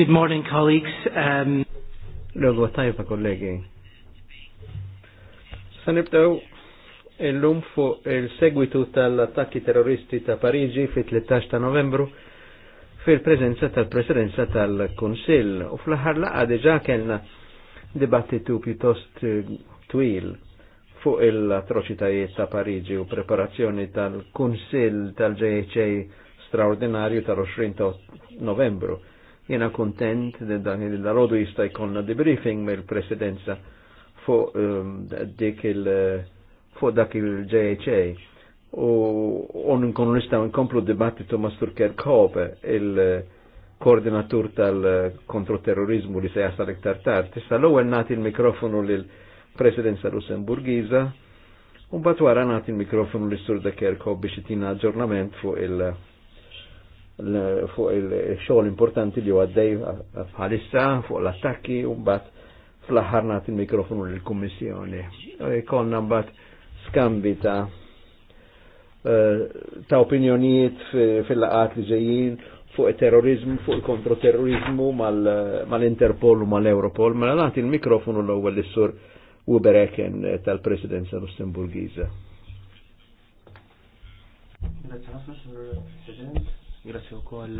Good morning, colleagues. Um... L-għodwa tajba, kollegi. Sanibdew il-lum fuq il-segwitu tal-attakki terroristi ta' Parigi fi 13 ta' novembru fil-prezenza tal-presidenza tal-Kunsill u fl-ħar laqa diġa kellna dibattitu piuttost eh, twil fuq il-atroċitajiet ta' Parigi u preparazzjoni tal kunsil tal-JHA straordinarju tal-20 novembru Jena kontent li dan il-rodu jista' jkollna debriefing mill-presidenza fuq um, dik il- fuq dak il-JHA u on nkunu nistgħu nkomplu dibattitu ma' Stur Kerkhope il-koordinatur tal-kontroterrorizmu li se jasal iktar tard. Tista' l-ewwel nagħti il-mikrofonu lil presidenza Lussemburgiża u mbagħad wara nagħti il-mikrofonu lis Sur Kerkhope biex itina aġġornament fuq il- fuq il-xogħol importanti li għaddej bħalissa fuq l-attakki u mbagħad fl-aħħar nagħti il-mikrofonu lill-Kummissjoni. E, konna mbagħad skambi ta' e, ta' opinjonijiet fil-laqat li ġejjin fuq il-terrorizmu, fuq il-kontroterrorizmu mal-Interpol u mal-Europol, ma mela nagħti il-mikrofonu l-ewwel is-sur Ubereken tal-Presidenza Lussemburgiża. Grazie ħafna, Sur President. Grazzi u koll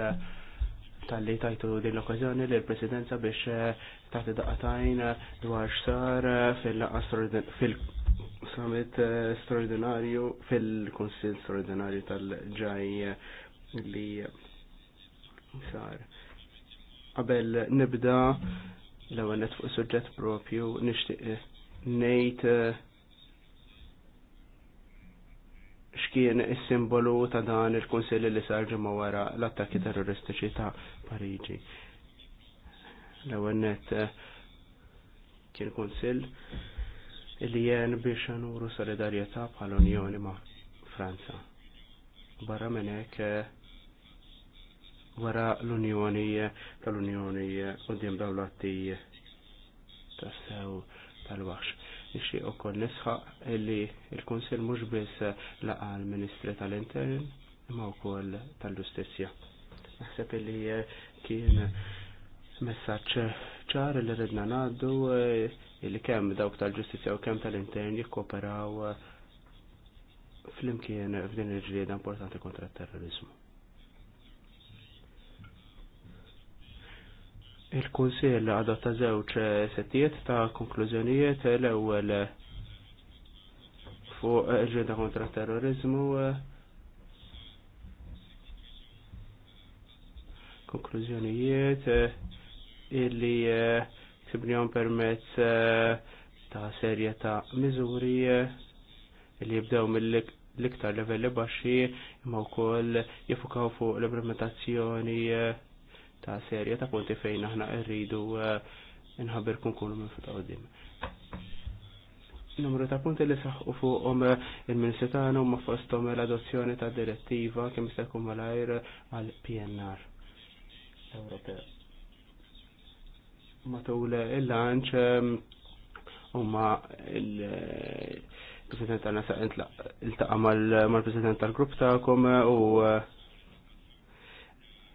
tal-li tajtu din l-okkazjoni li l-presidenza biex eh, taħti daqatajn dwar xsar eh, fil-summit eh, straordinarju fil-konsil straordinarju tal-ġaj li sar. Qabel nibda l-għanet fuq suġġett propju nishtiq nejt xkien is-simbolu ta' dan il kunsilli li sar ġimgħa wara l-attakki terroristiċi ta' Pariġi. L-ewwel net eh, kien kunsill li jien biex nuru solidarjetà bħal Unjoni ma' Franza. Barra minn hekk eh, wara l-Unjoni tal-Unjoni eh, d dawlatti tas-sew tal-Wax Ixi u koll nisħaq li il-Konsil mux biss laqa l-Ministri tal-Intern imma u koll tal ġustizzja Naħseb li eh, kien messaċ ċar li redna naddu eh, li kemm dawk tal ġustizzja u kemm tal-Intern jikkooperaw eh, fl-imkien f'din il-ġlieda importanti kontra t-terrorizmu. Il-Kunsill adotta żewġ eh, settijiet ta' konklużjonijiet l-ewwel eh, fuq il-ġeda kontra terrorizmu. Eh, konklużjonijiet illi ksibnihom permezz ta' serje ta' miżuri illi jibdew mill-iktar livelli baxxi imma wkoll jifukaw fuq l-implementazzjoni ta' serja ta' punti fejn aħna rridu eh, nħabbirkun kunu minn fuq qudiem. Numru ta' punti li saħqu fuqhom eh, il-Ministru tagħna huma fosthom l-adozzjoni ta' direttiva kemm se jkun malajr għal PNR Ewropew. Matul il-lanċ eh, huma il-President tagħna saqint il-taqa' mal-President tal-grupp tagħkom u uh,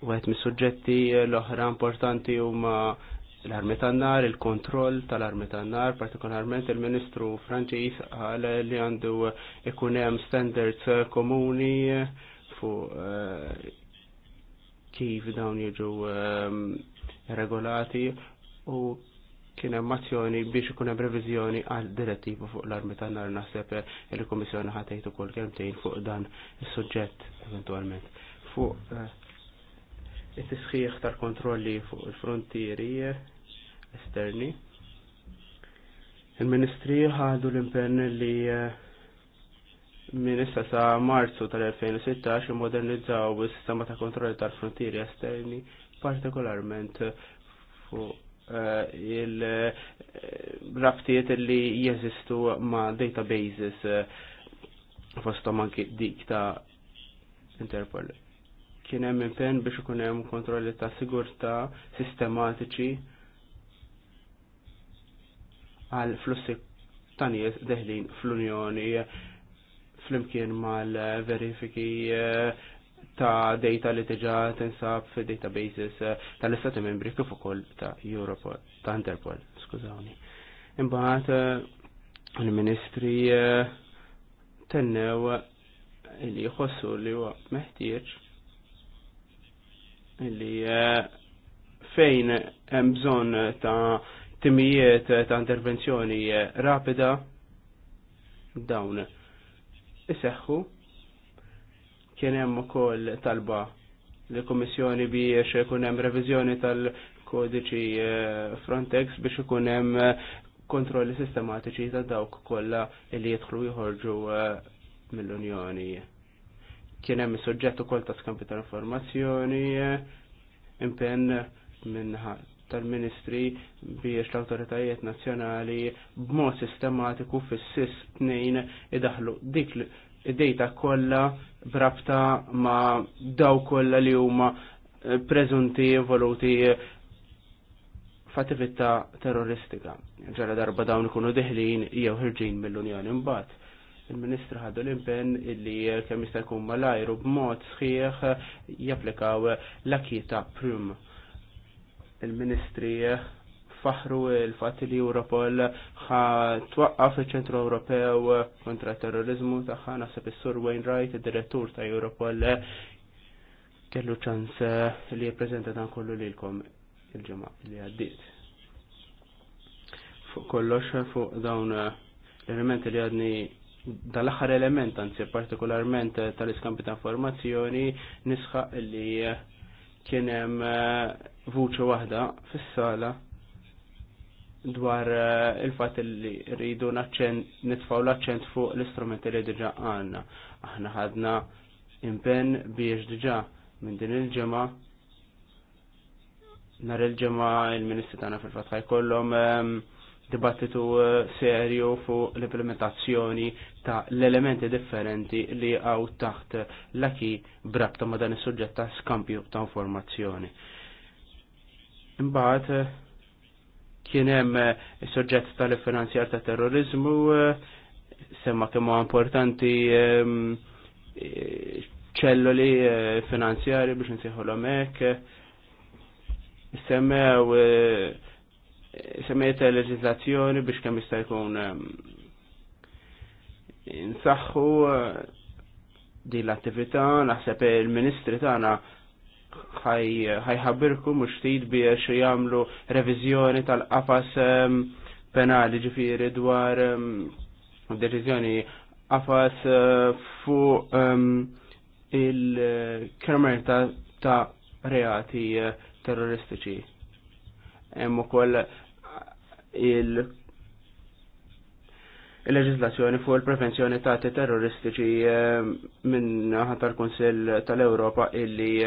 għet mis-suġġetti eh, l-oħra importanti huma l-armi tan-nar, il-kontroll tal-armi tan-nar, partikolarment il-Ministru Franċiż qal li għandu ikun hemm standards eh, komuni eh, fuq kif dawn jiġu regolati u kien hemm azzjoni biex ikun hemm reviżjoni għal direttiva fuq l-armi tan-nar naħseb il-Kummissjoni ħatejt ukoll kemmtejn fuq dan is-suġġett eventwalment. Fuq it-tisħiħ tal-kontrolli fuq il-frontieri esterni. Il-Ministri ħadu l-impenn li eh, minn sa' marzu tal-2016 modernizzaw is-sistema ta' kontrolli tal-frontieri esterni, partikolarment fuq eh, il-rabtiet li jeżistu ma' databases eh, fostom anki dik ta' Interpol kien hemm impenn biex ikun hemm kontrolli ta' sigurtà sistematiċi għal flussi ta' nies deħlin fl-Unjoni flimkien mal-verifiki eh, ta' data li tiġa tinsab fi databases eh, tal-Istati Membri kif ukoll ta' Europol, ta' Interpol, skużawni. Imbagħad eh, il-Ministri tennew li jħossu li huwa meħtieġ Illi eh, fejn hemm bżonn ta' timijiet ta' intervenzjoni eh, rapida dawn iseħħu kien hemm ukoll talba li kummissjoni biex ikun hemm reviżjoni tal-kodiċi eh, Frontex biex ikun hemm kontrolli sistematiċi ta' dawk kollha li jidħlu jħorġu mill-Unjoni kien hemm is suġġett ukoll ta' skampi ta' informazzjoni, impenn minnħa tal-Ministri biex l-autoritajiet nazzjonali b'mod sistematiku fis-sis tnejn idaħlu dik id-dejta kollha brabta ma' daw kollha li huma eh, preżunti involuti f'attività terroristika. Ġara darba dawn ikunu diħlin jew ħirġin mill-Unjoni mbagħad il-Ministru ħadu l-impen illi kemm jista' jkun malajru b'mod sħiħ japplikaw l-akita prim. Il-Ministri faħru il-fatt li Europol ħa twaqqaf il-ċentru Ewropew kontra terrorizmu tagħha naħseb is-Sur Wainwright, id-direttur ta' Europol kellu ċans li jippreżenta dan kollu lilkom il-ġimgħa li għaddiet. Fuq kollox fuq dawn l-elementi li għadni Dal l-aħħar element, anzi partikolarment eh, tal-iskampi ta' informazzjoni, nisħaq li eh, kien hemm eh, vuċi waħda fis-sala dwar il-fatt li rridu nitfaw l-aċċent fuq l-istrumenti li diġa għandna. Aħna ħadna impenn biex diġa minn din il ġimgħa nhar il ġimgħa il-Ministri tagħna fil-fatt ħajkollhom ehm, dibattitu eh, serju fuq l-implementazzjoni ta' l-elementi differenti li għaw taħt l-aki brabta ma' dan is-suġġett ta' skampju ta' informazzjoni. Imbagħad eh, kien hemm eh, is-suġġett tal-finanzjar ta' terrorizmu semma kemm importanti ehm, ċelloli finanzjari biex nsejħu l-omek, semmew semmejt leġizlazzjoni biex kemm jista' jkun ehm, insaħħu eh, din l-attività, naħseb il-ministri tagħna ħajħabirku mhux ftit biex jagħmlu reviżjoni tal-qafas ehm, penali ġifieri dwar ehm, deċiżjoni qafas eh, fuq il-kremer ta' reati eh, terroristiċi hemm ukoll il il-leġislazzjoni fuq il-prevenzjoni ta' atti terroristiċi eh, minn ħatar kunsill tal-Ewropa illi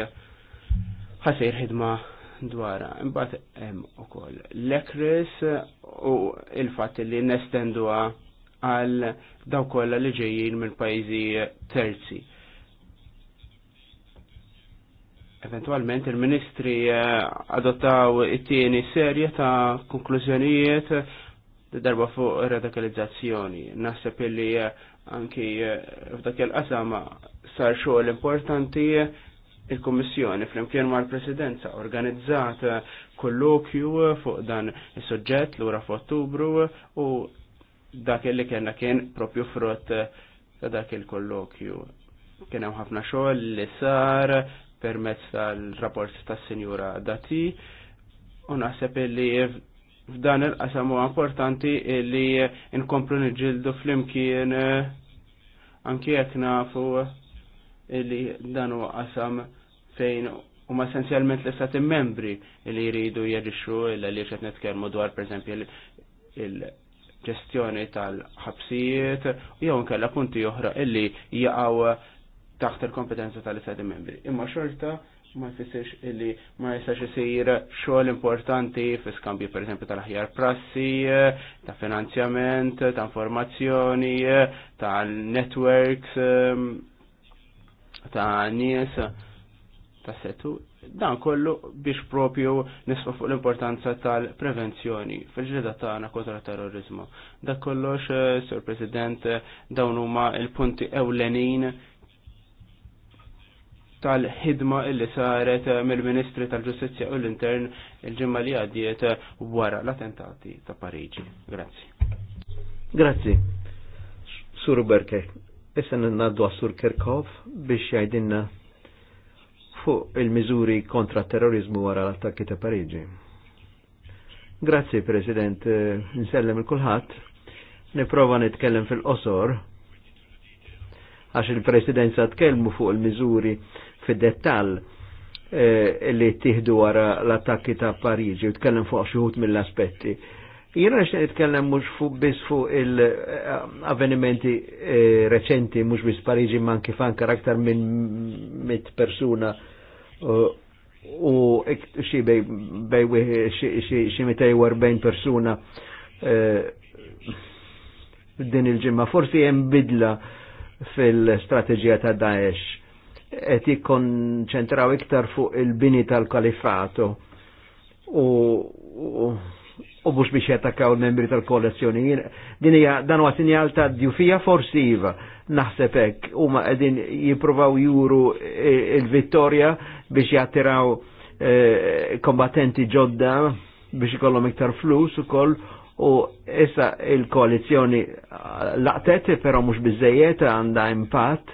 ħasir ħidma dwar Imbagħad hemm ukoll l-ekris u il-fatt li nestenduha għal daw kollha li ġejjin minn pajjiżi terzi. Eventualment il-ministri eh, adottaw it-tieni serje ta' konklużjonijiet darba fuq radikalizzazzjoni. Nasib illi eh, anki eh, f'dak il-qasam sar xogħol importanti il kummissjoni fl-imkien mal presidenza organizzat kollokju fuq dan is-suġġett l-ura f'Ottubru u dak li kellna kien propju frott ta' dak il-kollokju. Kien hemm ħafna xogħol li sar permezz tal-rapport tas-Sinjura Dati u naħseb li f'dan il-qasam huwa importanti li nkomplu niġġieldu flimkien eh, anki jekk nafu li dan huwa qasam fejn huma essenzjalment l istat membri li jridu jerixxu li qed nitkellmu dwar pereżempju il-ġestjoni tal-ħabsijiet u jew nkella punti oħra illi jaqgħu taħt il-kompetenza tal-Istati membri. Imma xorta ma jfissirx illi ma jistax isir xogħol importanti fi skambju pereżempju tal-aħjar prassi, ta' finanzjament, ta' informazzjoni, ta' networks, ta' nies, ta' setu. Dan kollu biex propju nisfa fuq l-importanza tal-prevenzjoni fil-ġreda tagħna kontra terrorizmu. Dak kollox, eh, Sur President, dawn huma il-punti ewlenin tal-ħidma illi saret eh, mill-Ministri tal-Ġustizzja u l-Intern il-ġimma li għaddiet eh, wara l-attentati ta' Pariġi. Grazzi. Grazzi. Sur Berke, issa n-naddu għasur sur Kerkov biex jgħidinna fuq il-miżuri kontra terrorizmu wara l-attakki ta' Pariġi. Grazzi, President, eh, nsellem il-kulħat. Niprofa nitkellem fil-qosor għax il-presidenza tkellmu fuq il-miżuri fid-dettall eh, li tiħdu wara l-attakki ta' Pariġi u tkellem fuq xuħut mill-aspetti. Jena xe jitkellem mux fuq bis fuq il-avvenimenti recenti eh, reċenti mux bis Parigi man kif karakter aktar minn mit persuna eh, u xi bej bej xi mitej persuna din il-ġimma. Forsi hemm bidla fil-strateġija ta' Daesh qed jikkonċentraw iktar fuq il-bini tal kalifato u u mhux biex jattakaw il-membri tal-kollezzjoni. Din hija dan huwa sinjal ta' djufija forsi iva, naħseb hekk, huma qegħdin jippruvaw juru il-vittorja biex jattiraw eh, kombatenti ġodda biex ikollhom iktar flus ukoll u issa il-koalizjoni laqtet, pero mux bizzejiet għanda impatt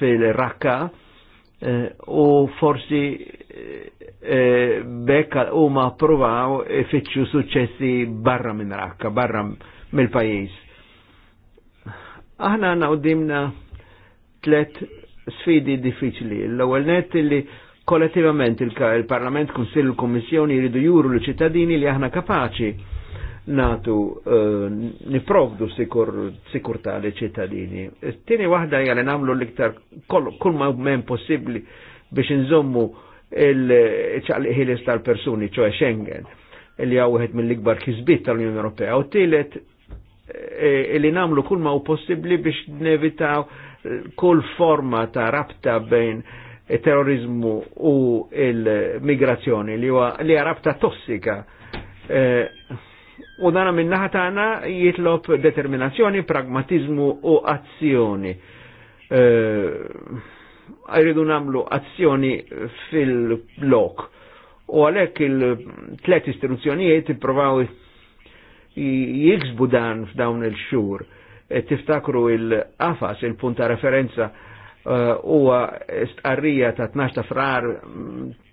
fil-rakka Eh, u forsi eh, eh, bekk u ma provaw ifittxu suċċessi barra minn rakka, barra mill-pajis. Aħna għanna dimna tlet sfidi diffiċli. L-ewwel net li kollettivament il-Parlament, Kunsill u Kommissjoni jridu juru l-ċittadini li aħna kapaċi natu eh, niprovdu sikur, sikurta li ċittadini. Tini wahda hija li namlu l kull ma men possibli biex nżommu il-ċaqliħilis tal-persuni, ċoħe Schengen, il li għaw għed mill-ikbar kizbit tal-Unjoni Ewropea. U tilet, il eh, li namlu kull ma u possibli biex nevitaw eh, kull forma ta' rabta bejn terrorizmu u il migrazjoni li huwa tossika. Eh, u dana minn tagħna jitlob determinazzjoni, pragmatizmu u azzjoni. Għajridu eh, nagħmlu namlu azzjoni fil blok U għalek il-tlet istituzzjonijiet provaw jiksbu dan f'dawn il-xur. E tiftakru il-qafas, il-punta referenza eh, huwa stqarrija ta' 12 ta' frar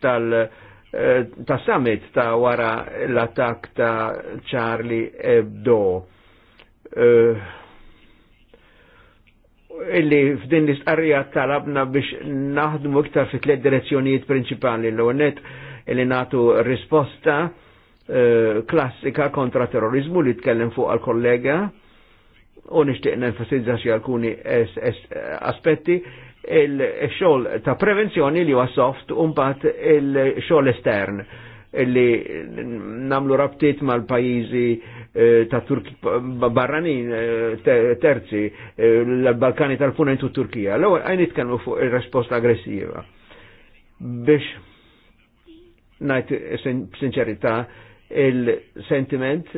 tal- uh, Eh, ta' summit ta' wara l-attak ta' Charlie Hebdo. Uh, illi f'din l-istqarrija talabna biex naħdmu iktar fi tliet direzzjonijiet prinċipali l net illi natu risposta eh, klassika kontra terrorizmu li tkellem fuq għal-kollega u nishtiq nenfasizza xi alkuni aspetti il-xol ta' prevenzjoni li huwa soft umbat il-xol estern li namlu rabtiet mal-pajizi eh, ta' Turki barranin eh, terzi eh, l-Balkani tal-Punent u Turkija. L-ewwel għajn nitkellmu fuq il-resposta aggressiva. Biex najt sinċerita il-sentiment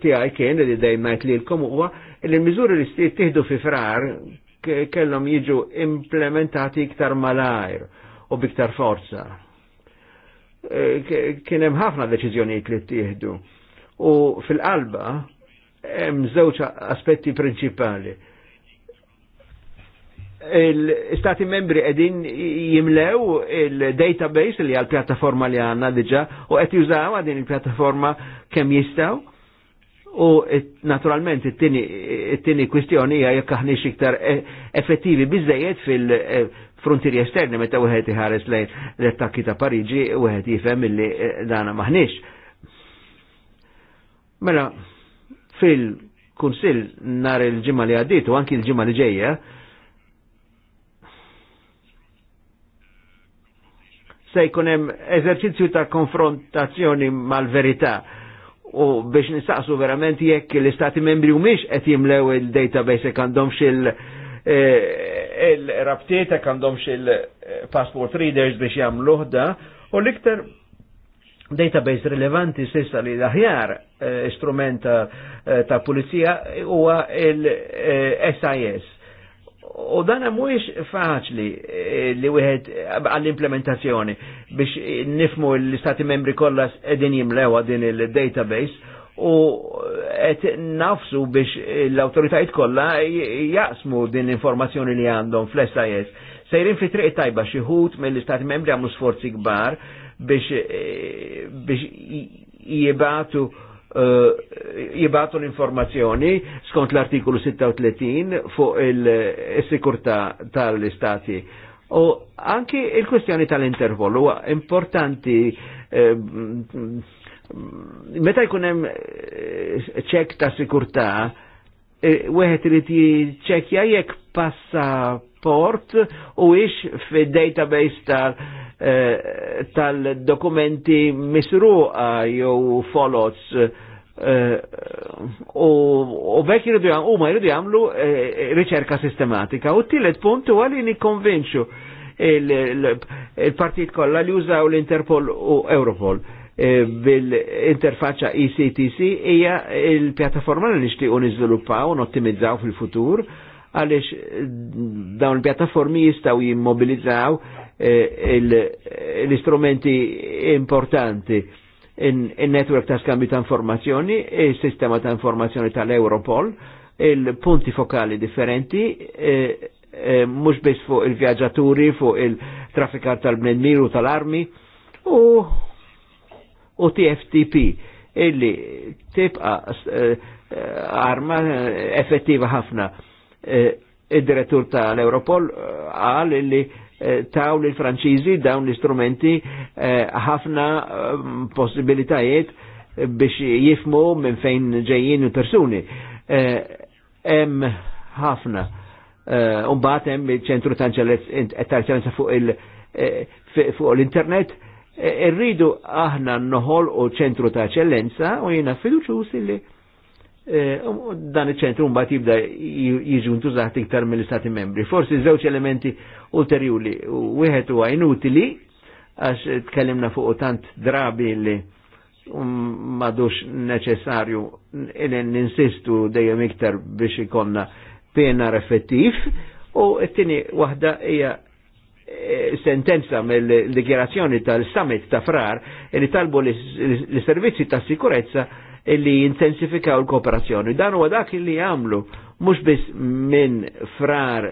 tiegħi kien li dejjem ngħid lilkom huwa li l-miżuri li stiet tieħdu fi frar kellhom jiġu implementati iktar malajr u biktar forza. E, kien hemm ħafna deċiżjonijiet li ttieħdu u fil-qalba hemm żewġ aspetti prinċipali. Il-Stati membri edin jimlew il-database li għal-pjattaforma li għanna diġa u għet jużaw għadin il-pjattaforma kem jistaw U naturalment it-tini kwistjoni hija jekk aħni iktar e-, effettivi biżejjed fil-frontieri e, esterni meta wieħed iħares lejn l-attakki ta' Pariġi wieħed jifhem illi e, dana maħniex. Mela fil-Kunsill nar il-ġimgħa li għaddiet u anki l-ġimgħa li ġejja se jkun hemm eżerċizzju ta' konfrontazzjoni mal-verità u biex nistaqsu verament jekk l-istati membri u miex qed jimlew il-database għandhom xil il-rabtiet għandhom xil passport readers biex jagħmluh da u l-iktar database rilevanti sissa li l-aħjar istrument eh, eh, ta' pulizija huwa il-SIS eh, U dan mhuwiex faċli eh, li wieħed eh, għall-implementazzjoni biex eh, nifmu l-istati membri kollha qegħdin jimlewa din il-database u qed nafsu biex l-awtoritajiet kollha jaqsmu din l-informazzjoni li għandhom fl-SIS. Sejrin fi triq tajba xi ħut mill-istati membri għamlu sforzi kbar biex biex jibatu Eh, jibatu l-informazzjoni skont l-artikolu 36 fuq il-sikurta tal-istati. U anki il-kwestjoni tal-intervol huwa importanti eh, meta jkun hemm eh, ċek ta' sikurtà wieħed irid jiċċekkja jekk passaport u ix fid-database tal- tal-dokumenti misruqa jew folots Eh, eh, u bekk jiridu jgħamlu, u ma jridu jgħamlu eh, riċerka sistematika. U t-tillet punt u għalli nikonvinċu il-partijiet kolla li jużaw l-Interpol u Europol bil-interfaċċa ECTC hija il-pjattaforma li nixtiequ niżviluppaw u nottimizzaw fil-futur għaliex dawn il-pjattaformi jistgħu jimmobilizzaw l-istrumenti importanti il-network ta' skambi ta' informazzjoni, il-sistema e ta' informazzjoni tal-Europol, il-punti fokali differenti, e, e, mux bis fuq il-vjaġġaturi, fuq il trafikar tal-bnedmir u tal-armi, u u TFTP, illi tibqa arma effettiva ħafna. il direttur tal-Europol għal illi taw li franċizi dawn l-istrumenti eh, ħafna eh, possibilitajiet biex jifmu minn fejn ġejjin persuni. Eh, em ħafna. Umbat hemm il-ċentru tal-ċellenza fuq l-internet. Irridu aħna noħol u ċentru ta' ċellenza u jiena fiduċu li dan iċ-ċentru mbagħad jibda jiġu ntużat iktar mill-Istati membri. Forsi żewġ elementi ulterjuri. Wieħed huwa inutili għax tkellimna fuq tant drabi li madux neċessarju ninsistu dejjem iktar biex ikonna penar effettiv u t-tini waħda hija sentenza mill-dikjerazzjoni tal-summit ta' frar li talbu l-servizzi ta' sikurezza illi intensifikaw l-kooperazzjoni. Dan huwa dak illi jagħmlu mhux biss minn frar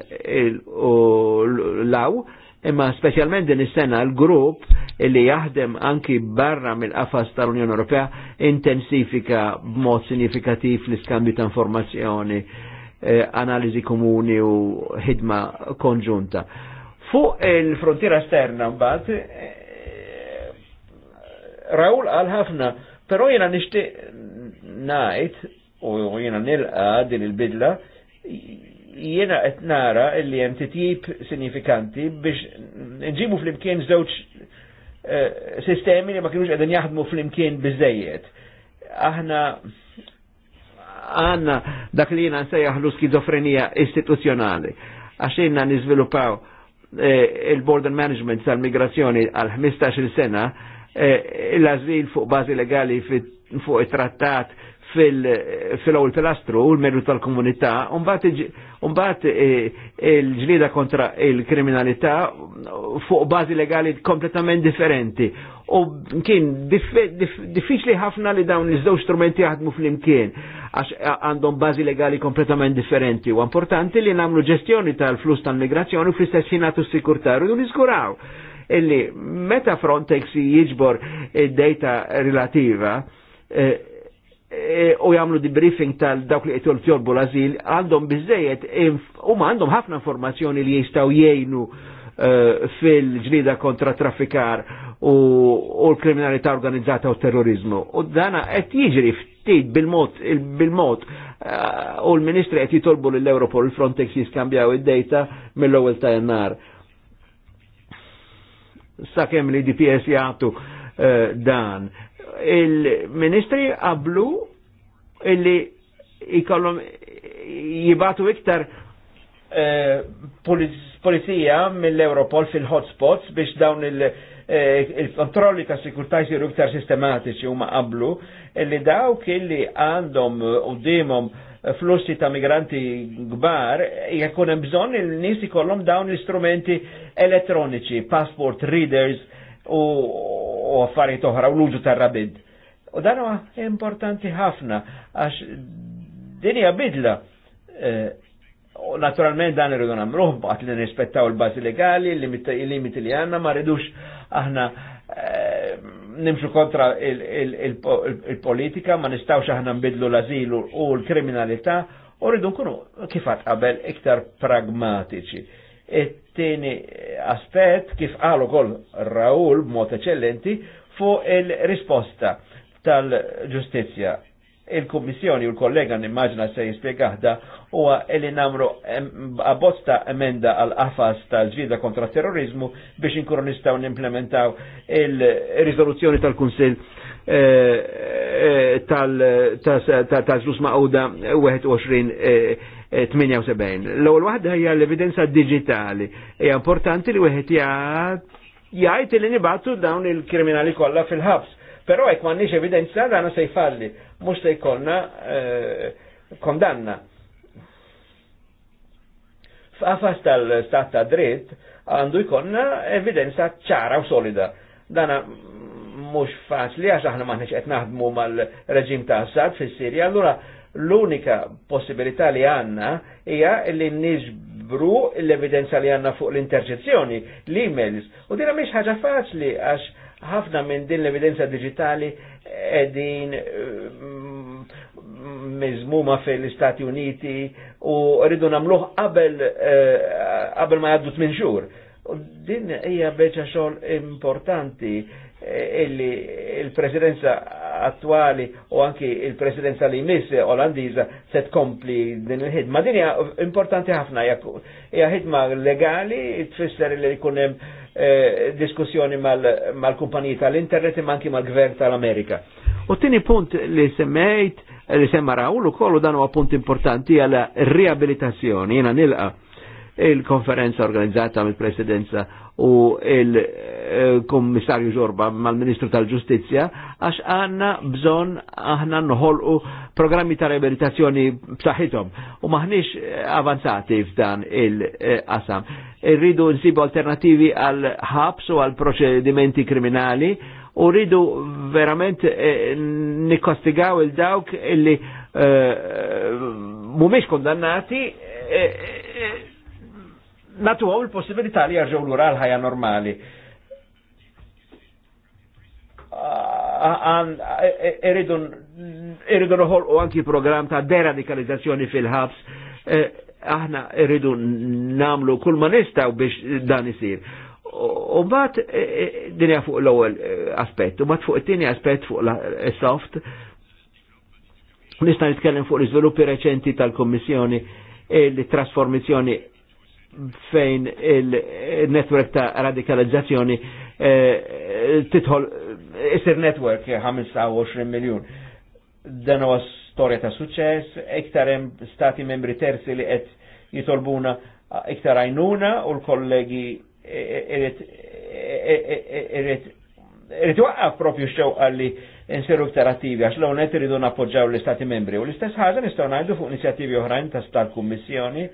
u law, imma specialment din is-sena l-grupp li jaħdem anki barra mill-qafas tal-Unjoni Ewropea intensifika b'mod sinifikattiv l-iskambju ta' informazzjoni, eh, analiżi komuni u ħidma konġunta. Fuq il-frontiera esterna mbagħad eh, Raul għal ħafna, però jena nixtieq najt u jena nilqa din il-bidla jena qed nara li hemm titjib sinifikanti biex nġibu flimkien żewġ eh, sistemi li ma kienux qegħdin jaħdmu flimkien biżejjed. Aħna għanna dak li jena nsejjaħlu skizofrenija istituzzjonali għax nizvilupaw eh, il-border management tal-migrazzjoni għal 15 sena eh, l-azil fuq bazi legali fit fuq it-trattat fil-ewwel pilastru u l-merru tal-komunità, un-bat e, il-ġlieda kontra il-kriminalità fuq bazi legali kompletament differenti. U kien diffiċli ħafna li dawn iż-żewġ strumenti jaħdmu fl-imkien għax għandhom bazi legali kompletament differenti. U importanti li namlu ġestjoni tal-flus tal-migrazzjoni fl-istess jingħatu s-sikurtaru u niżguraw illi meta Frontex jiġbor id-data relativa Eh, eh, u jagħmlu briefing tal dawk li qed fjorbu l-azil għandhom u huma għandhom ħafna informazzjoni li jistgħu jgħinu eh, fil-ġlida kontra traffikar u l-kriminalità organizzata u terrorizmu. U dana qed jiġri ftit bil-mod bil-mod u l-ministri qed jitolbu lill europol l frontex jiskambjaw id-data mill-ewwel ta' jannar. Sakemm li DPS jagħtu dan il-ministri qablu illi jikollhom jibatu iktar eh, polizija mill-Europol fil-hotspots biex dawn il- eh, kontrolli ta' sikurtà jisiru iktar sistematiċi u ma' qablu, li dawk illi għandhom u dimom flussi ta' migranti gbar, jekun hemm bżonn il-nies ikollhom dawn l-istrumenti elettroniċi, passport readers u u affarijiet oħra u l-użu tar-rabid. U dan huwa importanti ħafna għax din hija bidla. E, u naturalment dan irridu nagħmluh baqgħet li nirrispettaw il-bażi legali, il-limiti li għandna ma rridux aħna e, nimxu kontra il-politika, ma nistawx aħna nbidlu l-azilu u l-kriminalità, u rridu nkunu kifat qabel iktar pragmatiċi. E, Tieni aspett kif qalu kol Raul b'mod eċċellenti fuq il-risposta tal-ġustizja il-Kommissjoni u l-kollega nimmaġna se jispjegaħda huwa li namru abbozz emenda għal qafas tal-ġida kontra terrorizmu biex inkunu nistgħu nimplementaw il-riżoluzzjoni tal-Kunsill tal-ġlus maquda 21 78. L-ewwel waħda hija l-evidenza digitali. Hija importanti li wieħed jgħid li nibatu dawn il-kriminali kollha fil-ħabs. Però hekk m'għandniex evidenza dana se jfalli, mhux se jkollna eh, kondanna. F'qafas tal-stat ta' dritt għandu jkollna evidenza ċara u solida. Dana mhux faċli għax aħna m'aħniex qed naħdmu mal-reġim ta' Assad fis-Sirja, allura L-unika possibilità li għanna hija li nisbru l-evidenza li għanna fuq l interġezzjoni l-emails. U dina miex ħaġa faċli għax ħafna minn din l-evidenza digitali edin mm, mizmuma fil stati Uniti u rridu namluħ qabel eh, qabel ma jgħaddu tmien xhur. Din hija beċa xogħol importanti illi il-presidenza attuali o anki il-presidenza li jmiss olandiza set kompli din il-ħidma. Din hija importanti ħafna, hija ħidma legali, tfisser li jkun hemm eh, diskussjoni mal-kumpaniji mal tal-internet imma anki mal-gvern tal-Amerika. U tini punt li semmejt, li semma Raul ukoll dan huwa punt importanti għal riabilitazzjoni, jiena nilqa il-konferenza organizzata mill-presidenza u il-Kommissarju eh, Ġorba mal-Ministru tal-Ġustizja għax għanna bżon aħna nħolqu programmi ta' reabilitazzjoni b'saħħithom u maħniex eh, avanzati f'dan il-qasam. Irridu nsibu alternativi għal ħabs u għal proċedimenti kriminali u rridu verament eh, nikostigaw il-dawk illi mumiex kondannati natu għaw il-possibilità li jarġaw l-ura l-ħajja normali. Irridu e, e, noħol u għanki program ta' deradikalizzazzjoni fil-ħabs, e, aħna irridu namlu kull ma nistaw biex dan isir. U bat dinja fuq l-ewwel aspett, u bat fuq it tini aspett fuq l-soft, nista' nitkellem fuq l-iżviluppi reċenti tal-Kommissjoni li trasformizzjoni fejn il-network ta' radikalizzazzjoni eh, titħol isir network 25 eh, miljon. Dan huwa storja ta' suċċess, iktar hemm stati membri terzi li qed jitolbuna iktar għajnuna u l-kollegi irrit waqqaf propju xewqa li insiru iktar attivi għax l-għonet irridu nappoġġaw l-istati membri u l-istess ħaġa nistgħu ngħidu fuq inizjattivi oħrajn ta' star kummissjoni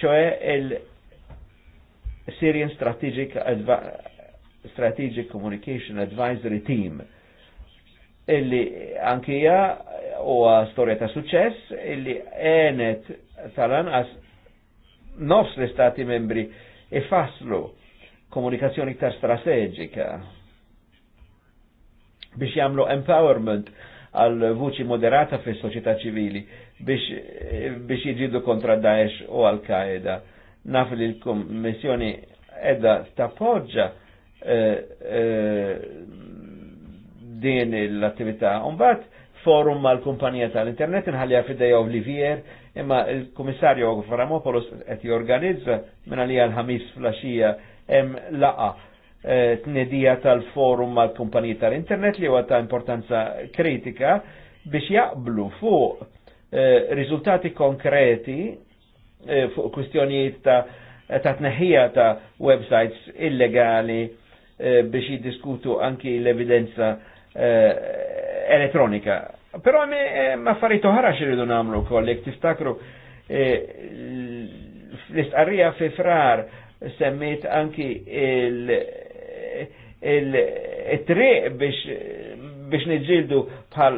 ċoħe il-Syrian Strategic, Advi Strategic Communication Advisory Team illi ankija u storja ta' suċess illi enet talan as nofs l-istati membri ifasslu komunikazzjoni iktar strategika biex jamlu empowerment għal vuċi moderata fis soċjetà ċivili biex biex jġidu kontra Daesh u Al-Qaeda. Naf li l-Kommissjoni edha tappoġġa eh, eh, din l-attività. Umbat, forum mal kumpanija tal-internet nħallija fideja Olivier, imma il kommissarju Faramopoulos qed jorganizza minn għalija l-ħamis flaxija hemm laqa eh, tnedija tal-forum mal kumpanija tal-internet li huwa ta' importanza kritika biex jaqblu fuq Eh, rizultati konkreti eh, fuq kwistjonijiet ta' ta' tneħħija ta' websites illegali eh, biex jiddiskutu anki l-evidenza elettronika. Però ma affarijiet oħra xiridu nagħmlu kollek tiftakru l-istqarrija fi frar semmit anki il-triq biex biex nġildu bħal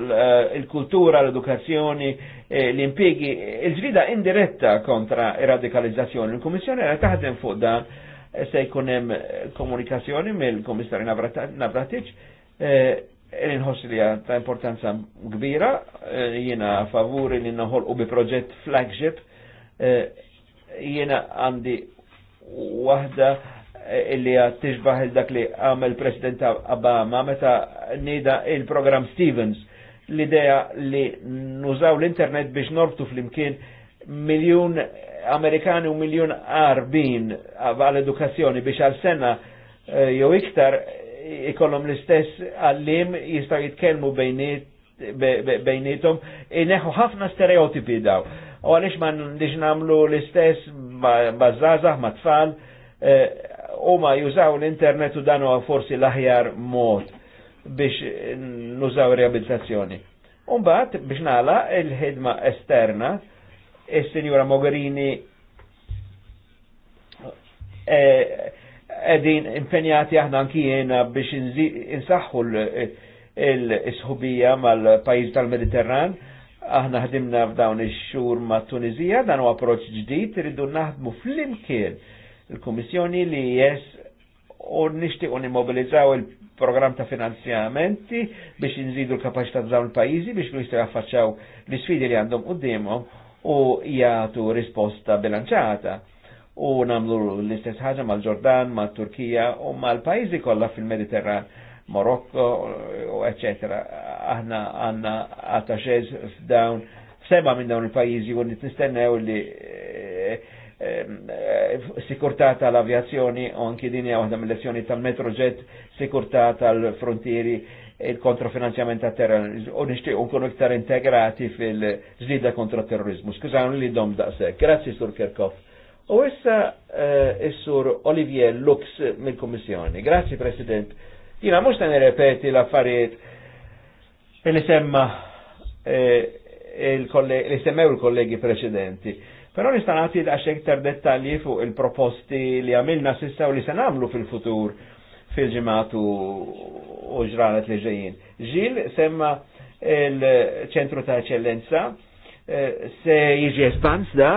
il-kultura, l-edukazzjoni, Eh, l-impiegi, il-ġrida indiretta kontra radikalizzazzjoni. Il-Komissjoni għara taħdem fuq dan eh, se jkunem eh, komunikazzjoni mill-Komissarju Navratic, nħoss li ta' importanza kbira, jiena favuri li noħol u bi proġett flagship, jiena għandi wahda illi għat tiġbaħ dak li għamel President Obama meta nida il-program Stevens l-idea li nużaw l-internet biex norbtu fl-imkien miljon Amerikani u miljon Arbin għal-edukazzjoni biex għal-sena eh, jew iktar ikollhom l-istess għallim jistaw jitkellmu bejnietom neħu ħafna stereotipi daw. U għalix ma nix namlu l-istess bazzazah ma tfal eh, u ma jużaw l-internet u danu forsi l-aħjar mod biex nużaw rehabilitazzjoni. Umbat, biex nala, il-ħidma esterna, il-Sinjura Mogherini eh, edin impenjati aħna anki biex insaħħu l-isħubija mal-pajiz tal-Mediterran, aħna ħdimna f'dawn ix-xhur ma' Tunizija, dan huwa approċċ ġdid irridu naħdmu fl-imkien il-Kummissjoni li jess u nixtiequ nimmobilizzaw il program ta' finanzjamenti biex nżidu l-kapacità ta' dawn il-pajjiżi biex biex jaffaċċaw l-isfidi li għandhom qudiemhom u jagħtu risposta bilanċata. U namlu l-istess ħaġa mal-Ġordan, mal-Turkija u mal-pajjiżi kollha fil-Mediterran, Marokko, eccetera. Aħna għandna attaċeż f'dawn seba minn dawn il-pajjiżi u nistennew li Ehm, eh, sikurtà tal-avjazzjoni anki din hija waħda mill-lezzjoni tal-metrojet, sikurtà tal-frontieri, e il kontrofinanzjament ta' terra u nixtiequ nkunu iktar integrati fil ġdida kontra terrorizmu. Skużawni li dom daqshekk. Grazzi Sur Kerkov. U issa eh, is-Sur Olivier Lux mill-Kummissjoni. Grazzi President. Jina mhux ta' nirrepeti l-affarijiet li semma eh, li semmew il-kollegi preċedenti Però nista' nagħti daqsxejn iktar dettalji fuq il-proposti li għamilna sissa u li se nagħmlu fil-futur fil-ġimatu u ġranet li ġejjin. Ġil semma il-ċentru ta' eccellenza eh, se jiġi espans da,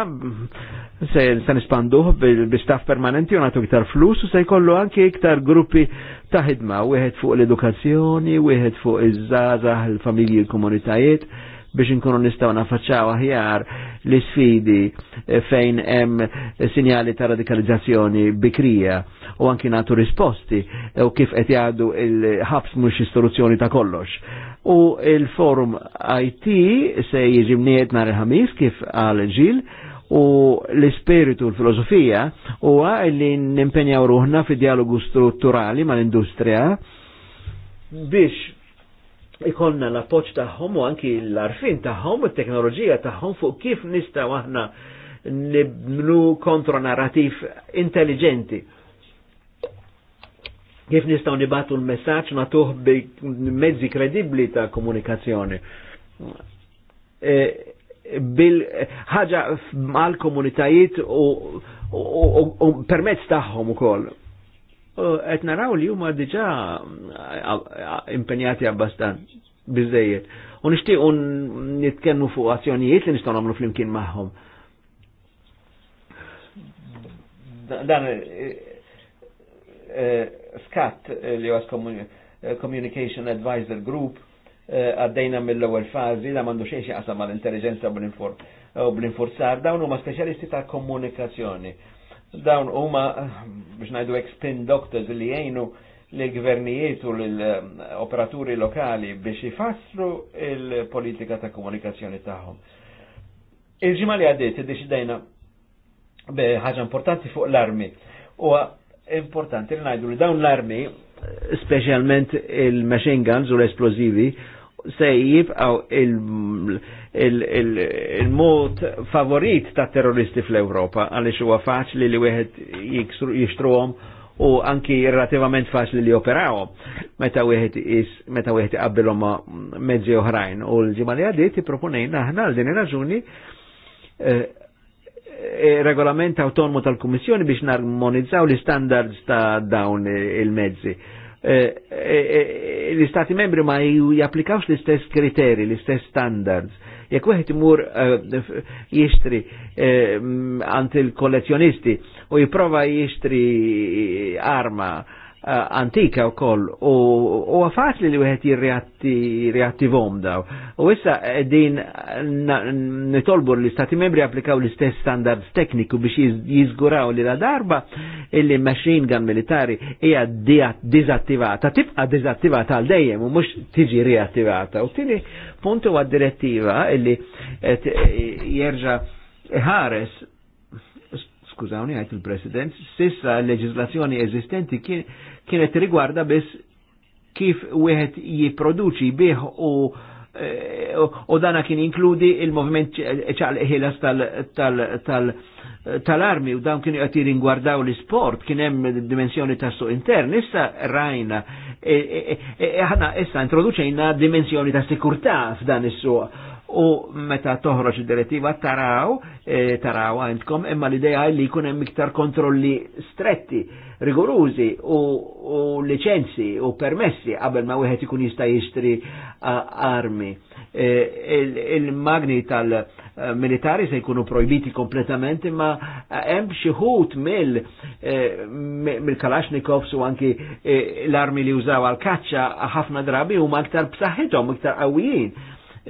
se se nispanduh bil-staff permanenti u natu iktar flus u se jkollu anke iktar gruppi ta' ħidma, wieħed fuq l-edukazzjoni, wieħed fuq iż-żazah, il-familji, il-komunitajiet. il familji il komunitajiet il komunitajiet biex inkunu nistaw nafaċċaw aħjar l sfidi eh, fejn hemm sinjali ta' radikalizzazzjoni bikrija u anki nagħtu risposti eh, u kif qed jgħaddu il-ħabs mhux istruzzjoni ta' kollox. U il-forum IT se jiġi mniet il-ħamis kif għal ġil u l-ispiritu l-filosofija huwa li n-impenjaw ruħna fi dialogu strutturali mal industria biex ikonna l-appoċ taħħom u anki l-arfin taħħom u t teknologija taħħom fuq kif nista aħna nibnu kontro narrativ intelligenti. Kif nistgħu nibatu l-messaġġ natuh bi mezzi kredibbli ta' komunikazzjoni. E, bil ħaġa mal komunitajiet u, u, u, u permezz qed naraw li huma diġà impenjati abbastan biżejjed. U nixtiequ nitkellmu fuq azzjonijiet li nistgħu nagħmlu flimkien magħhom. Dan eh, eh, skat eh, li was Communication Advisor Group għaddejna mill-ewwel fażi la m'għandu xejn xi qasam mal-intelligenza u bl-infurzar dawn huma speċjalisti ta' komunikazzjoni Dawn huma biex ngħidu ex-spin doctors li jgħinu l-gvernijiet u l-operaturi lokali biex ifassru il-politika ta' komunikazzjoni tagħhom. Il-ġimgħa li għaddiet iddeċidejna ħaġa importanti fuq l-armi. U importanti li ngħidu li dawn l-armi, speċjalment il-machine guns u l-esplosivi, se jibqaw il-mod favorit ta' terroristi fl-Europa, għalix huwa faċli li wieħed jixtruhom u anki relativament faċli li operawhom meta wieħed is meta wieħed iqabbilhom mezzi oħrajn. U l-ġimgħa li għaddiet ipproponejna aħna għal din ir-raġuni eh, eh, regolament autonomu tal-Kummissjoni biex narmonizzaw l-standards ta' dawn il-mezzi. il mezzi Eh, eh, eh, l-istati membri ma japplikawx l-istess kriteri, l-istess standards. Jek weħet imur jishtri għant il-kollezzjonisti u jipprova jishtri arma uh antika u koll u għafat li li għet jirreattivom daw. U issa din nitolbu li stati membri applikaw l-istess standards tekniku biex jizguraw li la darba illi machine gun militari hija dizattivata, tibqa dizattivata għal dejjem u mux tiġi reattivata. U tini puntu għad direttiva illi eh, jerġa ħares skużawni għajt il-President, sissa l eżistenti kienet rigwarda biss kif wieħed jiproduċi bih u eh, u dana kien inkludi il-movement eh, ħilas tal-armi u dan kien jgħati ringwardaw l-sport, kien hemm dimensjoni ta' suq intern, issa rajna, eh, ħana issa introduċejna dimensjoni ta' sikurtà f'dan is-suq u meta toħroġ id-direttiva taraw, e, taraw għandkom, imma l-ideja li jkun hemm iktar kontrolli stretti, rigorużi u, u licenzi u permessi qabel ma wieħed ikun jista' jixtri armi. E, Il-magni il tal-militari se jkunu projbiti kompletament imma hemm xi ħut mill-Kalashnikovs e, mil u anki e, l-armi li użaw għal-kaċċa ħafna drabi huma aktar b'saħħithom, iktar qawwijin. E,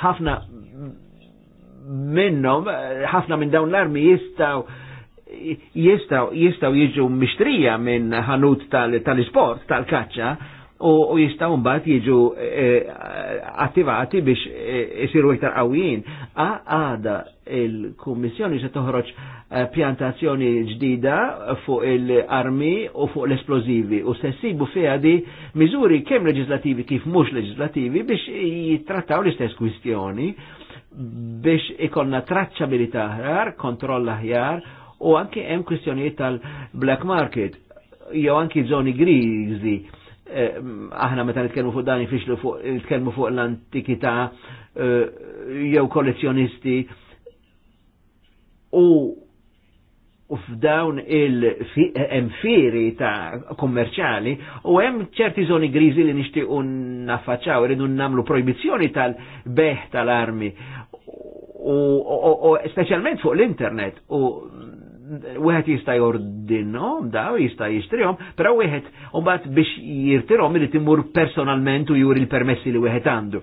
ħafna minnhom, ħafna minn dawn l-armi jistaw jistaw jistaw jiġu mixtrija minn ħanut tal-isport, tal-kaċċa, tal u jistaw mbagħad jiġu e, e, attivati biex e, isiru iktar qawwijin. Għada il-Kummissjoni se toħroġ pjantazzjoni ġdida fuq il-armi u fuq l-esplosivi u se sibu fiha di miżuri kemm leġislativi kif mhux leġislativi biex jittrattaw l-istess kwistjoni biex ikonna traċċabilità ħjar, kontroll aħjar u anke hemm kwistjonijiet tal-black market jew anki żoni grizi. Eh, aħna meta nitkellmu fuq dan ifixlu fuq nitkellmu fuq l-antikità eh, jew kollezzjonisti u u f'dawn il-emfiri ta' kommerċali u hemm ċerti zoni grizi li nixtiequ naffaċċaw, irridu namlu proibizjoni tal-beħ tal-armi u specialment fuq l-internet u wieħed jista' jordinhom daw jista' jixtrihom, però wieħed mbagħad biex jirtirhom li timur personalment u juri l-permessi li wieħed għandu.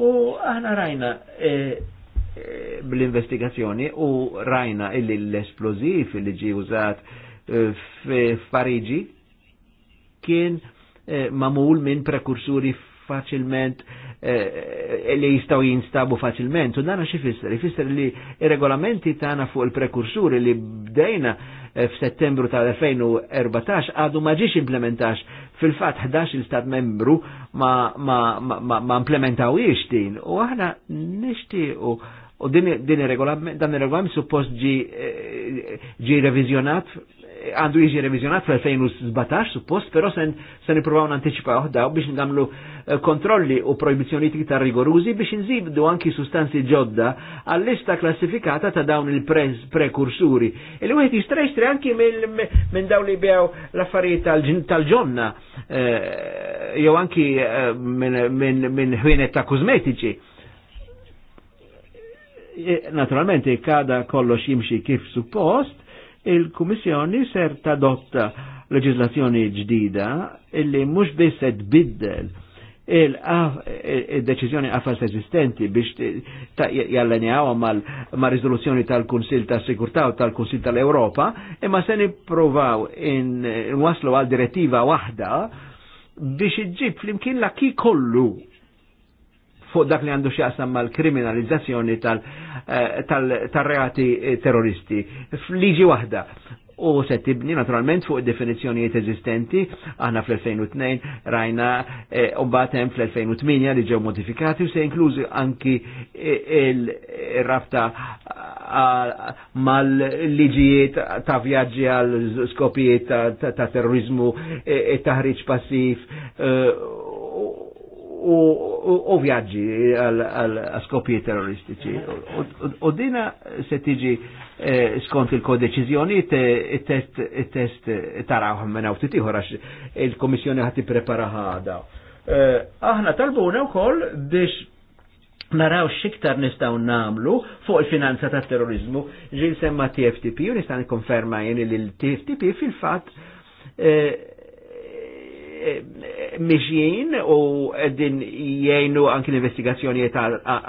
U aħna rajna e, e, bl-investigazzjoni u rajna illi l-esplosiv li ġi użat eh, f'Pariġi kien mamul minn prekursuri faċilment eh, li jistaw jinstabu faċilment. U dana xifisser, jifisser li regolamenti tana fuq il-prekursuri li bdejna eh, f'Settembru tal-2014 għadu ma ġiex implementax fil-fat 11 il-Stat membru ma, ma, ma, ma implementawiex din. U aħna nishti u u din, din regolament, dan il-regolament suppost ġi eh, revizjonat għandu jiġi revizjonat fl-2017 suppost, pero sen sen nipruvaw nanticipaw daw biex damlu eh, kontrolli u proibizjoni ta' rigorużi biex n-zibdu anki sustanzi ġodda għall-lista klassifikata ta' dawn il-prekursuri. il wieħed jistra jistra anki minn dawn li bjaw l-affarijiet tal-ġonna, eh, jew anki eh, minn ħwienet ta' kosmetiċi naturalment kada kollox jimxi kif suppost, il-Kummissjoni ser tadotta leġislazzjoni ġdida illi mhux biss qed biddel il-deċizjoni għafas eżistenti biex jallenjaw ma' rizoluzzjoni tal-Kunsil ta' Sigurtà u tal-Kunsil tal-Europa, imma se nipprovaw in waslu għal direttiva waħda biex iġib flimkien la' ki kollu fuq dak li għandu xjaqsam mal-kriminalizzazzjoni eh, tal-reati terroristi. Fliġi waħda u se tibni naturalment fuq definizjonijiet eżistenti, aħna fl-2002 rajna eh, u batem fl-2008 li ġew modifikati u se inklużi anki eh, il-rafta mal-liġijiet ta' vjaġġi għal skopijiet ta' terrorizmu, taħriġ passif u vjaġġi għal skopji terroristiċi. U dina se tiġi eh, skont il-kodeċizjoni il-test taraw mena u titiħor il-komissjoni ħati preparaħada. Eh, aħna talbuna u koll biex naraw xiktar nistaw namlu fuq il-finanza ta' terrorizmu ġil semma TFTP u nistan konferma jeni l-TFTP fil-fat eh, miġjien u din jgħinu anki l-investigazzjonijiet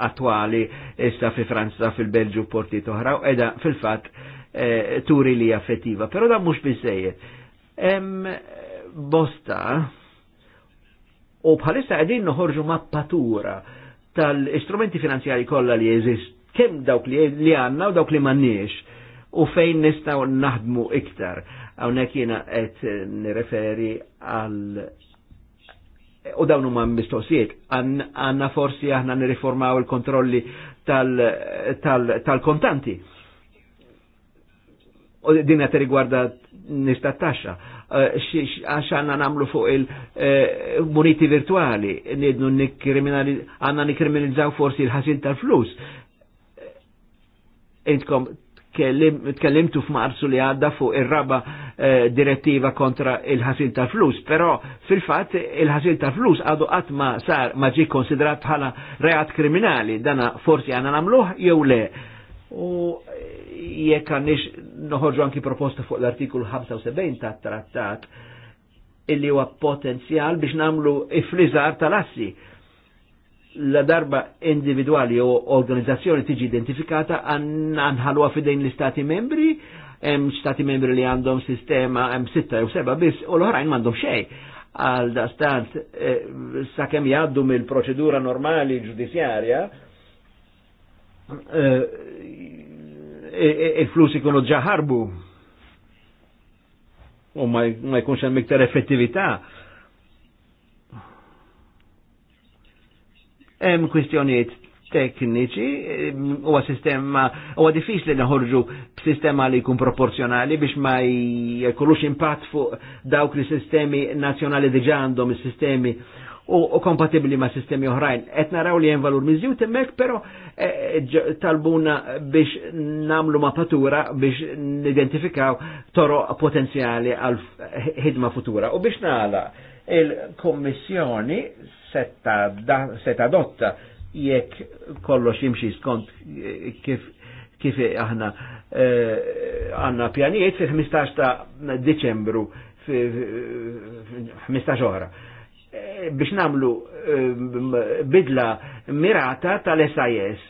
attuali issa fi Franza, fil-Belġu, Porti oħra, u edha fil-fat eh, turi li affettiva. Pero da mux bizzejiet. bosta u bħalissa għedin noħorġu mappatura tal-istrumenti finanzjari kollha li jeżist, kemm dawk li għanna u dawk li manniex, u fejn nistaw naħdmu iktar. Hawnhekk jiena għet nireferi għal u dawn huma mistoqsijiet għanna forsi aħna nirriformaw il-kontrolli tal-kontanti. U din għat rigwarda nista' taxxa. Eh, għax għanna namlu fuq il-muniti eh, virtuali, nidnu għanna nikriminalizzaw forsi il-ħasil tal-flus. Eh, intkom tkellimtu f'Marzu li għadda fuq ir-raba eh, direttiva kontra il-ħasil ta' flus però fil-fatt il-ħasil ta' flus għadu qatt ma sar ma ġi konsidrat bħala reat kriminali, dana forsi għana namluħ jew le. U jekk għandix noħorġu anki proposta fuq l artiklu 75 tat-trattat illi huwa potenzjal biex namlu iflizar tal-assi la darba individuali u organizzazzjoni tiġi identifikata għanħalwa fidejn l-istati membri, hemm stati membri li għandhom sistema hemm sitta u seba biss u l-oħrajn m'għandhom xejn. Għal dastant eh, sakemm jaddu mill-proċedura normali ġudizzjarja, eh, il-flus eh, ikunu ġaħarbu u ma jkunx hemm iktar effettività Hemm kwistjonijiet tekniċi huwa sistema huwa diffiċli naħorġu b'sistema li jkun proporzjonali biex ma jekolux impatt fuq dawk li sistemi nazzjonali diġà għandhom is-sistemi u kompatibli ma' sistemi oħrajn. Et naraw li jen valur mizju temmek, pero e, e, talbuna biex namlu ma' patura biex nidentifikaw toro potenzjali għal ħidma futura. U biex naħla, il-Kommissjoni setta adotta jekk kollox jimxi skont kif kif aħna eh, għanna pjanijiet fil-15 ta' Deċembru 15 oħra eh, biex namlu eh, bidla mirata tal-SIS.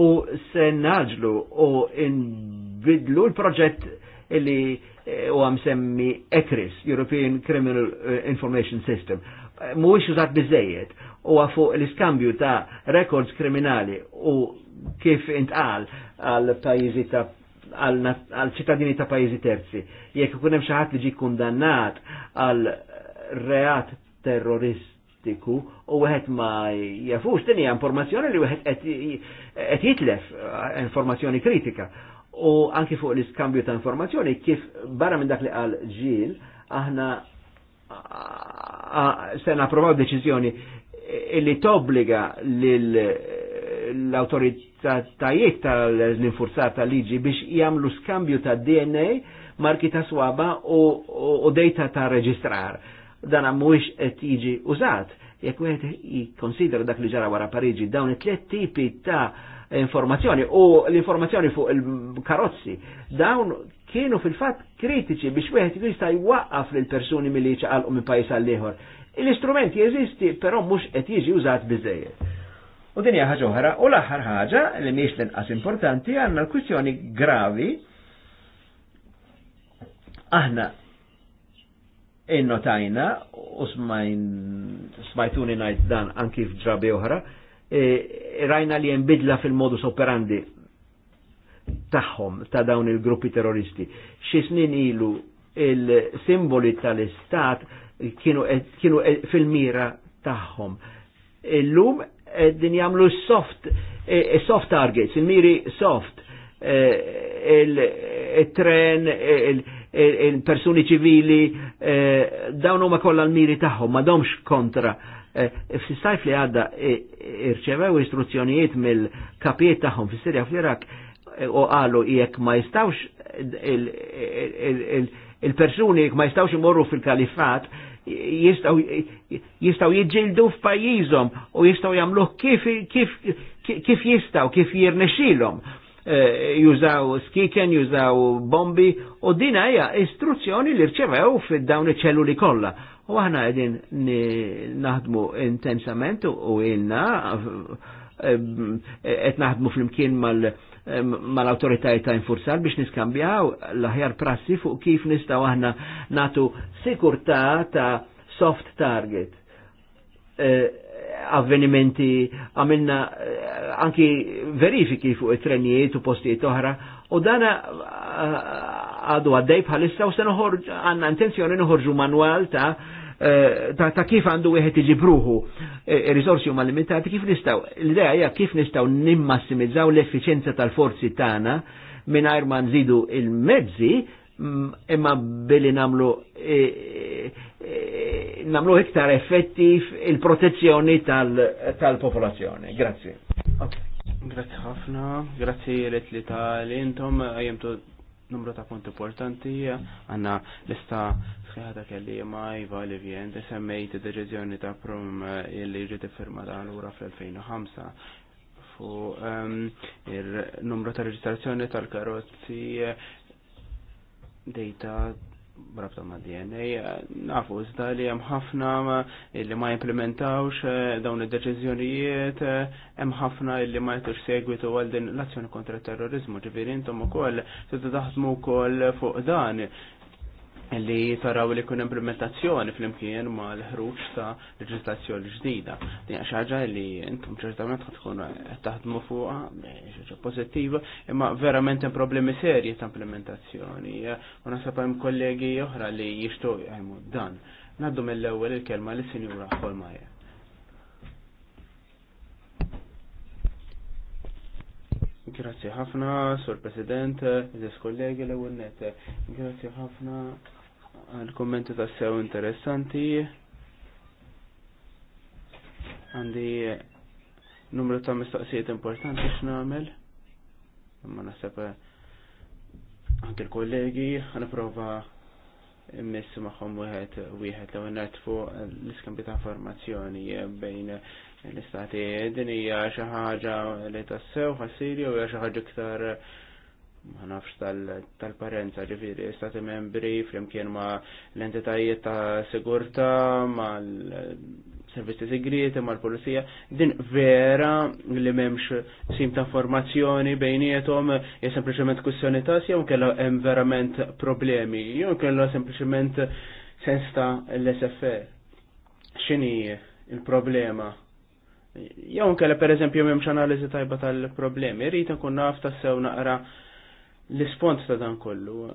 U se naġlu u nbidlu l-proġett li u għam semmi ECRIS, European Criminal eh, Information System. Eh, Mux użat bizzejiet u għafu l-iskambju ta' records kriminali u kif intqal għal pajjiżi ta' għal ċittadini ta' pajizi terzi. Jekk ikun hemm xi ħadd li kundannat għal reat terroristiku u wieħed ma jafux din hija informazzjoni li wieħed qed jitlef eh, informazzjoni kritika u anki fuq l-iskambju ta' informazzjoni kif barra minn dak li għal ġil aħna se napprovaw deċiżjoni illi tobbliga l-autoritajiet tal infurzata liġi biex jagħmlu skambju ta' DNA marki ta' swaba u data ta' reġistrar. Dan mhuwiex qed jiġi użat. Jekk wieħed jikkonsidra dak li ġara wara Pariġi dawn it-tliet tipi ta' informazzjoni u l-informazzjoni fuq il-karozzi. Dawn kienu fil-fat kritiċi biex wieħed jista' jwaqqaf lill persuni milli ċaqalqu minn pajjiż għal ieħor. L-istrument jeżisti però mhux qed jiġi użat biżejjed. U din hija ħaġa oħra, u l-aħħar ħaġa li mhix l importanti għandna l-kwistjoni gravi aħna innotajna u smajtuni najt dan anki f'drabi oħra E, rajna li hemm fil-modus operandi taħħom ta' dawn il-gruppi terroristi. Xi snin ilu il-simboli tal-istat kienu, e, e, fil-mira tagħhom. Illum din jamlu soft soft targets, il-miri soft, il-tren, il il-persuni ċivili, eh, dawn huma kollha l-miri tagħhom, ma domx kontra. Eh, Fis-sajf li għadda eh, irċevew istruzzjonijiet mill-kapijiet tagħhom fis-Sirja fl-Irak u qalu jekk ma jistawx il-persuni jekk ma jistawx imorru fil-kalifat jistaw jistaw jiġġildu f'pajjiżhom u jistaw jagħmluh kif jistgħu, kif jistaw kif jirnexxilhom Eh, jużaw skiken, jużaw bombi, u din hija istruzzjoni li rċevew fid-dawn iċ-ċelluli kollha. U aħna qegħdin naħdmu intensament u ilna eh, qed naħdmu flimkien mal- eh, mal-autoritajiet ta' infurzar biex niskambjaw l-aħjar prassi fuq kif nistaw aħna natu sikurta ta' soft target avvenimenti, għamilna eh, anki verifiki fuq it-trenijiet u postijiet oħra, u dana eh, għadu għaddej bħalissa u s-noħorġ, għanna intenzjoni nħorġu manual eh, ta' ta', kif għandu wieħed iġibruħu risorsi u limitati, kif nistaw, l-idea hija kif nistaw nimmassimizzaw l efficienza tal-forzi tagħna mingħajr ma nżidu il-mezzi Mm, imma billi namlu e, e, namlu iktar effettiv il-protezzjoni tal-popolazzjoni. Grazie. Grazie ħafna, grazie jiret li tal-intom, jemtu numru ta' punt importanti, għanna lista sħiħata kelli ma' Iva Livien, semmejt id-deċizjoni ta' prum eh, li firma ta' l-ura fl-2005 Fu ehm, il-numru ta' reġistrazzjoni tal-karozzi data brabta ma' DNA, nafu iżda li hemm ħafna illi ma jimplementawx eh, dawn id-deċiżjonijiet, eh, hemm ħafna illi ma jtux segwitu għal din l-azzjoni kontra terrorizmu, ġifieri intom ukoll se taħdmu wkoll fuq dan li taraw li kun implementazzjoni fl-imkien ma l-ħruġ ta' leġislazzjoni ġdida. Din xaġa li intom ċertament ħad tkun taħdmu fuqha xaġa pożittiva, imma verament hemm problemi serji ta' implementazzjoni. U nasab hemm kollegi oħra li jixtiequ għajmu dan. Naddu mill-ewwel il-kelma li sinjura Holmajer. Grazzi ħafna, Sur President, Ziz kollegi l-ewwel net. Grazzi ħafna għal-kommenti ta' sew interessanti. Għandi numru ta' mistoqsijiet importanti x'namel. Ma naħseb eh, anke l-kollegi prova immiss magħhom wieħed wieħed law ngħid fuq l iskambi ta' informazzjoni bejn l-istati Dinija xi ħaġa li tassew ħassiri u hija xi ħaġa iktar ma nafx tal-parenza ġifiri, stati membri flimkien ma l-entitajiet ta' sigurta, ma l-servizzi segreti, ma l-polizija, din vera li memx sim ta' formazzjoni bejnietom, jew sempliciment kussjoni ta' jew kella hemm verament problemi, jew kella sempliciment sens ta' l-SFE. Xini il-problema? Jew kella per eżempju memx analizi tajba tal-problemi, rritin kun naf sew naqra l-ispont ta' dan kollu.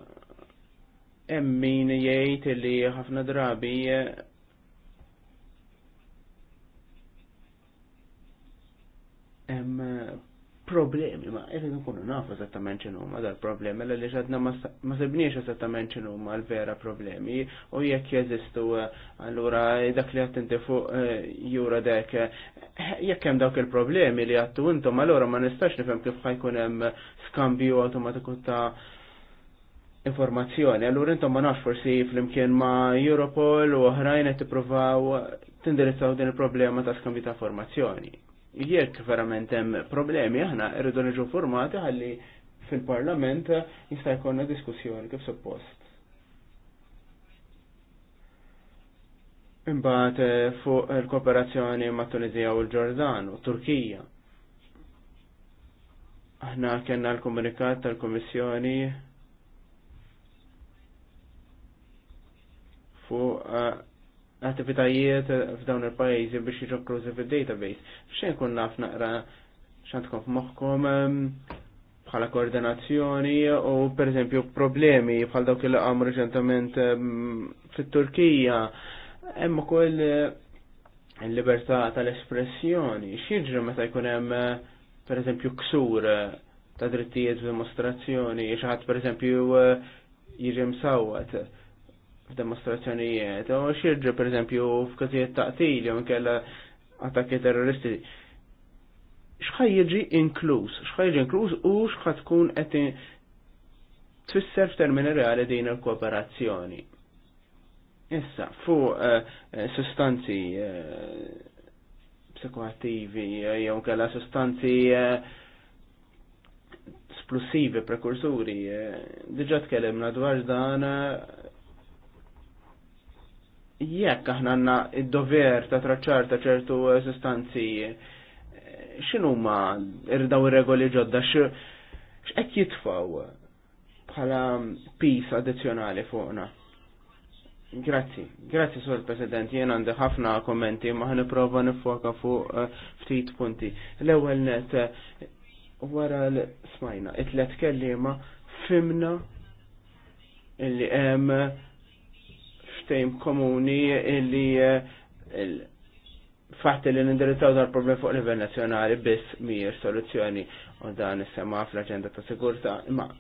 Hemm min jgħid li ħafna drabi hemm problemi, ma qed nkunu nafu eżattament x'inhu huma dal-problemi l li xadna ma sibniex eżattament x'inhu huma l-vera problemi u jekk jeżistu allura dak li qed inti fuq eh, jura dek eh, jekk hemm dawk il-problemi li għattu intom allura ma nistax nifhem kif ħajkun hemm skambju automatiku ta' informazzjoni. Allura intom ma nafx forsi flimkien ma' Europol u oħrajn qed tippruvaw tindirizzaw din il-problema ta' skambju ta' informazzjoni. Jekk verament hemm problemi aħna rridu niġu formati ħalli fil-Parlament jista' jkollna diskussjoni kif suppost. Imbagħad eh, fuq il-kooperazzjoni ma' Tunizija u l-Ġordan u Turkija. Aħna kena l-komunikat tal-Komissjoni fuq eh, attivitajiet f'dawn il-pajjiżi biex jiġu kruzi fil-database. Xejn kun naf naqra x'għandkom f'moħħkom ehm, bħala koordinazzjoni u pereżempju problemi bħal dawk il qam reċentament ehm, fit-Turkija. Hemm ukoll eh, il-libertà tal-espressjoni. X'jiġri meta jkun hemm eh, per eżempju ksur eh, ta' drittijiet f'dimostrazzjoni, xaħat per eżempju eh, jirġem msawat f'demonstrazzjonijiet, u xirġu per eżempju f'kazijiet tili, u kella attakki terroristi. Xħaj jirġi inkluż, xħaj jirġi inkluż u xħat tkun qed tfisser f'termini reali din il-kooperazzjoni. Issa, fuq uh, eh, sustanzi uh, psikoattivi jew kella sostanzi eh, splussivi, prekursuri. Eh, Diġa tkellimna dwar dan eh, jekk aħna għandna id-dover ta' traċċar ta' ċertu sostanzi x'inhuma irdaw ir-regoli ġodda x'qed jitfgħu bħala pis addizzjonali fuqna. Grazzi, grazzi sur President, jien għandi ħafna kommenti ma ħan prova nifoka fuq eh, ftit punti. L-ewwel net eh, wara l-smajna, it-tlet kellima fimna illi hemm eh, ftejm komuni illi fatti li nindirizzaw dar problem fuq livell nazzjonali biss mir soluzzjoni u dan is-sema fl-aġenda ta' sigurta, imma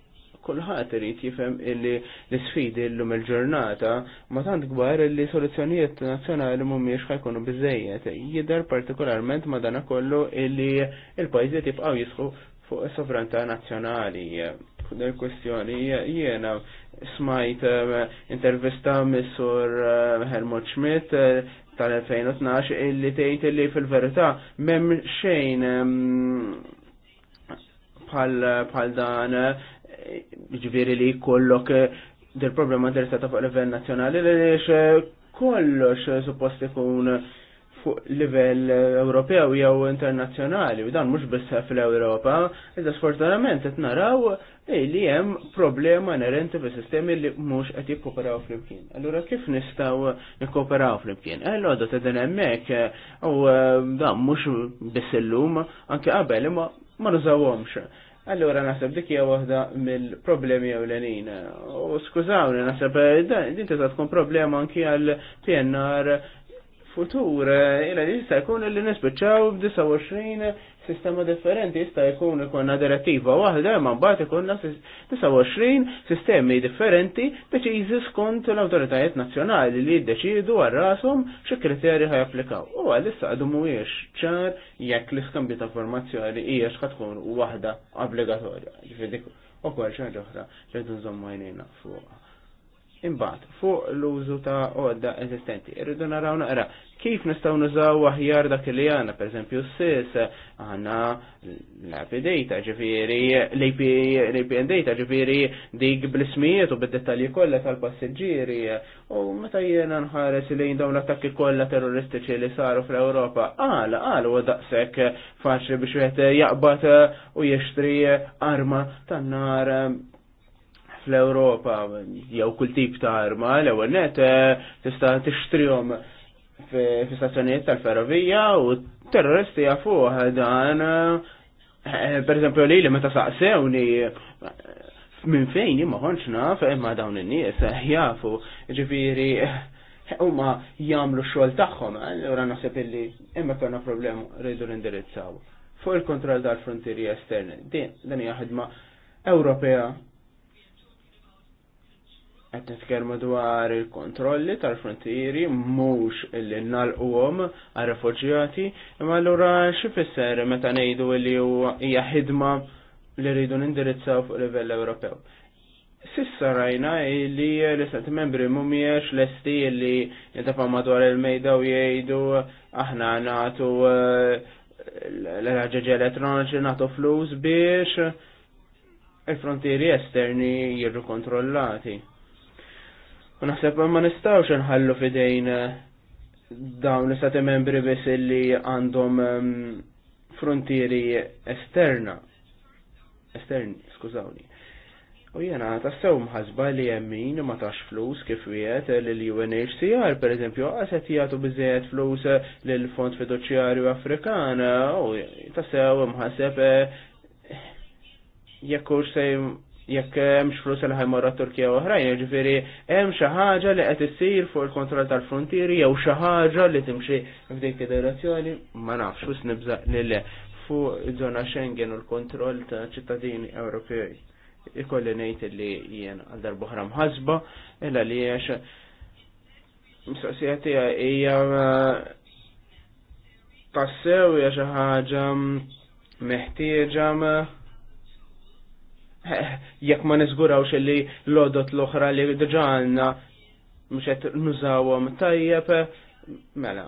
Kulħadd irid jifhem illi l-isfidi llum il-ġurnata ma tant kbar li soluzzjonijiet nazzjonali mhumiex ħajkunu biżejjed. Jidher partikolarment dana kollu illi il-pajjiżiet jibqgħu jisħu fuq is-sovranta nazzjonali. Kudel kwestjoni jiena smajt eh, intervista mis-sur eh, Helmut Schmidt eh, tal-2012 illi tgħid illi fil-verità m'hemm xejn mm, bħal dan ġviri li kollok eh, del problema interessata fuq livell nazzjonali li eh, kollox suppost ikun fuq livell Ewropew jew internazzjonali u dan mhux biss fl-Ewropa, iżda sfortunatament qed naraw eh, li hemm problema inerenti fis-sistemi li mhux qed jikkoperaw flimkien. Allura kif nistgħu nikkoperaw flimkien? Għal-għodu ta' hemmhekk u dan mhux biss illum anke qabel imma ma nużawhomx. Allora nasab dik hija waħda mill-problemi ewlenin. U skużawni nasab eh, din tista' tkun problema anki għal PNR futur eh, ila jista' jkun li nispiċċaw b'29 sistema differenti jista' jkun ikun direttiva waħda imma mbagħad ikunna 29 sistemi differenti deċiżi skont l-awtoritajiet nazzjonali li jiddeċiedu għal rashom xi kriterji ħaj applikaw. U għalissa għadu mhuwiex ċar jekk l-iskambju ta' formazzjoni hija x'qed tkun waħda obbligatorja. Ġifieri ukoll xi ħaġa oħra li nżommu għajnejna fuqha. Imbagħad, fuq l-użu ta' għodda eżistenti, irridu naraw naqra kif nistgħu nużaw aħjar dak li per pereżempju s-sis għandna l-IP data, ġifieri l-APN data, ġifieri dik bl-ismijiet u bid-dettalji kollha tal-passiġġieri. U meta jiena nħares lejn dawn l-attakki kollha terroristiċi li saru fl-Ewropa, għala għala u daqshekk faċli biex wieħed jaqbad u jixtri arma tan-nar fl-Europa jew kull tip ta' arma l-ewwel net eh, tista' tixtrihom fi-stazzjonijiet tal-ferrovija u terroristi jafuh dan eh, per eżempju li li meta saqsewni eh, minn fejn jien ma naf imma dawn in-nies jafu ġifieri huma jagħmlu x-xogħol tagħhom allura naħseb illi imma kellna problema rridu nindirizzaw fuq il-kontroll tal-frontieri esterni. Din hija ħidma Ewropea qed titkellmu dwar il-kontrolli tal-frontieri mhux illi nalquhom għar-refuġjati, imma allura x'ifisser meta ngħidu li hija ħidma li rridu nindirizzaw fuq livell Ewropew. Sissa rajna li l-istati membri mumiex l-esti li jintafaw madwar il-mejda u jgħidu aħna natu eh, l-ħagġeġi elettroniċi natu flus biex il-frontieri esterni jirru kontrollati U naħseb ma nistawx nħallu fidejn eh, dawn li stati membri biss li għandhom ehm, frontieri esterna. Esterni, skużawni. U jena tassew mħazba li jemmin ma tax flus kif wiet l-UNHCR, per eżempju, għaset jgħatu bizziet flus eh, l-Fond Fiduċjarju Afrikana, eh, u tassew mħazba jekkux sej jekk eh, hemmx flus li ħajmorra Turkija oħrajn, ġifieri hemm xi ħaġa li qed issir fuq il-kontroll tal-frontieri jew xi ħaġa li timxi f'dik id-direzzjoni, ma nafx xus nibża lil fuq żona Schengen u l-kontroll ta' ċittadini Ewropej. Ikolli ngħid li jien għal darbohra mħasba, illa li għax mistoqsija tiegħi hija eh, tassew hija xi ħaġa meħtieġa Eh, jekk ma niżgurawx li l-odot l-oħra li d-ġalna mhux qed nużawhom tajjeb mela.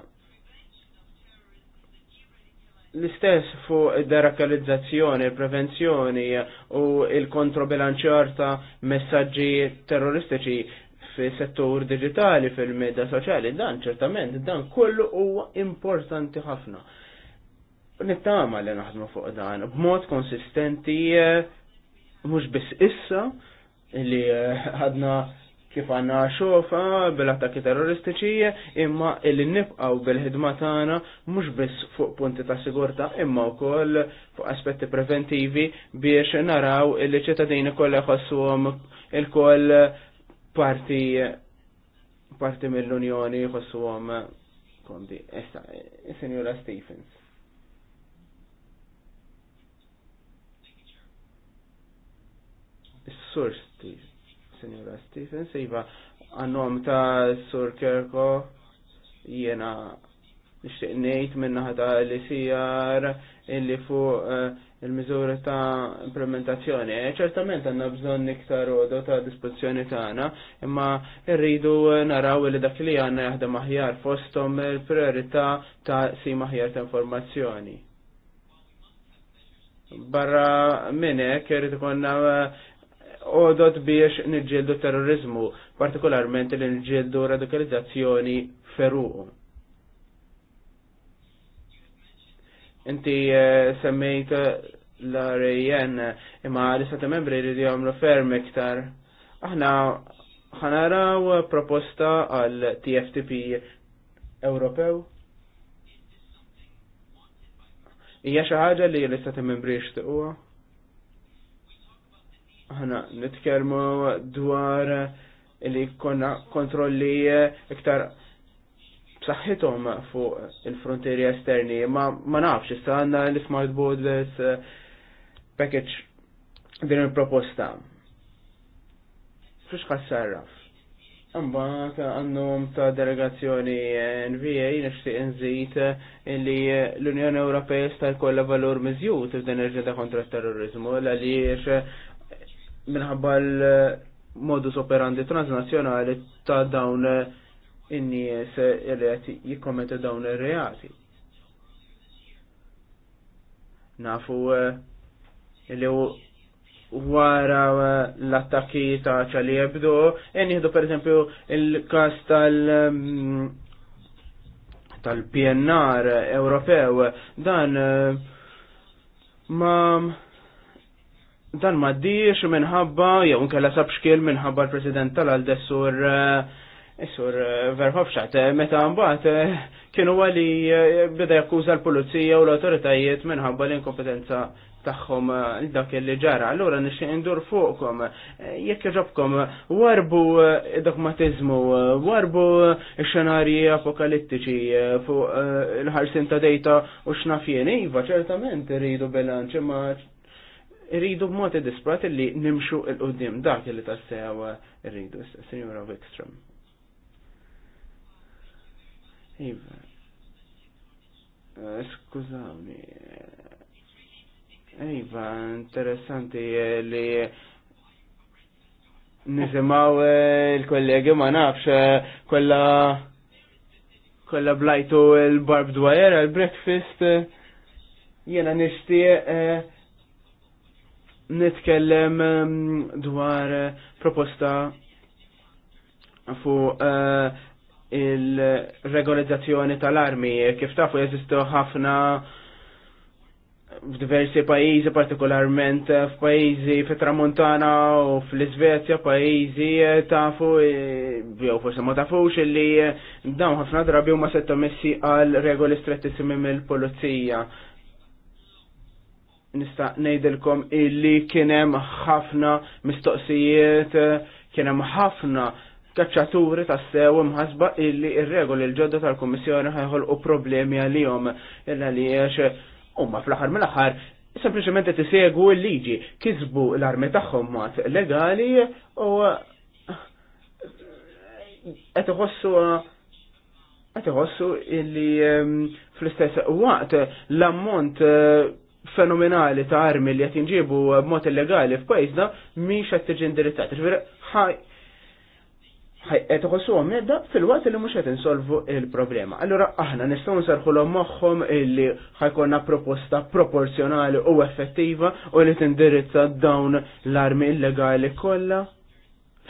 L-istess fuq derakalizzazzjoni, prevenzjoni u il-kontrobilanċjar ta' messaġġi terroristiċi fis settur digitali fil-medja soċjali, dan ċertament, dan kollu huwa importanti ħafna. Nittama li naħdmu fuq dan, b'mod konsistenti eh, mhux biss issa li eh, ħadna kif għanna xofa bil-attakki terroristiċi imma illi nifqaw bil-ħidma tagħna mhux biss fuq punti ta' sigurta imma wkoll fuq aspetti preventivi biex naraw illi ċittadini kollha jħossuhom il-koll parti parti mill-Unjoni jħossuhom kondi. Issa, eh, Senjora Stephens. Sur Steve, Senjora Stephen, sejva għannom ta' Sur Kerko, jena nishtiq ngħid minnaħa li sijar illi fuq eh, il-miżuri ta' implementazzjoni. Eh, ċertament għandna bżonn iktar għodu ta' ta' tagħna, imma rridu naraw li dak li għandna jaħdem aħjar fosthom il priorita ta' si maħjar ta' informazzjoni barra minnek irrid konna eh, odot biex nġildu terrorizmu, partikolarment li nġildu radikalizzazzjoni feru. Inti eh, semmejt l rejjen imma li istati membri li jgħamlu ferm iktar. Aħna ħanaraw proposta għal TFTP Ewropew. Ija xi ħaġa li l-istati membri jixtiequha ħana nitkermu dwar li konna kontrolli iktar b'saħħithom fuq il-frontieri esterni, ma, ma nafx, issa għandna l-smart borders eh, package din il-proposta. Fux ħassarraf. Mbagħad għandhom ta' delegazzjoni NVA nixtieq inżid li l-Unjoni Ewropea jista' jkollha valur miżjud f'din il-ġeda kontra t-terrorizmu għaliex minħabba l-modus operandi transnazjonali ta' dawn in-nies li qed jikkommentu dawn ir-reati. Nafu eh, li wara eh, l-attakki ta' ċali jibdu, e nieħdu per esempio il-kas tal- mm, tal-PNR Ewropew, dan eh, ma' dan maddiex minħabba, jew nkella sabxkil minħabba l-President tal-Aldessur Sur eh, eh, Verhofstadt, eh, meta mbagħad kienu għali bida jakkuża l-pulizija u l-autoritajiet minħabba l-inkompetenza tagħhom dak li ġara. Allura nixtieq indur fuqkom, jekk ġobkom warbu dogmatizmu, warbu xenarji apokalittiċi fuq il-ħarsin ta' dejta u xnafjeni, iva, ċertament iridu bilanċ imma rridu b'mod disprat li nimxu il-qoddim dak li sewa rridu, Signora Wikstrom. Iva. Eh, skużawni. Iva, interessanti li nisimaw eh, il-kollegi ma nafx eh, kolla kolla blajtu il-barbed wire, il-breakfast. Jena nishtiq nitkellem um, dwar uh, proposta fuq uh, il-regolizzazzjoni tal-armi. Kif tafu jeżistu ħafna f'diversi pajjiżi, partikolarment f'pajjiżi f'Tramontana tramontana u fl-Iżvezja, pajjiżi eh, tafu, eh, jew forse ma tafux illi eh, dawn ħafna drabi huma messi għal regoli strettissimi mill-pulizija nista' ngħidilkom illi kien hemm ħafna mistoqsijiet, kien hemm ħafna kacċaturi ta' sew imħasba illi ir-regoli l-ġodda tal-Kummissjoni u problemi għalihom illa li għax huma fl-aħħar mill-aħħar sempliċement qed isegwu l-liġi, kisbu l-armi tagħhom mat legali u għetħossu iħossu illi ehm, fl-istess waqt l-ammont fenomenali ta' armi li qed b mod illegali f'pajjiżna mhix qed tiġi indirizzata. Ġifieri ħaj qed iħossuhom medda fil-waqt li mhux qed insolvu il-problema. Allura aħna nistgħu nsarħulhom moħħom illi ħajkonna proposta proporzjonali u effettiva u li tindirizza dawn l-armi illegali kollha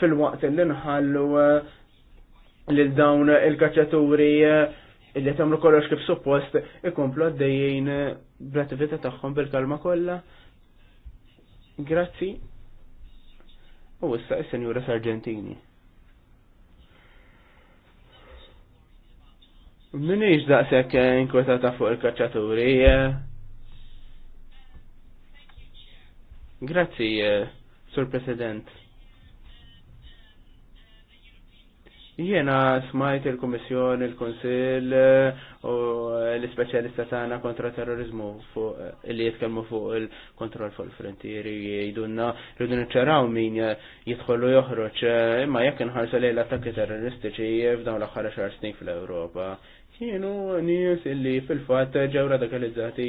fil-waqt li nħallu eh, lil dawn il-kaċċaturi eh, illi tamlu kollox kif suppost ikomplu għaddejjien bl-attività tagħhom bil-kalma kollha. Grazzi. U issa is-Senjura Sargentini. Minix daqshekk ta' fuq il-kaċċaturi. Eh? Grazzi, eh, Sur President. Jiena smajt il komissjon il-Konsil eh, u l specialista tagħna kontra terrorizmu fuq eh, li jitkellmu fuq il-kontroll fuq il-frontieri jgħidulna rridu niċċaraw min jidħol u joħroġ eh, imma jekk inħarsu lejn l-attakki terroristiċi f'dawn l-aħħar xahar snin fl-Ewropa. Kienu nies illi fil-fatt ġew radikalizzati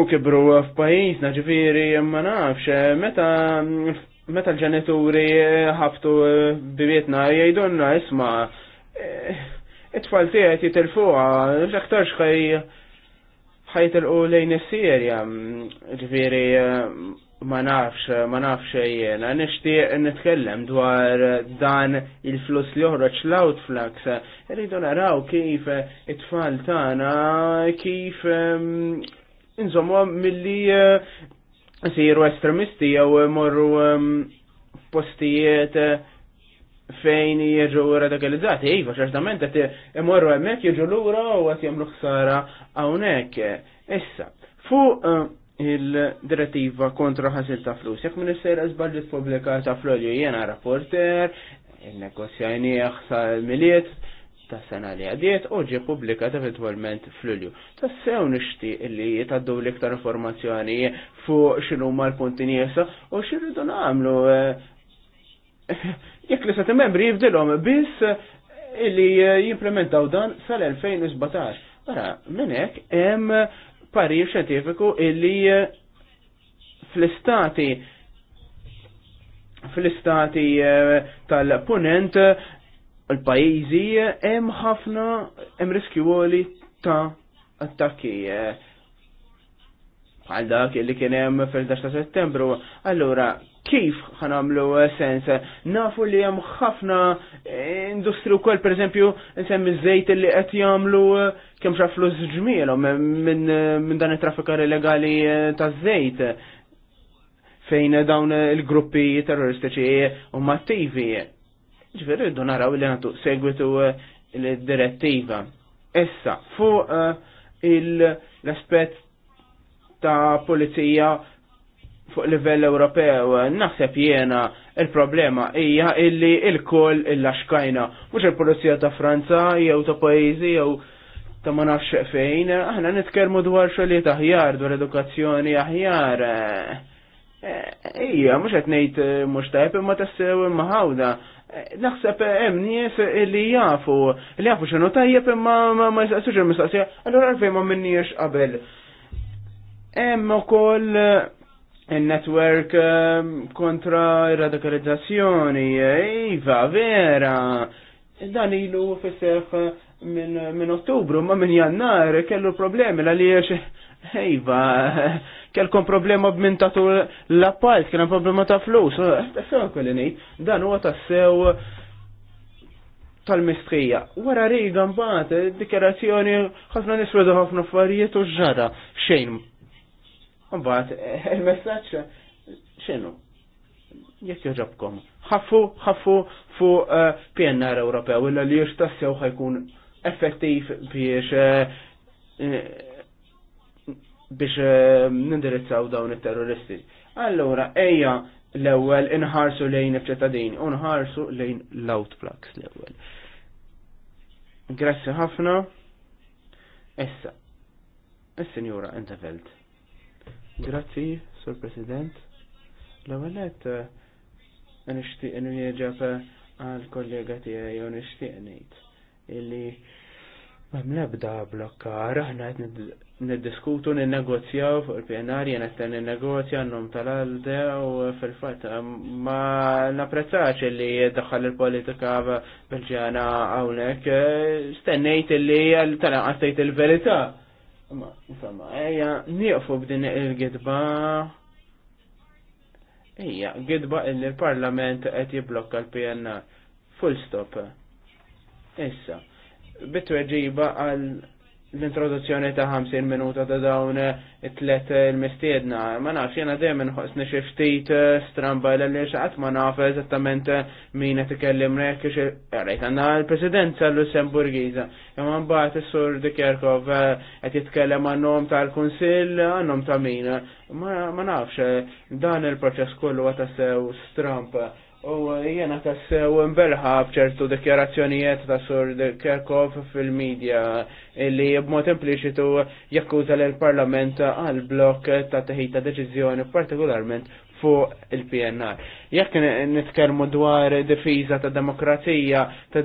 u kibru f'pajjiżna ġifieri ma nafx meta meta l-ġenituri eh, ħaftu eh, bibietna jajdonna isma eh, it-tfal tiegħek jitilfuha l-aktar xej ħajtilqu lejn s sirja ġviri ma nafx, ma nafx xejjena, nixtieq nitkellem dwar dan il-flus li joħroġ l-outflux. Rridu naraw kif it-tfal tagħna kif inżomma milli siru estremisti jew morru ehm, postijiet eh, fejn jiġu radikalizzati, iva, ċertament, għet imorru għemmek jiġu l-ura u għet jamlu ħsara għawnek. Issa, fu eh, il-direttiva kontra ħasil ta' flus, jek minn s-sejra zbalġit publikata fl-olju jena rapporter, il-negozjajni jaxsa l-miliet, ta' sena li għadiet u ġie publikat eventualment fl-ulju. Tassew nixtieq li jitaddu l-iktar informazzjoni fuq xinu ma l-punti niesa u xirridu nagħmlu eh, jekk li sa' membri jibdilhom biss eh, li eh, jimplementaw dan sal-2017. Ara, mela, minn hekk hemm parir xjentifiku illi fl-istati fl-istati tal-punent l-pajizi hemm ħafna hemm riskju ta' attakki għal dak li kien hemm fil 11 ta' Settembru. Allora, kif ħanamlu sens? Nafu li hemm ħafna eh, industri wkoll pereżempju nsemmi żejt li qed jagħmlu eh, kemm xa flus ġmielhom eh, minn dan it-traffikar illegali ta' żejt fejn dawn il-gruppi terroristiċi u mattivi ġveri rridu naraw li għandu segwitu eh, il-direttiva. Issa, fuq eh, l-aspet ta' polizija fuq livell Ewropew, eh, naħseb jiena il-problema hija illi il-koll il-laxkajna, mhux il-Polizija ta' Franza jew ta' pajjiżi jew ta' ma nafx fejn, aħna nitkellmu dwar ta' aħjar, dwar edukazzjoni aħjar. Ija, mhux qed ngħid mhux tajb imma tassew imma ħawda naħseb eh, hemm nies li jafu, li jafu x'inhu tajjeb imma ma jistaqsux il-mistaqsija, allura għalfejn ma minniex qabel. Hemm ukoll eh, il-network eh, kontra radikalizzazzjoni, iva vera, dan ilu fisseħ minn ottubru, ma minn jannar, kellu problemi l-għaliex, iva, kelkom problema b'min tatu l-appalt, kien problema ta' flus, tassew kelli ngħid, dan huwa tassew tal-mistrija. Wara riga mbagħad d-dikerazzjoni ħafna niswedu ħafna affarijiet u ġara xejn. Mbagħad eh, il-messaġġ x'inhu? Jekk joġobkom. Ħaffu, ħafu fu eh, PNR Ewropew illa li jixtassew ħajkun effettiv biex eh, biex ehm, nindirizzaw dawn it-terroristi. Allora ejja l-ewwel inħarsu lejn iċ-ċittadini u nħarsu lejn l-outplugs l-ewwel. Grazzi ħafna. Issa. Is-Sinjura Intervelt. Grazzi, Sur President. L-ewwel qed eh, nixtieq inwieġeb eh, għal-kollega tiegħi u nixtieq ngħid illi Mem lebda aħna qed niddiskutu n-negozjaw fuq il-PNR jena t ninnegozja n num tal-alde u fil-fat ma napprezzax li daħħal il-politika bil-ġana għawnek stennejt li tal għastajt tgħid il-verità. Insomma, ejja nieqfu b'din il-gidba Ija, gidba li l-parlament qed jiblokka l-PNR. Full stop. Issa, bitweġiba għal l-introduzzjoni ta' 50 minuta ta' dawn it-tlet il-mistiedna. Ma nafx jena dejjem nħossni xi ftit eh, stramba l xaqat ma naf eżattament eh, min qed ikellim rek rejt għandna l-Presidenza tal-Lussemburgiza, Imma mbagħad is-Sur Dikerkov eh, qed jitkellem għan-nom tal-Kunsill għannom ta' min. Ma nafx dan il-proċess kollu għata sew stramba U jena tassew mbelħa bċertu dekjarazzjonijiet ta' sur Kerkov fil-medja illi b'mod impliċitu jakkuża l-Parlament għal blok ta' teħita deċiżjoni partikolarment fuq il-PNR. Jekk nitkellmu dwar difiża ta' demokrazija, ta'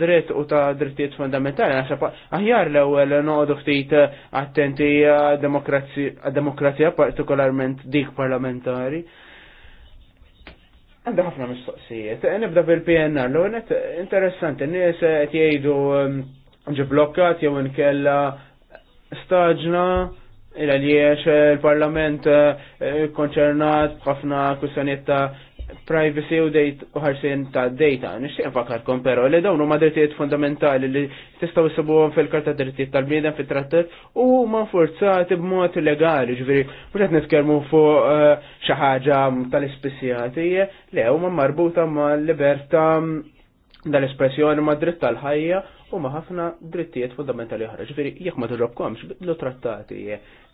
dritt u ta' drittijiet fundamentali, naħseb aħjar l-ewwel noqogħdu ftit attenti għad-demokrazija partikolarment dik parlamentari. Għandu ħafna mistoqsijiet. Nibda bil-PNR, l-għonet interessanti, n-nies jgħidu um, ġiblokkat jew nkella staġna il għaliex eh, il-parlament eh, konċernat b'ħafna kwistjoniet ta' privacy u dejt u ħarsien ta' data. Nixtieq nfakarkom però li dawn huma drittijiet fundamentali li tistgħu jsibuhom fil-Karta Drittijiet tal-Bniedem fit-Trattat u huma forzati b'mod legali, ġifieri mhux qed nitkellmu fuq eh, xi ħaġa tal-ispissjati, le huma marbuta mal-libertà dal-espressjoni ma' dritt tal-ħajja u ma' ħafna drittijiet fundamentali oħra. Ġifieri jekk ma tiġobkomx bidlu trattati.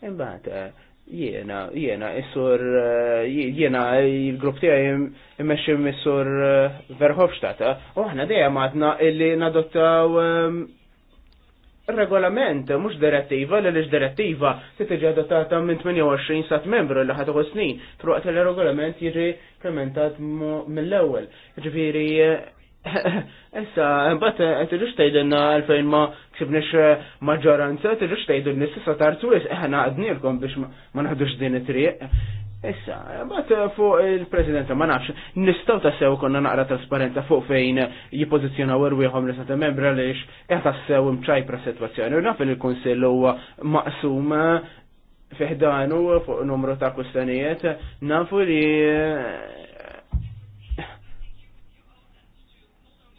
Imbagħad eh, Jiena, jiena, is-sur, eh, jiena, il-grupp tiegħi jimmeċim mis-sur eh, Verhofstadt, u aħna dejjem għadna illi nadottaw ehm, regolament, mux direttiva, l lix direttiva, se tiġi adottata minn 28 sat membru l ħadu snin, truqat l-regolament jiġi implementat mill-ewel. ġviri Issa, mbagħad tirrux tgħidilna għalfejn ma ksibniex eh, maġġoranza, tirrux tgħidilna issa tartu eħna eh, għadnilkom biex ma naħdux din it-triq. Issa, mbagħad fuq il-Presidenza ma nafx, nistgħu tassew konna naqra trasparenza fuq fejn u rwiħom li s-sata membra għaliex eh, ta' sew mċajpra situazzjoni. U nafin il-Kunsill huwa maqsum fiħdanu fuq numru ta' kustanijiet, nafu li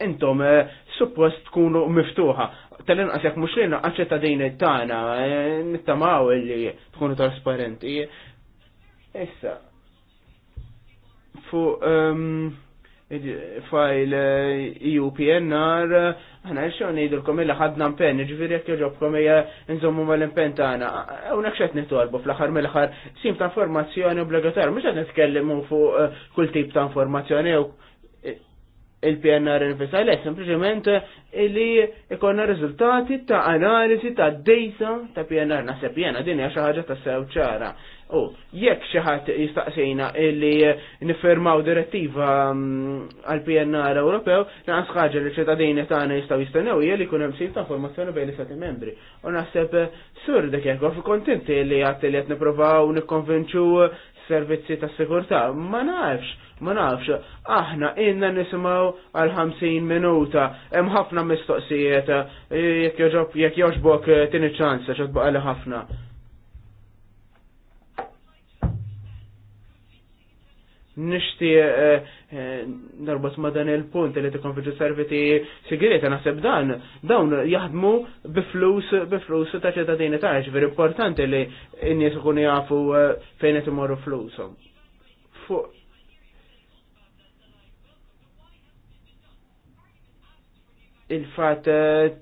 intom eh, suppost tkunu miftuħa. Tal-inqas jekk mhux lejna dini t tana eh, nittamaw li tkunu trasparenti. Issa fuq ehm, fajl eh, e UPNR għana xo nejdilkom illa ħadna mpen, ġviri jek joġobkom ija nżommu mal-impen tana. Unek xet nitolbu fl-axar mill-axar sim ta' informazzjoni obbligatorju, mux għed nitkellimu fuq kull tip ta' informazzjoni u il-PNR nifisa, le, sempliciment li ikonna rizultati ta' analizi ta' data ta' PNR, nasib jena din hija xi ħaġa ta' sew ċara. U jekk xi ħadd jistaqsejna li niffirmaw direttiva mm, għal PNR Ewropew, naqas ħaġa li ċittadini tagħna jistgħu jistennew hija li jkun hemm sib ta' informazzjoni bejn li sati membri. U naħseb sur dik jekk fi kontenti li għat li għat niprofaw nikkonvinċu servizzi ta' sigurtà, ma nafx, ma nafx, aħna inna nisimgħu għal 50 minuta, hemm ħafna mistoqsijiet, jekk joġbok eh, tini ċans għax ħafna. nixtieq eh, eh, narbot ma' dan il-punt li tikon fiġu serviti sigrieta naħseb dan dawn jaħdmu biflus biflus ta' ċittadini ta' ġifier importanti li n-nies ikunu jafu eh, fejn qed imorru flushom. Fuq il-fat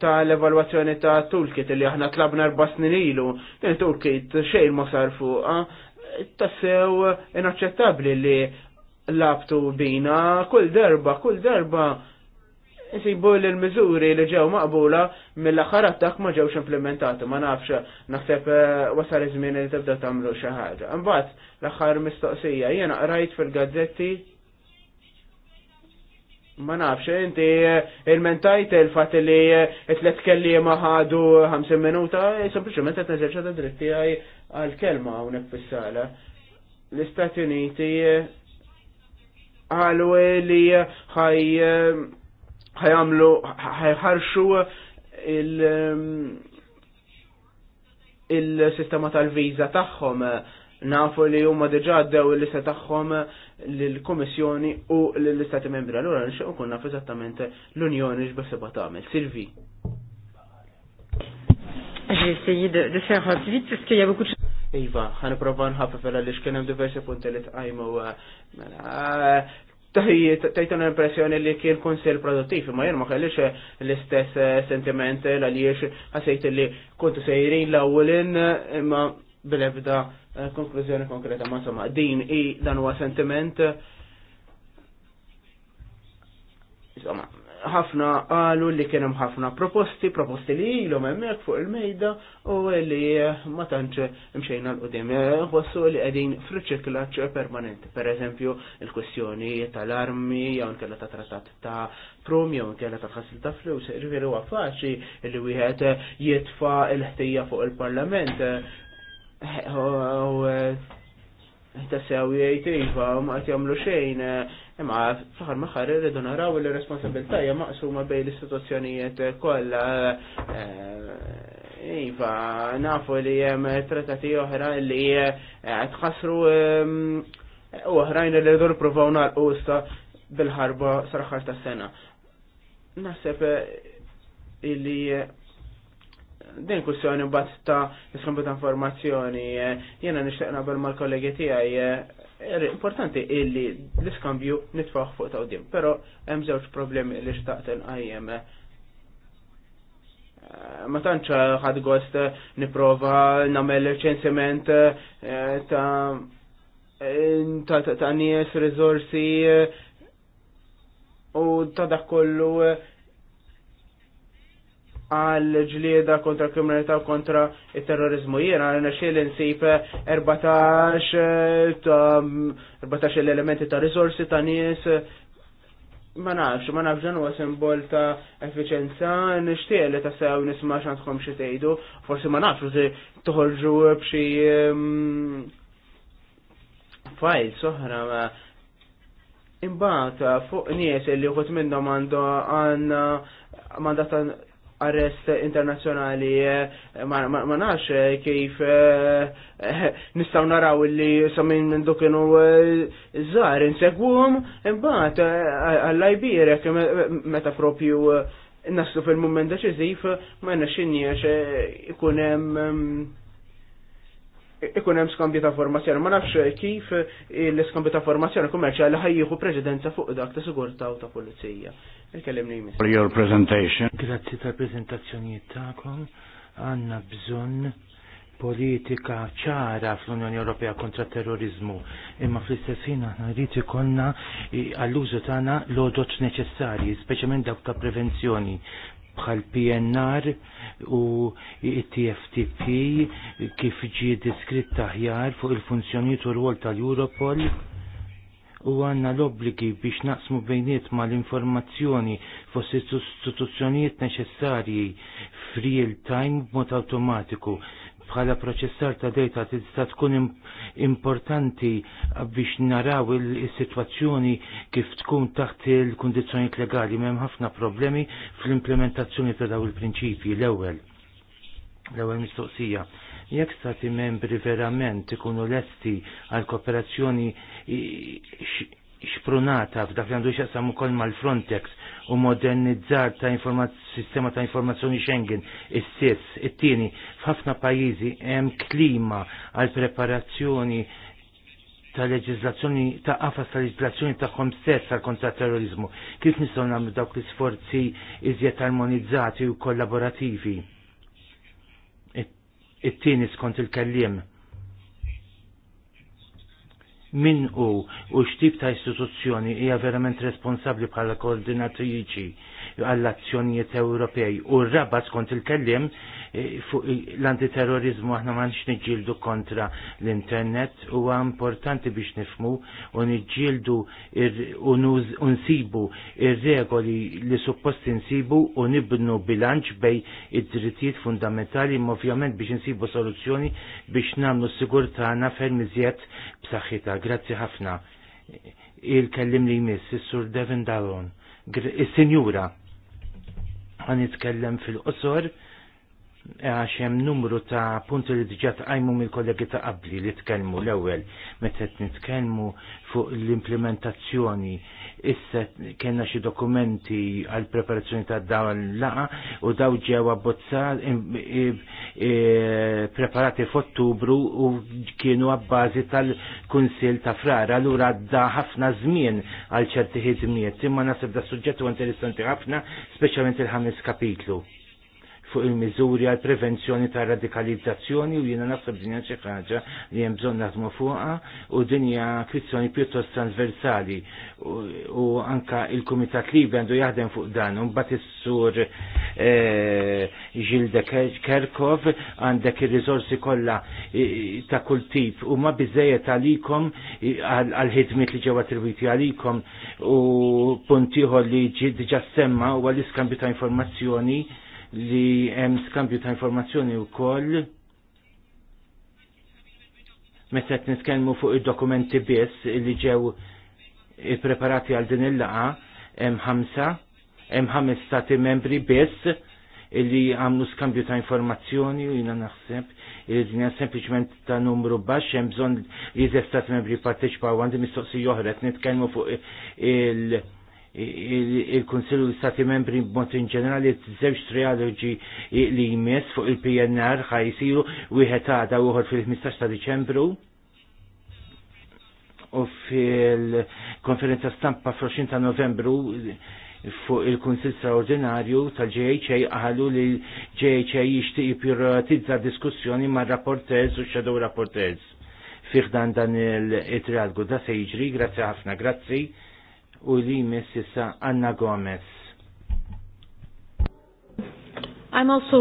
ta' l-evalwazzjoni ta' toolkit li aħna tlabna erba snin ilu, il-toolkit xejn ma sar fuq, tassew inaċċettabli li labtu bina, kull darba, kull darba nsibu li l-mizuri li ġew maqbula mill-aħħar attak ma ġewx implementati, ma nafx naħseb eh, wasal iż-żmien li tibda tagħmlu xi ħaġa. Imbagħad l-aħħar mistoqsija jiena qrajt fil-gazzetti ma nafx inti eh, il-mentajt il-fatt li eh, tlet kelliema ħadu 50 minuta, sempliċement qed neżerċa ta' dritti għal kelma hawnhekk fis-sala. L-Istati Uniti għalu li ħaj ħajamlu ħajħarxu il il-sistema tal-viza tagħhom nafu li huma diġà għaddew il-lista tagħhom lill-Kummissjoni u lill-Istati Membri. Allura nixtieq nkun naf eżattament l-Unjoni x'beħsibha tagħmel. Silvi. J'ai de, de vitt vite parce qu'il Iva, ħan prova nħaffa fela li xkenem diversi punti li tqajmu. Eh, mela, eh, Tajtun l-impressjoni li kien konsil produttiv, ma jien ma kellix l-istess eh, sentiment għaliex għasajt li kontu sejrin l-awlin imma bil-ebda konklużjoni konkreta ma insomma din i dan huwa sentiment insomma ħafna għalu li kienem ħafna proposti, proposti li ilhom hemmhekk fuq il-mejda u li ma tantx imxejna l-qudiem. Ħossu li qegħdin permanent, permanenti, pereżempju il-kwestjoni tal-armi jew nkella ta' trattat ta' prum, jew nkella ta' ħassil ta' flus, irveri huwa għafaxi li wieħed jitfa' l-ħtija fuq il-Parlament u tassew jgħid iva, ma qed jagħmlu xejn Imma saħar maħar irridu naraw li responsabilità hija maqsuma bejn l-istituzzjonijiet kollha. Eh, iva, nafu li hemm trattati oħra li eh, tħassru ehm, oħrajn li rridu nippruvaw narqu bil-ħarba sar tas sena. Naħseb eh, li din kussjoni bat ta' niskambu ta' informazzjoni, jena nishtaqna bil mal kollegi tijaj Eh, importanti illi l-iskambju nitfaħ fuq ta' udim, pero hemm żewġ problemi li xtaqt il-qajjem. Eh, ma tantx ħad gost niprova nagħmel ċensiment eh, ta' ta' nies, riżorsi u ta' dak kollu għal ġlieda kontra kriminalità kontra il-terrorizmu. jiena għanna xil nsib 14 l-elementi ta' risorsi ta' nies. Ma nafx, ma nafx ġanu simbol ta' efficienza, nixtieq li ta' sew nisma xantkom xie tejdu, forsi ma nafx li toħorġu bxi mm, fajl soħra ma. Imbata fuq nies li uħut minnom għandu għanna mandata arrest internazjonali eh, ma nafx eh, kif eh, nistgħu naraw li samin minn dok kienu żgħar insegwhom imbagħad għall-ajbirek meta propju naslu fil-mument deċiżiv ma nexxinniex ikun hemm mm, ikun hemm skambju ta' formazzjoni, ma nafx kif l-iskambju ta' formazzjoni kummerċjali ħajjieħu preċedenza fuq dak ta' sigurtà u ta' pulizija. jmiss. For your presentation. Grazzi tal-preżentazzjonijiet tagħkom. Għandna bżonn politika ċara fl-Unjoni Ewropea kontra terrorizmu, imma fl-istess ħin aħna rrid ikollna għall-użu tagħna l odoċ neċessarji, speċjalment dawk ta' prevenzjoni bħal PNR u TFTP kif ġi diskrit taħjar fuq il-funzjoniet u rwol tal-Europol u għanna l-obbligi biex naqsmu bejniet ma l-informazzjoni fost istituzzjonijiet neċessarji free time b'mod automatiku bħala proċessar ta' data tista' tkun importanti biex naraw il-sitwazzjoni kif tkun taħt il-kundizzjoni legali m'hemm ħafna problemi fl-implementazzjoni ta' daw il-prinċipji l-ewwel. L-ewwel mistoqsija jekk stati membri verament ikunu lesti għal kooperazzjoni xprunata f'dak li għandu xaqsam ukoll mal-Frontex u modernizzar ta' sistema ta' informazzjoni Schengen is-siss, it-tieni, f'ħafna pajjiżi hemm klima għal preparazzjoni ta' leġizlazzjoni ta' qafas ta' leġizlazzjoni tagħhom stess għal kontra terrorizmu. Kif nistgħu nagħmlu dawk l-isforzi iżjed armonizzati u kollaborativi? It-tieni skont il-kelliem min u u xtib ta' istituzzjoni hija verament responsabbli bħala koordinatriċi għall-azzjonijiet Ewropej. U r-raba skont il-kellim eh, fuq l-antiterrorizmu aħna ma nix niġġieldu kontra l-internet u importanti biex nifmu u niġġieldu u nsibu ir-regoli li supposti nsibu u nibnu bilanċ bej id-drittijiet fundamentali ovvjament biex nsibu soluzzjoni biex namlu sigur tagħna ferm iżjed b'saħħitha. Grazzi ħafna. Il-kellim li jmiss, is-Sur Devin Dallon, is-Sinjura għanitkellem nitkellem fil-qosor għax hemm numru ta' punti li diġà tqajmu mill-kollegi ta' qabli li tkellmu l-ewwel meta qed nitkellmu fuq l-implementazzjoni issa kena xi dokumenti għal preparazzjoni ta' dawn laqa u daw ġew abbozzat preparati f'Ottubru u kienu għabbażi tal-Kunsil ta' Frara allura da ħafna żmien għal ċerti ħidmiet imma nasib da' suġġettu interessanti ħafna speċjalment il-ħames kapitlu fuq il-miżuri għal prevenzjoni ta' radikalizzazzjoni u jiena naħseb b'dinja xi ħaġa li hemm bżonn naħdmu fuqha u din hija kwistjoni pjuttost transversali u anka il-Kumitat Libi għandu jaħdem fuq dan u mbagħad is-sur eh, Gilda Kerkov għandek ir-riżorsi kollha ta' kull tip u ma biżejjed għalikom għal-ħidmiet li ġew attribwiti għalikom u puntiħor li ġid diġa semma u għal-iskambju ta' informazzjoni li hemm skambju ta' informazzjoni wkoll meta qed nitkellmu fuq id-dokumenti biss li ġew ippreparati għal din il-laqa hemm ħamsa, hemm ħames stati membri biss illi għamlu skambju ta' informazzjoni u jina naħseb li dinja sempliciment ta' numru baxx hemm bżonn li jeżef stati membri jipparteċipaw għandi mistoqsi joħret nitkellmu fuq il- il-Konsilju il Stati Membri b'mod in ġenerali żewġ trialogi li jmiss fuq il-PNR ħaj jisiru wieħed għada u fil-15 ta' Diċembru u fil-konferenza stampa fl-20 ta' Novembru fuq il-Kunsil Straordinarju tal-GHA għalu li l-GHA jishti jippjuratizza diskussjoni ma' rapportez u shadow rapporters fiħdan dan il-trialgu da se jiġri, grazzi ħafna, grazzi u li jmiss Anna Gomez. I'm also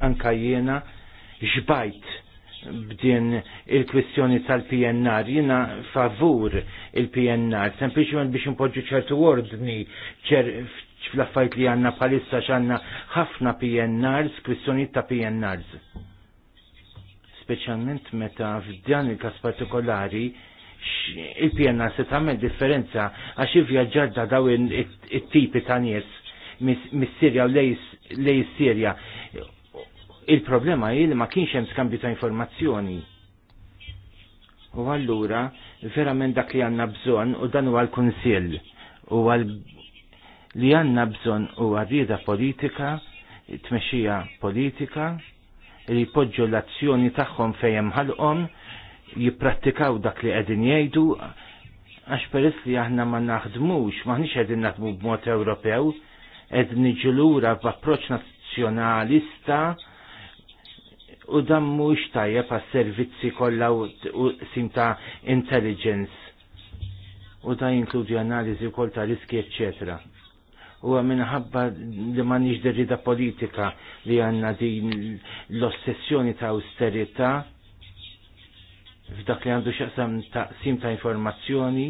anka jiena ġbajt b'din il-kwistjoni tal-PNR, jiena favur il-PNR, sempliciment biex impoġġu ċertu ordni fl-affajt li għanna palissa ċanna ħafna PNRs, kwistjoni ta' PNRs. Speċjalment meta f'dan il-kas partikolari il pnr se tagħmel differenza għax ivvjaġġar da daw it-tipi ta' nies mis-Sirja u lej Sirja. Il-problema hi li ma kienx hemm skambju ta' informazzjoni. U allura verament dak li għandna bżonn u dan huwa l-Kunsill u li għandna bżonn huwa rieda politika, tmexxija politika, li jpoġġu l-azzjoni tagħhom fejn ħalqhom jipprattikaw dak li qegħdin jgħidu għax peress li aħna ma naħdmux, maħniex qegħdin naħdmu b'mod Ewropew, għedin niġu lura b'approċċ nazzjonalista u dan mhux tajjeb għas-servizzi kollha u simta ta' intelligence. U da jinkludi analiżi wkoll ta' riski eċċetera u minħabba li ma nix derrida politika li għanna din l-ossessjoni ta' austerita f'dak li għandu xaqsam taqsim ta' informazzjoni,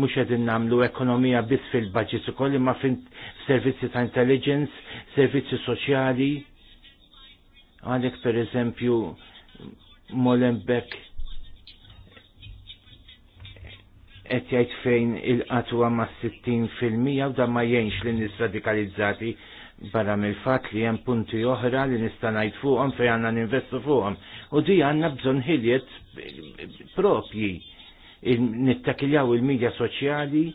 mux għedin namlu ekonomija bis fil-budget u koll, imma fin servizzi ta' intelligence, servizzi soċjali, għalek per eżempju Molenbeek qed jajt fejn il-qatwa ma' 60% u da ma jgħinx lin nies radikalizzati barra mill fatt li hemm punti oħra li nista' ngħid fuqhom fejn għandna ninvestu fuqhom. U di għanna bżonn ħiljet propji nittakiljaw il-medja soċjali,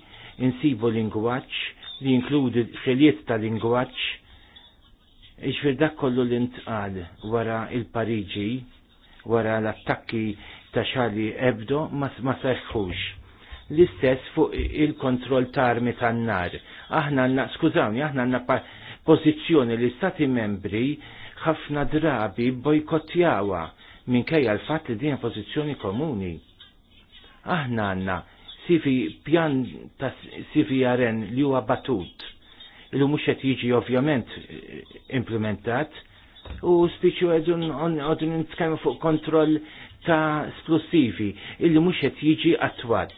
insibu lingwaġġ li inkludi ħiljiet ta' lingwaġġ. Iġfir dak kollu li ntqal wara il-Pariġi, wara l-attakki ta' xali ebdo ma seħħux l-istess fuq il-kontroll tarmi tan nar. Aħna għanna, skużawni, aħna għanna pożizzjoni li stati membri ħafna drabi bojkottjawa minkejja l-fatt li din pożizzjoni komuni. Aħna għandna sifi pjan ta' sifi jaren li huwa batut li mhux qed jiġi ovvjament eh, implementat u spiċu għedun għedun nitkajmu fuq kontroll ta' splussivi illi mhux qed jiġi attwat.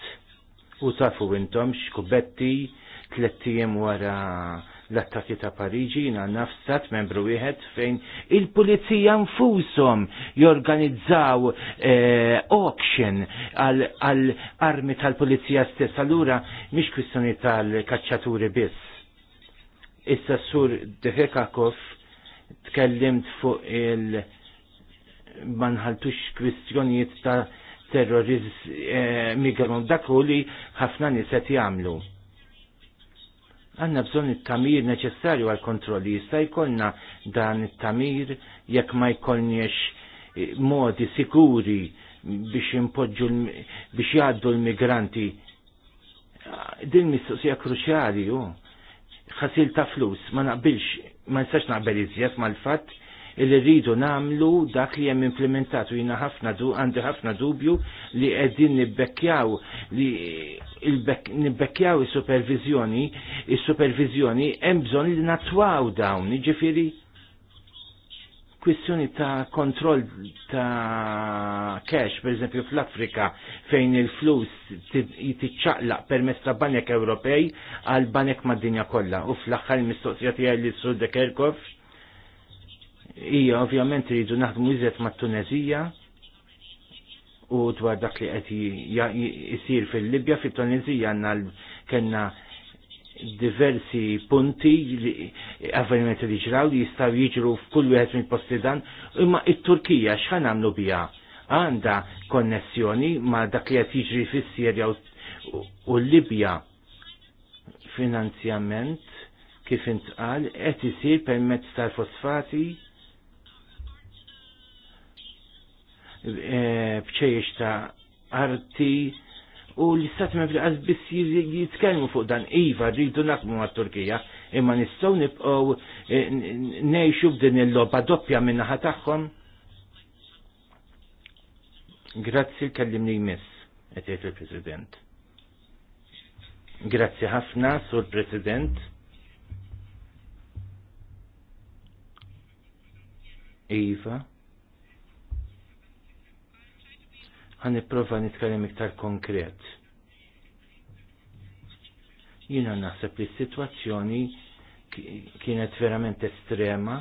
U tafu intom x'kubetti tlettijiem wara l-attaki ta' Pariġi jina nafsat membru wieħed fejn il-pulizija nfushom jorganizzaw eh, auction għal armi tal-pulizija stess. Allura mhix kwistjoni tal-kaċċaturi biss. Issa sur Defekakov tkellimt fuq il- manħaltux kwistjonijiet ta' terroriz eh, migranti dak li ħafna niset jagħmlu Għanna bżon il-tamir neċessarju għal-kontrolli, jista' jkollna dan il-tamir jekk ma jkollniex eh, modi sikuri biex impoġġu biex jgħaddu l-migranti. Din mistoqsija kruċjali, hu ħasil ta' flus, ma naqbilx, ma nistax naqbel iżjed mal-fatt illi rridu namlu dak li hemm implementatu jina ħafna du għandi ħafna dubju li qegħdin nibbekkjaw li nibbekkjaw is-supervizjoni is-supervizjoni hemm bżonn li natwaw dawn, jiġifieri kwistjoni ta' kontroll ta' cash, per eżempju fl-Afrika, fejn il-flus jitċaqlaq permess ta' banek Ewropej għal banek mad-dinja kollha. U fl-aħħar mistoqsija tiegħi li Sur de Kerkov hija ovvjament rridu naħdmu iżet mat-Tunezija u dwar dak li qed isir fil-Libja fit-Tunezija għandna kellna diversi punti avveniment li ġraw li jistaw jiġru f'kull wieħed minn posti dan, imma it-Turkija x'ħan għamlu biha? Għandha konnessjoni ma' dak li qed jiġri fis-Sirja u l-Libja finanzjament kif intqal qed isir permezz tal-fosfati Eh, b'ċejiex ta' arti u l-istat membri għazbis jitkellmu fuq dan iva rridu naqmu ma' Turkija imma nistgħu nibqgħu eh, ngħixu b'din il-logħba doppja min-naħa tagħhom. Grazzi l kallimni jmiss, qed il-President. Grazzi ħafna, Sur President. Iva. għan nipprova nitkellem iktar konkret. Jina naħseb li s-sitwazzjoni kienet verament estrema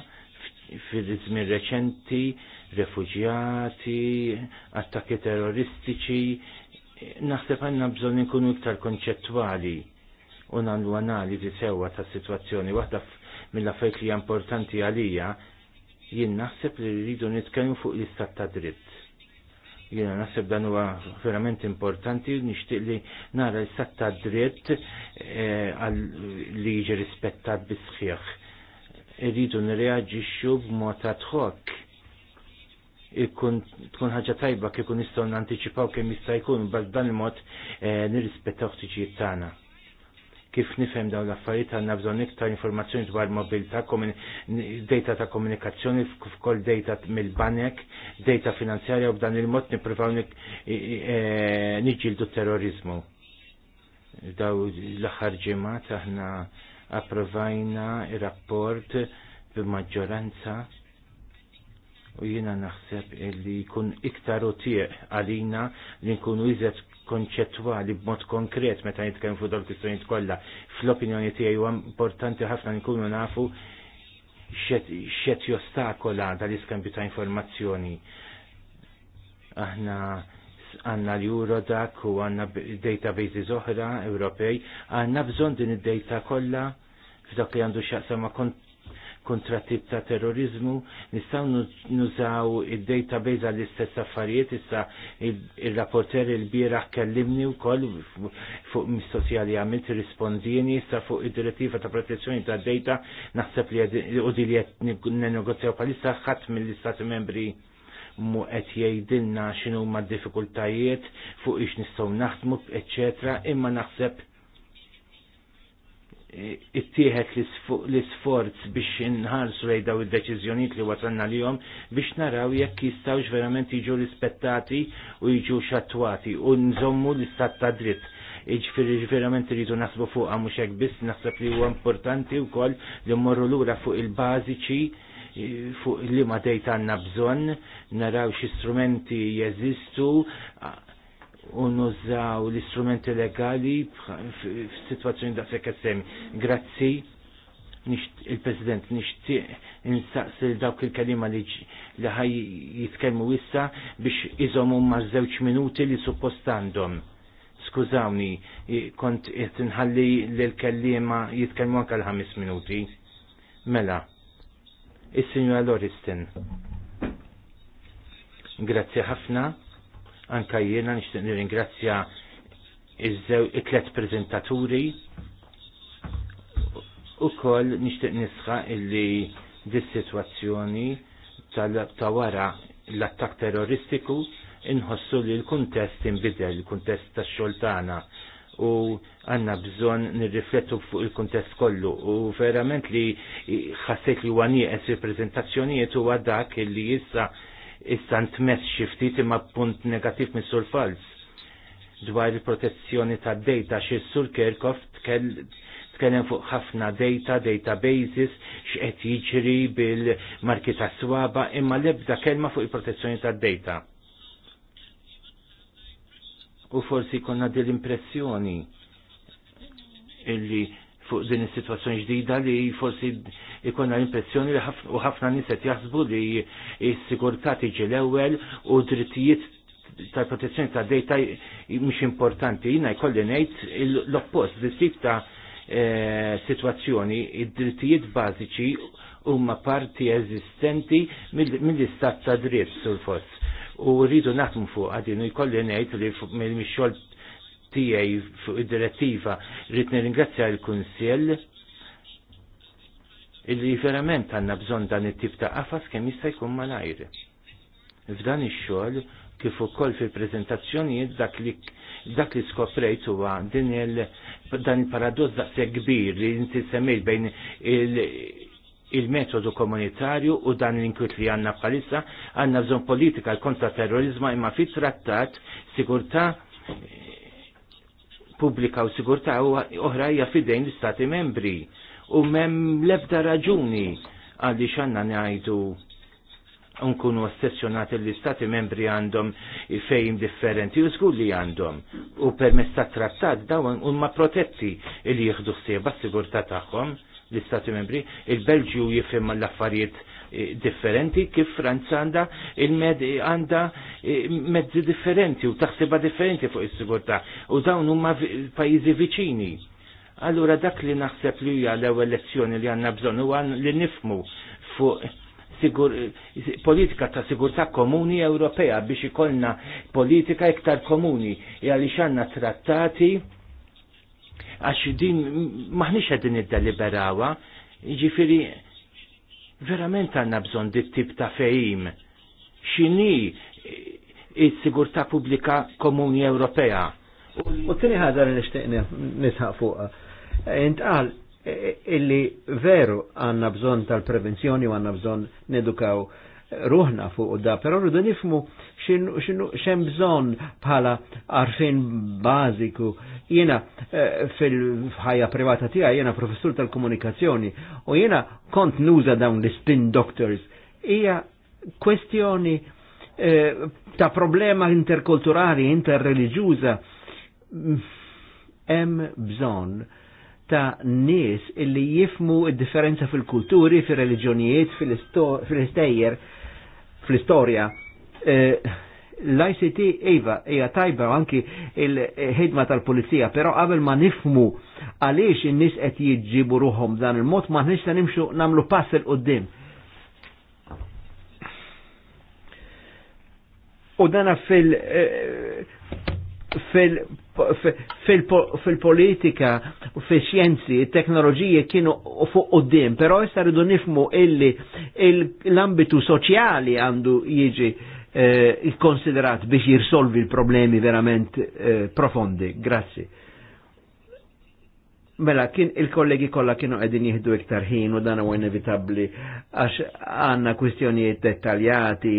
fil-żmien reċenti, refugjati, attakki terroristiċi, naħseb għanna bżon nkunu iktar konċettwali u nagħmlu analiżi sewwa ta' situazzjoni waħda mill-affarijiet li importanti għalija jien naħseb li rridu nitkellmu fuq l-istat ta' dritt jina nasib dan huwa verament importanti, nixtieq li nara s-satta dritt eh, li jiġi rispettat sħiħ. Irridu nirreaġixxu b'mod adħok ikun tkun ħaġa tajba kif ikun nistgħu nantiċipaw kemm jista' jkun b'dan dan il-mod eh, nirrispettaw ħtiġijiet tagħna kif nifhem dawn l-affarijiet għandna bżonn iktar informazzjoni dwar mobilità, data ta' komunikazzjoni f'kol data mill-banek, data finanzjarja u b'dan il-mod nippruvaw e, niġġieldu terrorizmu. Daw l-aħħar ġimgħat aħna approvajna ir-rapport b'maġġoranza u jina naħseb li jkun iktar utieq għalina li nkunu iżet konċettwali b'mod konkret meta nitkellem fuq dal kwistjonijiet kollha. Fl-opinjoni tiegħi huwa importanti ħafna nkunu nafu xet jostakola dal-iskambju ta' informazzjoni. Aħna għanna l-Eurodac u għanna databases oħra Ewropej, għanna bżon din id-data kollha f'dak li għandu xaqsa ma' kont kontrattit ta' terrorizmu, nistaw nużaw id-database għall-istess affarijiet, issa il-rapporter il-biraħ kellimni u koll fuq mis-soċjali għamilt rispondini, issa fuq id-direttiva ta' protezzjoni ta' data, naħseb li u diljet negozjaw palissa ħadd mill-istati membri mu qed jgħidilna x'inhuma d diffikultajiet fuq ix nistgħu naħdmu, eċetera, imma naħseb ittieħed l-isforz biex inħarsu lej daw id-deċiżjonijiet li wasanna lihom biex naraw jekk jistgħux verament jiġu rispettati u jiġu xattwati u nżommu l-istat ta' dritt. Iġifieri verament iridu naħsbu fuqha mhux hekk biss naħseb li huwa importanti wkoll li mmorru lura fuq il-bażiċi fuq li ma dejt għanna bżonn, naraw x'istrumenti jeżistu u nużaw l-istrumenti legali f-situazzjoni da' sekk semi. Grazzi il-President nixtieq insaqsi il dawk il-kalima li ħaj jitkellmu issa biex izomu ma' żewġ minuti li suppost għandhom. Skużawni, kont qed inħalli l kalima jitkellmu anke l-ħames minuti. Mela, is-Sinjora Loristin. Grazzi ħafna Anka jiena nixtieq nirringrazzja iż-żew it-tlet preżentaturi ukoll nixtieq nisħa illi dis-sitwazzjoni ta' wara l-attak terroristiku inħossu li l-kuntest inbidel, l-kuntest tax xogħol tagħna u għanna bżon nirriflettu fuq il kuntest kollu u verament li ħassek li għani es il-prezentazzjonijiet u għadak li jissa issa ntmess xi ftit imma punt negattiv mis-sur fals dwar il-protezzjoni ta' data xi sur Kerkov tkellem fuq ħafna data, databases, x'qed jiġri bil-marki ta' swaba, imma l-ebda kelma fuq il-protezzjoni ta' data. U forsi konna dil-impressjoni illi fuq din is-sitwazzjoni ġdida li forsi ikonna l-impressjoni li u ħafna nies qed jaħsbu li s-sigurtà tiġi l-ewwel u drittijiet tal-protezzjoni ta' data mhux importanti. Jiena jkolli ngħid l-oppost li tip ta' eh, sitwazzjoni id-drittijiet bażiċi huma parti eżistenti mill-istat ta' dritt sul-fost u rridu naħdmu fuq għadin u jkolli ngħid li mill-mixxol tijaj fuq id-direttiva rrid nirringrazzja l-Kunsill illi verament għandna bżonn dan it-tip ta' qafas kemm jista' jkun malajr. F'dan ix-xogħol kif ukoll fil-preżentazzjonijiet dak li dak li skoprejt huwa din il dan il-paradoss daqshekk kbir li inti semmejt bejn il il-metodu komunitarju u dan l-inkwit li għanna bħalissa għanna bżon politika kontra terrorizma imma fit trattat sigurta pubblika u sigurtà oħra hija fidejn l-Istati membri u mem lebda raġuni għalli xanna najdu unkunu ossessjonati l-istati membri għandhom fejn differenti u zgur li għandhom u permess ta' trattat dawn un ma protetti li jieħdu s-sieba s-sigurta tagħhom l-istati membri il-Belġju jifim l-affarijiet Eh, differenti kif Franza għandha il-medi għanda eh, mezzi differenti u taħsibha differenti fuq is-sigurtà u dawn huma pajjiżi viċini. Allura dak li naħseb li hija l-ewwel lezzjoni li għandna bżonn huwa li nifmu fuq sigur, politika ta' sigurtà komuni Ewropea biex ikollna politika iktar komuni għaliex għandna trattati għax din maħniex qegħdin iddeliberawa, ġifiri verament għanna bżon dit tip ta' fejim. Xini il-sigurta publika komuni Ewropea? U t-tini ħadar nishtiq nisħaq fuqa. Intqal, illi veru għanna bżon tal-prevenzjoni u għanna bżon nedukaw ruħna fuq da, pero rridu nifmu xem bżon bħala arfin bażiku. Jiena eh, fil-ħajja privata tiegħi jiena professur tal-komunikazzjoni u jiena kont nuża dawn l-spin doctors. Hija kwestjoni eh, ta' problema interkulturali, interreliġjuża hemm bżonn ta' nies illi jifmu id-differenza fil-kulturi, fil-reliġjonijiet, fil-istejjer, fil fl-istorja. Eh, L-ICT Eva hija tajba anki il-ħidma tal-pulizija, però qabel ma nifmu għaliex in-nies qed jiġġibu ruhom dan il-mod ma nista nimxu nagħmlu pass il qudiem U dana fil eh, fil-politika u fil-xjenzi, teknoloġiji kienu u fuq u qoddim, pero issa rridu nifmu illi l-ambitu soċjali għandu jiġi eh, konsiderat biex jirsolvi l-problemi verament eh, profondi. Grazzi. Mela, kien il-kollegi kolla kienu għedin jihdu iktar ħin u dan u inevitabli għax għandna kwistjonijiet dettaljati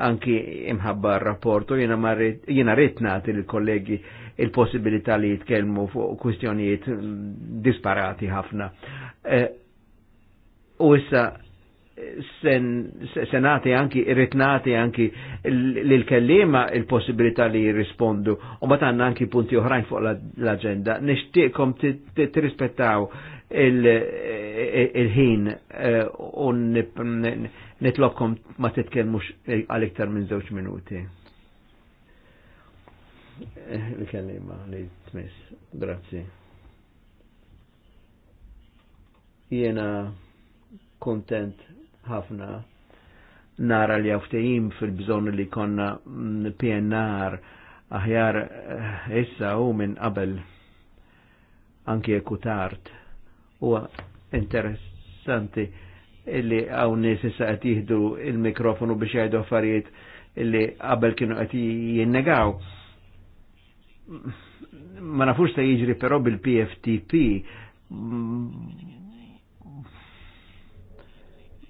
anki imħabba rapportu jina marit, jena il-kollegi il-possibilità li jitkelmu fuq kwistjonijiet disparati ħafna. Eh, u issa senati anki, ritnati anki l-kellima il-possibilità li jirrispondu u ma anki punti oħrajn fuq l-agenda. Nishtiqkom t-rispettaw il-ħin eh, u nitlobkom ma titkellmux għal iktar minn żewġ minuti. Eh, Il-kellima li tmiss, grazzi. Jena kontent ħafna nara li għaftejim fil-bżon li konna PNR aħjar eh, issa u minn qabel anki ekutart. tart huwa interessanti illi għaw nis issa qed jieħdu il-mikrofonu biex jgħidu affarijiet illi qabel kienu qed jinnegaw. Ma nafux se jiġri però bil-PFTP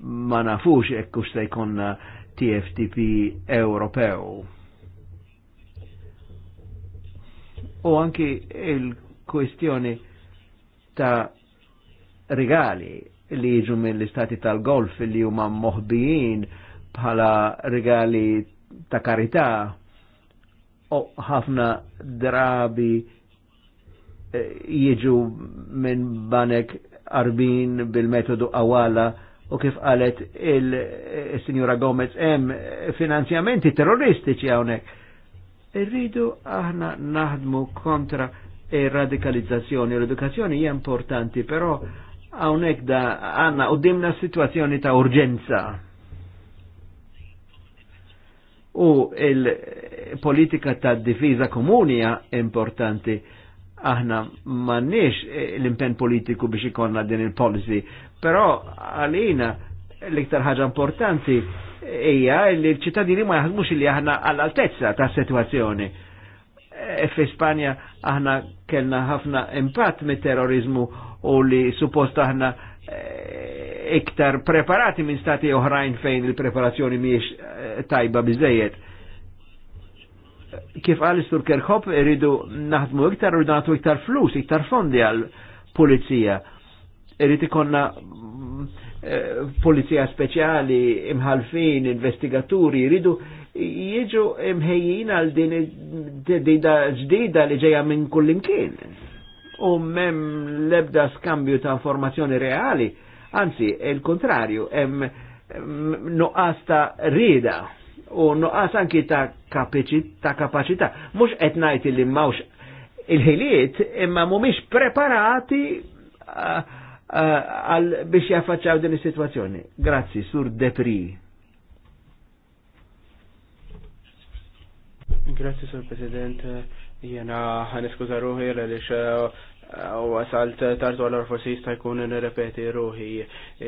ma nafux ekkux se jkonna TFTP Ewropew. U anki il-kwestjoni ta' regali li jiġu mill-istati tal-golf li huma moħbijin bħala regali ta' karità u ħafna drabi eh, jiġu minn banek arbin bil-metodu awala u kif qalet il-Sinjura eh, Gomez em finanzjamenti terroristiċi hawnhekk. Irridu aħna naħdmu kontra ir-radikalizzazzjoni. L-edukazzjoni hija importanti, però għawnek da għanna u dimna situazzjoni ta' urġenza. U il-politika ta' difiza komunija importanti aħna manniex eh, l impen politiku biex ikonna din il-policy, però għalina l-iktar ħaġa importanti hija li l-ċittadini ma jaħdmux li aħna għall-altezza ta' situazzjoni. E Fi Spanja aħna kellna ħafna impatt mit-terrorizmu u li suppost aħna eh, iktar preparati minn stati oħrajn fejn il-preparazzjoni miex eh, tajba biżejjed. Kif għal Sur Kerkhop rridu naħdmu iktar rridu nagħtu iktar flus, iktar fondi għal pulizija. Rridu ikonna eh, polizija speċjali, imħalfin, investigaturi, rridu jieġu imħejjina għal din ġdida li ġeja minn kullimkien u mem lebda skambju ta' formazzjoni reali, anzi, il-kontrarju, hemm mm, noqas ta' rida u noqas anki ta' kapacità, kapacità. mux etnajti li mawx il-ħiliet imma mumiex preparati għal biex jaffaċċaw din is-sitwazzjoni. Grazzi, Sur Depri. Grazie, Sur Presidente. Jena ħaniskuza ruħi għalix u għasalt tartu għallar forsi jista' jkun nirrepeti ruħi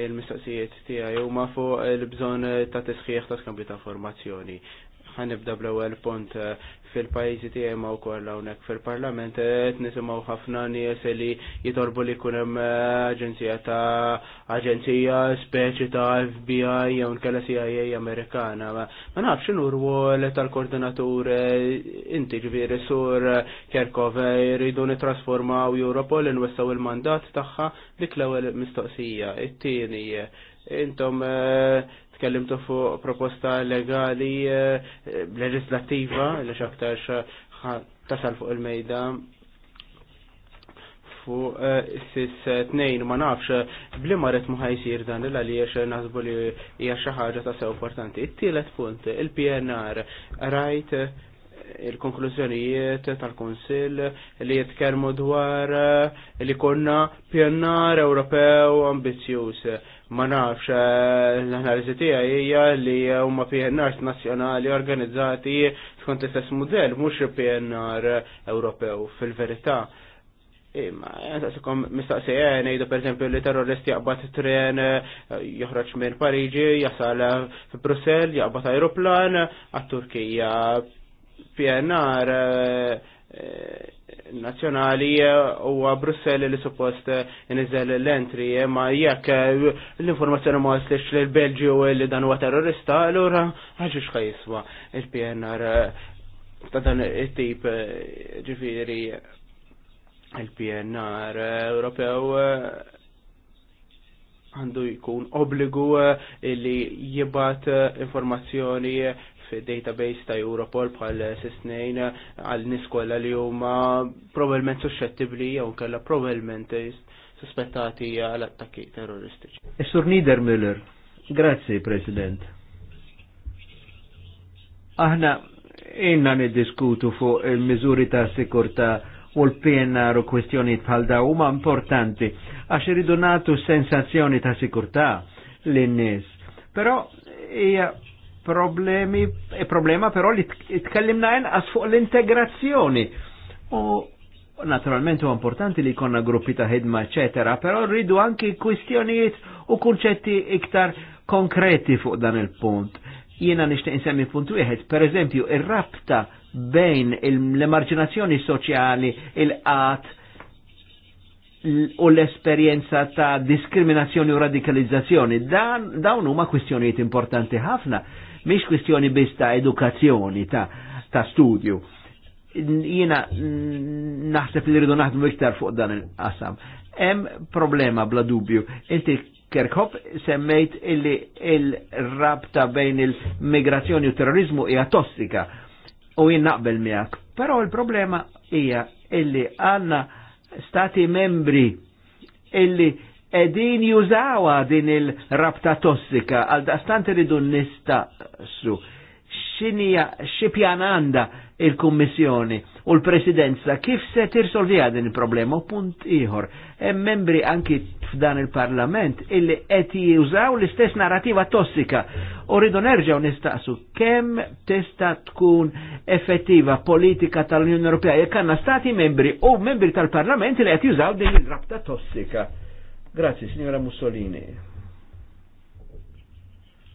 il-mistoqsijiet tiegħi huma fuq il-bżonn ta' tisħiħ ta' skambju ta' formazzjoni ħanibda bl-ewwel punt eh, fil-pajjiżi tiegħi ma wkoll hawnhekk fil-Parlament eh, qed nisimgħu ħafna nies li jitolbu li jkun hemm eh, aġenzija ta' aġenzija speċi ta' FBI jew nkella CIA Amerikana. Ma nafx x'inhu rwol tal-koordinatur inti ġifieri sur Kerkov jridu nitrasformaw Europol inwessaw il-mandat tagħha dik l-ewwel mistoqsija. It-tieni intom tkellimtu fuq proposta legali eh, leġislattiva li xaktar tasal fuq il-mejda fuq eh, sis tnejn ma nafx bli maret ma ħajsir dan l jiex nazbu li hija xi ħaġa ta' sew importanti. It-tielet punt, il-PNR, rajt eh, il-konklużjonijiet tal-Konsil li jitkellmu dwar li konna PNR Ewropew ambizjuż ma nafx eh, l-analiżi tiegħi hija li huma PNRs nazzjonali organizzati skont istess mudell mhux PNR Ewropew fil-verità. Imma, għasasikom jidu ngħidu esempio li terrorist jaqbad tren eh, joħroġ minn Pariġi, jasal fi Brussel, jaqbad ajruplan għat-Turkija. PNR eh, Eh, nazjonali eh, u Brussel li suppost nizel l-entri eh, ma jekk l-informazzjoni ma waslix li l u li dan huwa terrorista allura ħaġi xħajiswa il-PNR ta' dan it-tip ġifiri il-PNR Ewropew għandu jkun obbligu li jibat informazzjoni fi database ta' Europol bħal sisnejn għal niskola li huma probablement suscettibli jew kella probablement suspettati għal attakki terroristiċi. Is-Sur Niedermüller, grazzi President. Aħna inna niddiskutu fuq il-miżuri ta' sikurta' u l-PNR u kwestjoniet bħal daw huma importanti għax iridu nagħtu sensazzjoni ta' sikurtà lin-nies. Però problemi, e problema però li tkellimna inqas fuq l-integrazzjoni. U naturalment u importanti li konna gruppi ta' ħidma, eccetera, però rridu anki kwistjonijiet u kunċetti iktar konkreti fuq dan il-punt. Jiena nishtiq insemmi punt wieħed, per eżempju, ir-rabta bejn l-emarġinazzjoni soċjali, il-qat u l esperienza ta' diskriminazzjoni u radikalizzazzjoni. Dan dawn huma kwistjonijiet importanti ħafna Mhix kwistjoni biss ta' edukazzjoni, ta', ta studju. Jiena naħseb li rridu naħdmu iktar fuq dan il-qasam. Hemm problema bla dubju. Inti Kerkhop semmejt illi il-rabta bejn il-migrazzjoni u terrorizmu hija tossika u jien naqbel miegħek. Però il-problema hija illi għandna stati membri illi edin jużawa din il-rabta tossika għal dastant nista su. xinija xipjananda il-Kummissjoni u l-Presidenza kif se tirsolvija din il-problema u punt iħor. E membri anki f'dan il-Parlament illi qed jużaw l-istess narrativa tossika u rridu nerġgħu nistaqsu kemm tista' tkun effettiva politika tal-Unjoni Ewropea jekk għandna stati membri u membri tal-Parlament li qed jużaw din il-rabta tossika. Grazzi, signora Mussolini.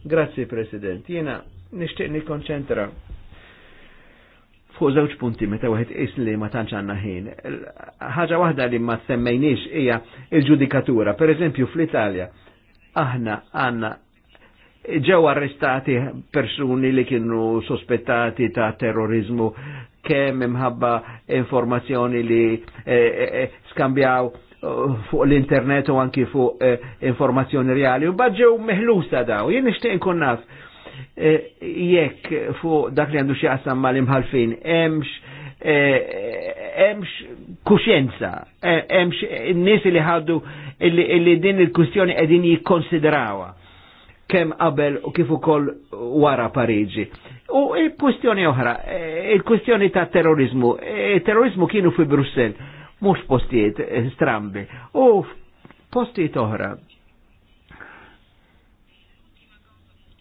Grazie President. Jena nishtiq nikkonċentra fuq żewġ punti meta wieħed qis li ma tantx għandna ħin. Ħaġa waħda li ma semmejniex hija il-ġudikatura. Pereżempju fl-Italja aħna għandna ġew arrestati persuni li kienu sospettati ta' terrorizmu kemm imħabba informazzjoni li eh, eh, eh skambjaw fuq l-internet u anki fuq eh, informazzjoni reali u bħadġew meħlusa daw, jien nishtiq nkun naf eh, jekk fuq dak li għandu xi ma mal-imħalfin, emx emx eh, kuxenza, emx n-nies li ħaddu li din il kustjoni qegħdin jikonsidrawa kemm qabel u kif ukoll wara Pariġi. U il-kwistjoni oħra, il kustjoni ta' terrorizmu. Terrorizmu kienu fi Brussell mhux postiet strambi u postiet oħra.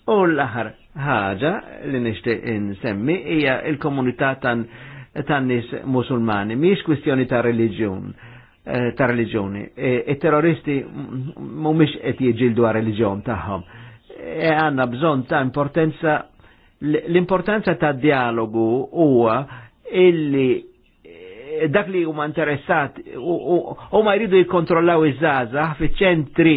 U l-aħħar ħaġa li nixtieq nsemmi, hija l-komunità tan-nies musulmani, miex kwistjoni ta' religjon, eh, ta' religjoni. E, Il-terroristi mhumiex qed jiġildu għal religjon tagħhom. E, għanna bżon ta' importanza l-importanza ta' dialogu huwa illi dak li huma interessat u ma jridu jikkontrollaw iż-żaza fiċ-ċentri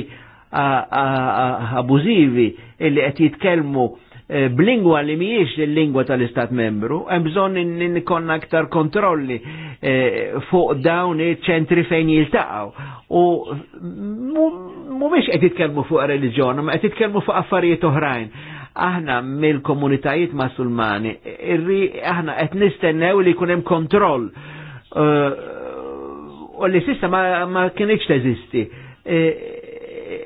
abużivi illi qed jitkellmu e, b'lingwa li mhijiex il-lingwa tal-Istat membru, hemm bżonn inkonna aktar kontrolli e, fuq dawn iċ-ċentri fejn jiltaqgħu. U mhumiex qed jitkellmu fuq reliġjon, ma qed jitkellmu fuq affarijiet oħrajn aħna mill-komunitajiet musulmani, aħna qed nistennew li jkun hemm kontroll Eh, u li sista ma kienieċ teżisti. E,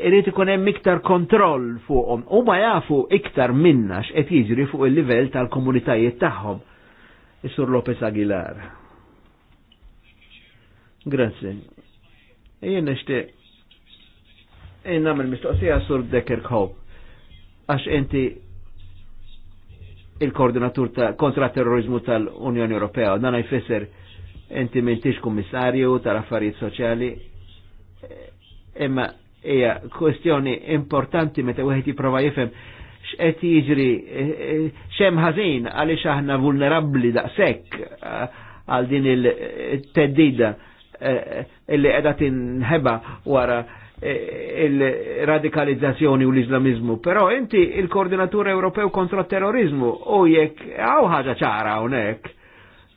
Irrit ikun hemm iktar kontroll fuqhom u ma jafu iktar minna x'qed jiġri fuq il-livell tal-komunitajiet tagħhom. Sur Lopez Aguilar. Grazie. E jien nixtieq e nagħmel mistoqsija sur Decker Hope għax inti il-koordinatur ta' kontra terrorizmu tal-Unjoni Ewropea. Dan jfisser inti mintix kummissarju tal-affarijiet soċjali, imma hija kwestjoni importanti meta wieħed jipprova jifhem x'qed jiġri x'hemm ħażin għaliex aħna vulnerabbli daqshekk għal din il-teddida e, illi qiegħda tinħeba wara e, il-radikalizzazzjoni u l-Islamizmu. Però inti il-Koordinatur Ewropew kontra terrorizmu u jekk hawn ħaġa ċara hawnhekk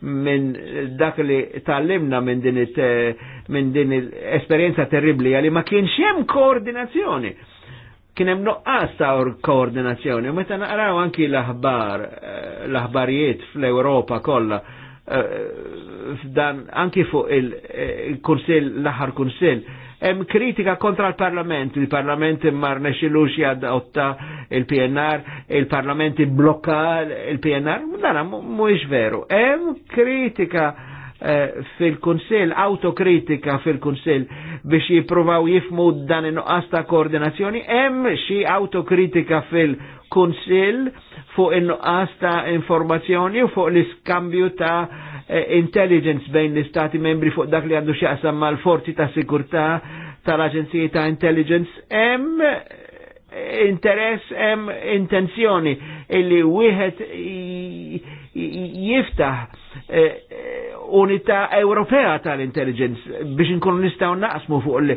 minn dak li tallimna minn din minn din esperjenza terribli għalli ma kienx hemm koordinazzjoni. Kien hemm noqqas ta' koordinazzjoni, meta naqraw anki l-aħbar, eh, l-aħbarijiet fl-Ewropa kollha eh, f'dan anki fuq eh, il-kunsill l-aħħar kursil l aħħar kursil hemm kritika kontra l-Parlament, il il-Parlament mar nexilux otta il-PNR, il-Parlament blokka il-PNR, dana mux veru. Hemm kritika eh, fil-Kunsill, autokritika fil-Kunsill biex jippruvaw jifmu dan in nuqasta koordinazzjoni, hemm xi autokritika fil kunsil fuq il-nuqasta informazzjoni u fuq l-iskambju ta' Eh, intelligence bejn l-istati membri fuq dak li għandu xaqsam mal-forzi ta' sigurta tal-aġenziji ta' intelligence, hemm eh, interess, hemm intenzjoni illi wieħed jiftaħ eh, unità Ewropea tal-intelligence biex inkunu nistgħu naqsmu fuq li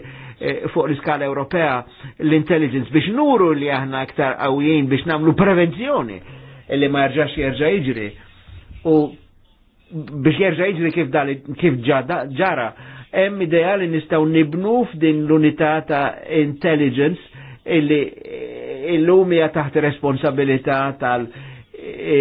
fuq l-iskala Ewropea l-intelligence biex nuru li aħna aktar qawwijin biex namlu prevenzjoni illi ma jarġax jerġa' jiġri. U biex jerġa' jiġri kif dal kif ġara, hemm idea li nistgħu nibnu f'din l-unità ta' intelligence illi illum hija taħt responsabilità tal e,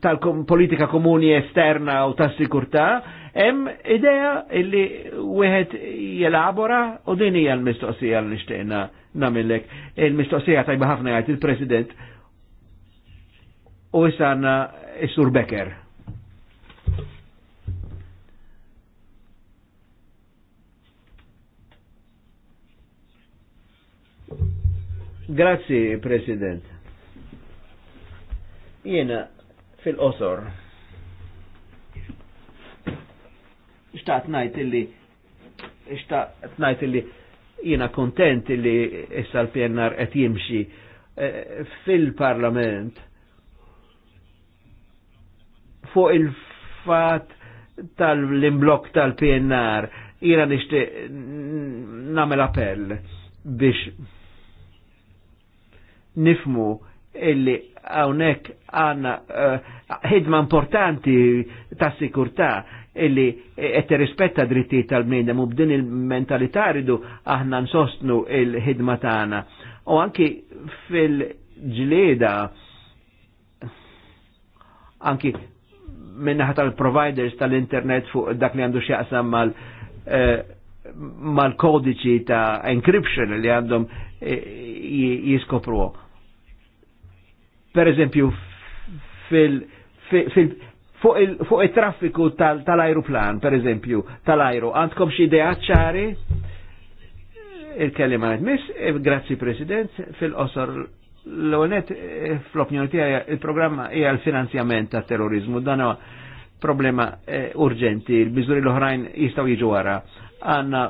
tal-politika komuni esterna u tas sikurtà hemm idea illi wieħed jelabora u din hija l-mistoqsija li nixtieqna nagħmilek. Il-mistoqsija tajba ħafna jgħid il-President U issa għanna Sur Becker. Grazzi, President. Jena fil-qosor. Xtaqt najt illi xtaqt najt illi jena kontent illi issa l-PNR qed jimxi eh, fil-Parlament fuq il-fat tal-imblok tal-PNR jina nishti namel appell biex nifmu illi għawnek għanna eh, ħidma uh, importanti ta' sikurta illi qed eh, rispetta dritti tal-bniedem u b'din il-mentalità ridu aħna nsostnu il-ħidma tagħna. U anki fil-ġlieda anki minnaħat tal-providers tal-internet fuq dak li għandu xieqsam mal eh, mal-kodiċi ta' encryption li għandhom eh, jiskopru. Per eżempju, fil, fil, fuq il-traffiku il traffiku tal aeroplan tal per eżempju, tal aero għandkom xie idea ċari? il kelli ma' mis, eh, grazzi President, fil osor l-onet eh, fl-opinjoni tiegħi il-programma hija l-finanzjament ta' terrorizmu dan huwa problema eh, urġenti, il bizuri l-oħrajn jistgħu jiġu wara. Għanna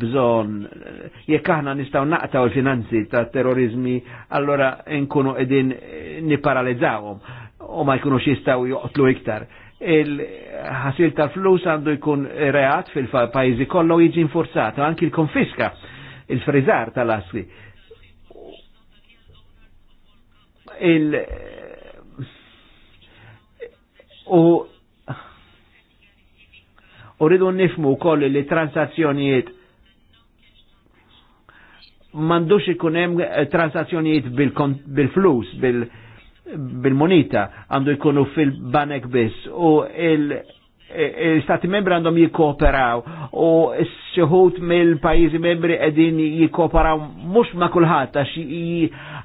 bżon, eh, jekk aħna nistgħu naqtaw il-finanzi ta' terrorizmi, allora nkunu qegħdin niparalizzawhom u ma jkunu jistgħu joqtlu iktar il-ħasil ta' flus għandu jkun reat fil-pajzi kollu jiġi forzata anki il-konfiska, il-frizzar tal-asli. il- u u rridu nifmu koll li transazzjonijiet mandux ikun hemm eh, transazzjonijiet bil-flus, bil bil-monita, għandu ikunu fil-banek biss u il- E, e, stati membri għandhom jikkooperaw u xieħut mill-pajizi membri edin jikkooperaw mux ma kullħat għax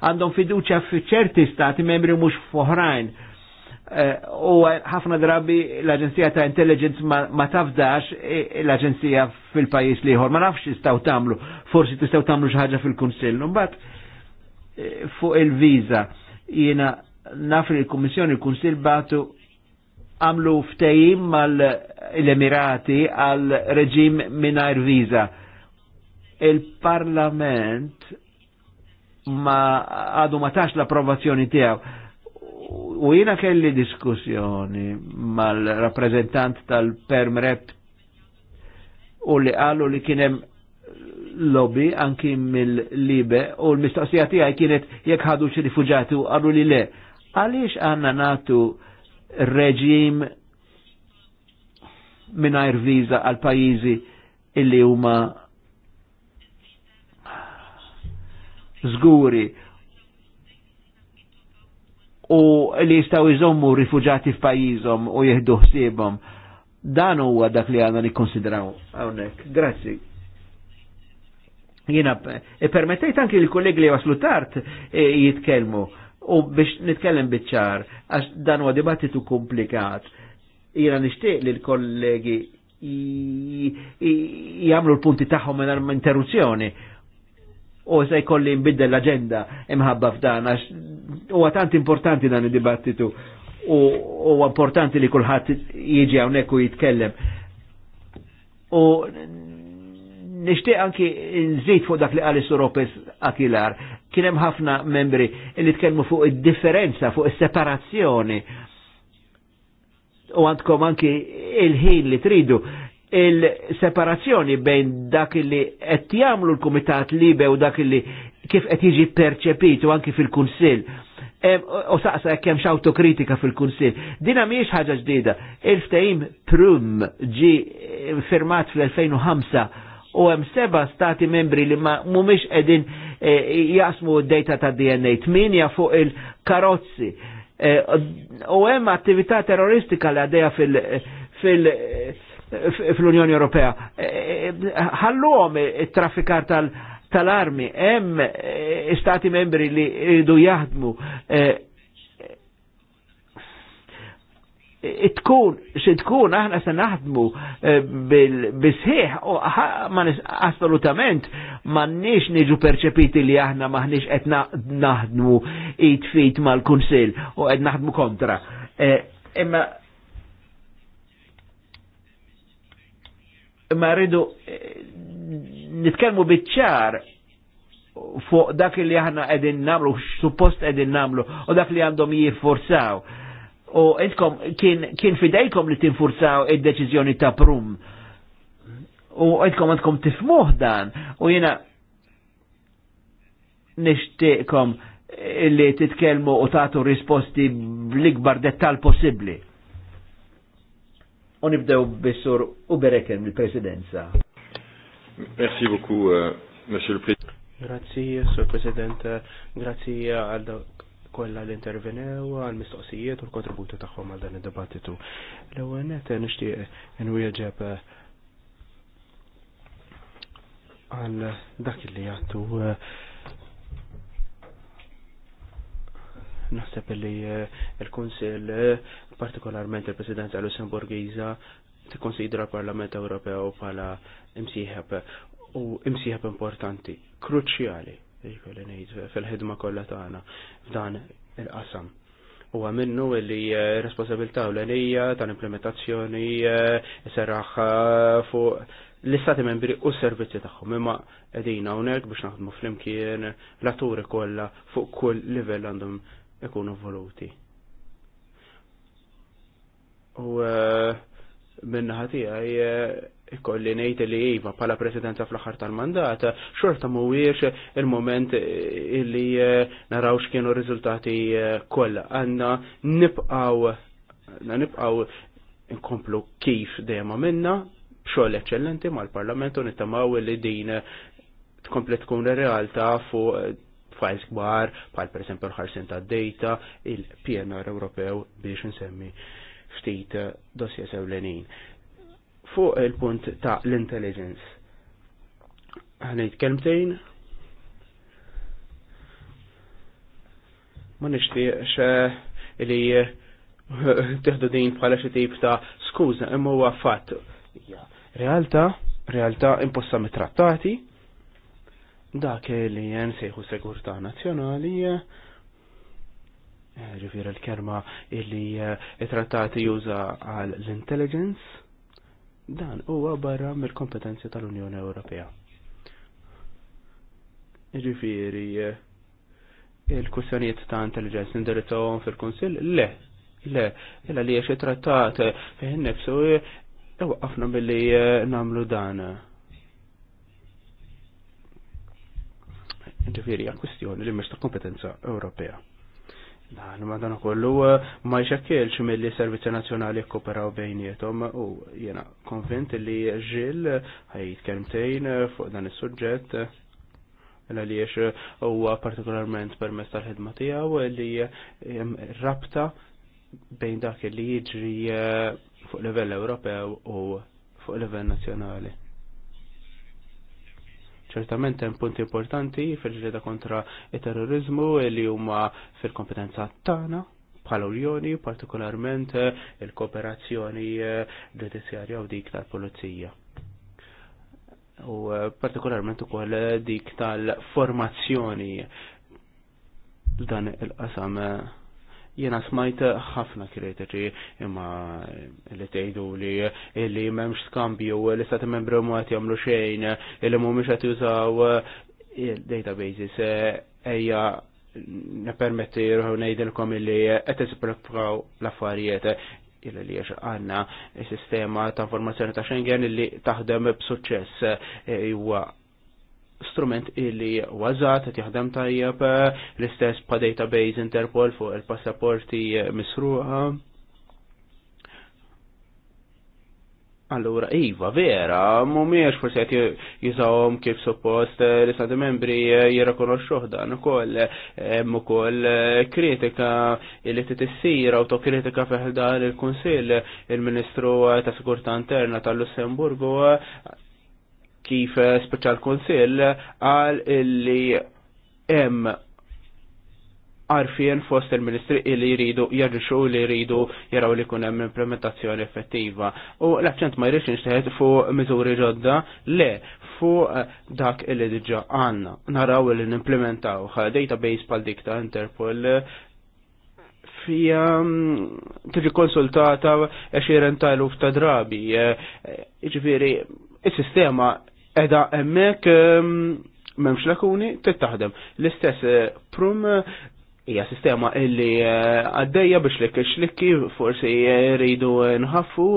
għandhom fiduċa ċerti stati membri mux f'oħrajn. E, u ħafna drabi l-Aġenzija ta' Intelligence ma tafdax l-Aġenzija fil-pajis liħor, ma nafx istaw tamlu, forsi tistaw tamlu xaħġa fil-Kunsill. Mbagħad fuq il-viza jiena naf il-Kummissjoni il-Kunsill batu għamlu ftejim mal-Emirati għal reġim minar viza. Il-Parlament ma għadu ma tax l-approvazzjoni tiegħu. U jina kelli diskussjoni mal-rappresentant tal-Perm Rep u li għallu li kienem lobby anki mill-libe u l-mistoqsija tiegħi kienet jekk ħadu xi rifuġati u għallu li le. Għaliex għanna natu reġim minnajr viza għal pajizi illi huma zguri u li jistaw jżommu rifugjati f'pajjiżhom u jihdu ħsiebhom. Dan huwa dak li għandna nikkonsidraw hawnhekk. Grazzi. Jiena e permettejt anki l-kollegi li waslu tard e, jitkellmu U biex nitkellem bitċar, għax dan huwa dibattitu komplikat, jira nixtieq li l-kollegi jagħmlu l-punti tagħhom minn interruzzjoni u se jkolli nbiddel l-agenda imħabba f'dan għax huwa tant importanti dan id-dibattitu u huwa importanti li kulħadd jiġi hawnhekk u jitkellem. U nixtieq anki nżid fuq dak li qal Ropes akilar. Kien hemm ħafna membri li tkellmu fuq id-differenza, fuq is-separazzjoni. U għandkom anki il-ħin li tridu il-separazzjoni bejn dak li qed jagħmlu l-Kumitat Libe u dak li kif qed jiġi perċepitu anki fil-Kunsill u saqsa jekk hemm autokritika fil-Kunsill. Dina mhijiex ħaġa ġdida. Il-ftehim Prum ġi firmat fl-2005 u hemm seba stati membri li ma mhumiex qegħdin E, jasmu d-data ta' DNA 8 fuq il-karozzi. E, u hemm attività terroristika li għadeja fil-Unjoni Ewropea. E, ħalluhom it-traffikar tal- tal-armi, hemm stati membri li jridu jaħdmu tkun xi tkun aħna se naħdmu eh, bisħieħ u assolutament m'għandniex niġu perċepiti li aħna maħniex qed naħdmu it fit mal-Kunsill u qed naħdmu kontra. Eh, imma imma rridu eh, nitkellmu biċ-ċar fuq dak li aħna qegħdin nagħmlu, suppost qegħdin nagħmlu u dak li għandhom jifforzaw u edkom kien, kien fidejkom li tinfurzaw id-deċizjoni ta' prum u għedkom għandkom tifmuħ dan u jena nishtiqkom li titkelmu u tatu risposti bl-ikbar dettal possibli. U nibdew bissur u bereken mill-presidenza. Merci beaucoup, uh, Monsieur le Président. Grazie, Sir President. Grazie al Kolla li intervenew għal mistoqsijiet u l-kontributi tagħhom għal dan id debattitu L-ewwel net nixtieq wieġeb eh, għal dak li għattu eh, naħseb li eh, il-Kunsil, partikolarment il-Presidenza Lussemburgiza, tikkonsidra l-Parlament Ewropew bħala imsieħeb u imsieħeb importanti, kruċjali Jikolli ngħid fil-ħidma kollha tagħna f'dan il-qasam. U minnu li eh, responsabilità u l-għalija tal-implementazzjoni eh, serraħ eh, fuq l-istati membri u s-servizzi tagħhom imma qegħdin hawnhekk biex naħdmu flimkien l-atturi kollha fuq kull livell għandhom ikunu voluti. U minna ħatija ikolli ngħid li iva bħala presidenza fl-aħħar tal-mandat, xorta mhuwiex il-moment illi eh, naraw x'kienu r-riżultati eh, kollha. Għandna nibqgħu nibqgħu nkomplu kif dejjem minna b'xogħol eċċellenti mal-Parlament u nittamaw li din eh, tkompli tkun realtà fuq files kbar, bħal per esempio l-ħarsin ta' data, il-PNR Ewropew biex nsemmi ftit dossier sewlenin fuq il-punt ta' l-intelligence. Għanajt kelmtejn. Ma nishtiqx eh, li eh, teħdu din bħala xi tip ta' skuża imma huwa fatt. Realtà, realtà imposta mit-trattati, dak li jen sejħu segurtà nazzjonali, eh, ġifir l-kerma illi trattati juża għal l-intelligence, Dan huwa barra mill-kompetenzi tal-Unjoni Ewropea. Ġifieri il-kussjonijiet ta' intelligence indirizzawhom fil-Kunsill? Le, le, illa li xi trattat fejn eh, nifsu waqqafna billi eh, nagħmlu dan. Ġifieri hija kwistjoni li mhix ta' kompetenza Ewropea. Dan madan kollu eh, ma jxekkilx mill-li servizzi nazjonali jkoperaw bejnietom u jena konvint li ġil ħajt kelmtejn eh, fuq dan is-suġġett eh, l-għaliex huwa partikolarment permess tal-ħidma tiegħu li rabta bejn dak li jiġri fuq livell Ewropew u fuq livell nazzjonali ċertament hemm punti importanti fil-ġrieda kontra it-terrorizmu li huma fil-kompetenza tagħna bħala Unjoni, partikolarment eh, il-kooperazzjoni eh, ġudizzjarja u dik tal-Pulizija. U eh, partikolarment ukoll dik tal-formazzjoni dan il-qasam Jena smajt ħafna kritiċi imma li tgħidu li li m'hemmx skambju li stati membru ma qed jagħmlu xejn li mhumiex qed jużaw databases ejja nepermetti rħu ngħidilkom illi qed isbrifkaw l-affarijiet illi li għanna sistema ta' informazzjoni ta' Schengen li taħdem b'suċċess e, huwa strument illi wazat qed jaħdem tajjeb l-istess pa' database Interpol fuq il-passaporti misruqa. Allura, iva, vera, mumiex forse għet jizawom kif suppost li stati membri jirrakonoxxuh dan ukoll hemm ukoll kritika li tessir autokritika feħda il-Kunsill il-Ministru ta' Sigurtà Interna tal-Lussemburgu kif eh, Special konsil għal illi hemm għarfien fost il-ministri li jridu jarġu li jridu jaraw li kunem implementazzjoni effettiva. U l-accent ma jridx nixteħed fuq miżuri ġodda le fuq eh, dak li diġa għanna. Naraw li n-implementaw database pal dik ta' Interpol fija mm, tiġi konsultata 20 tal-uf ta' drabi. Eh, ġifiri, il-sistema edha emmek memx lakuni tittaħdem. L-istess eh, prum eh, hija sistema illi eh, għaddejja biex li xlikki forsi jridu nħaffu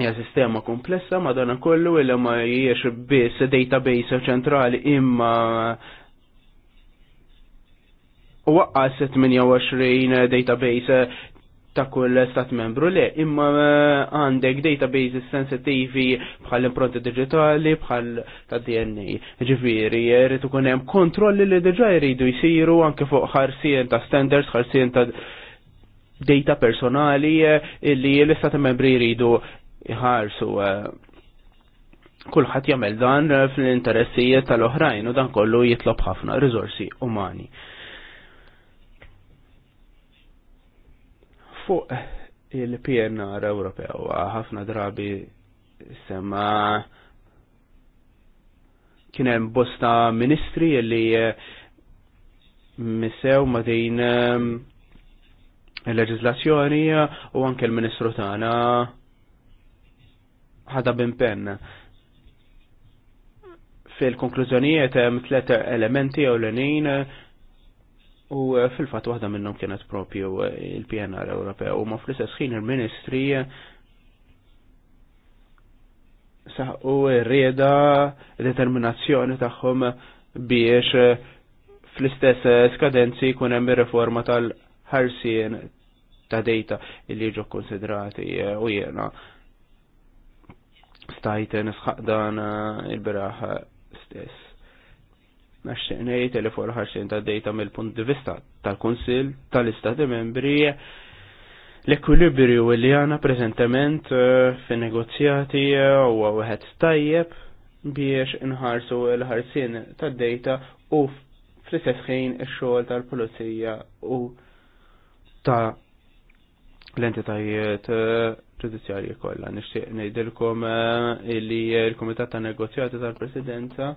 hija sistema komplessa madana kollu illi ma jiex biss database ċentrali imma waqqas 28 database ta' kull stat membru le, imma eh, għandek databases sensitivi bħal impronti digitali, bħal ta' DNA. Ġifiri, jrid ikun hemm kontrolli li diġà jridu jsiru anke fuq ħarsien ta' standards, ħarsien ta' data personali eh, li l-istati membri jridu jħarsu eh. kulħadd jagħmel dan fl-interessijiet tal-oħrajn u dan kollu jitlob ħafna riżorsi umani. fuq il-PNR Ewropew ħafna drabi semma kien hemm bosta ministri li eh, missew ma din ehm, il leġizlazzjoni eh, u anke l-ministru tagħna ħada bimpenn. Fil-konklużjonijiet hemm tliet elementi ewlenin U eh, fil-fat waħda minnhom kienet propju eh, il-PNR Ewropew u ma fl-istess ħin il-Ministri eh, u rieda determinazzjoni tagħhom biex fl-istess skadenzi jkun hemm riforma tal-ħarsien ta' data li jiġu konsidrati u jiena Stajten sħaqdan dan il-beraħ stess. Naxxieq ngħid li fuq ħarxien ta' dejta mill-punt di vista tal-Kunsill tal-Istati Membri l-ekwilibrju li għana preżentament eh, fin negozjati eh, huwa wieħed tajjeb biex inħarsu l-ħarsien tad-dejta u fl-istess ħin ix-xogħol tal-pulizija u ta' l-entitajiet eh, ġudizzjarji kollha. Nixtieq ngħidilkom li l-Kumitat ta' Negozjati tal-Presidenza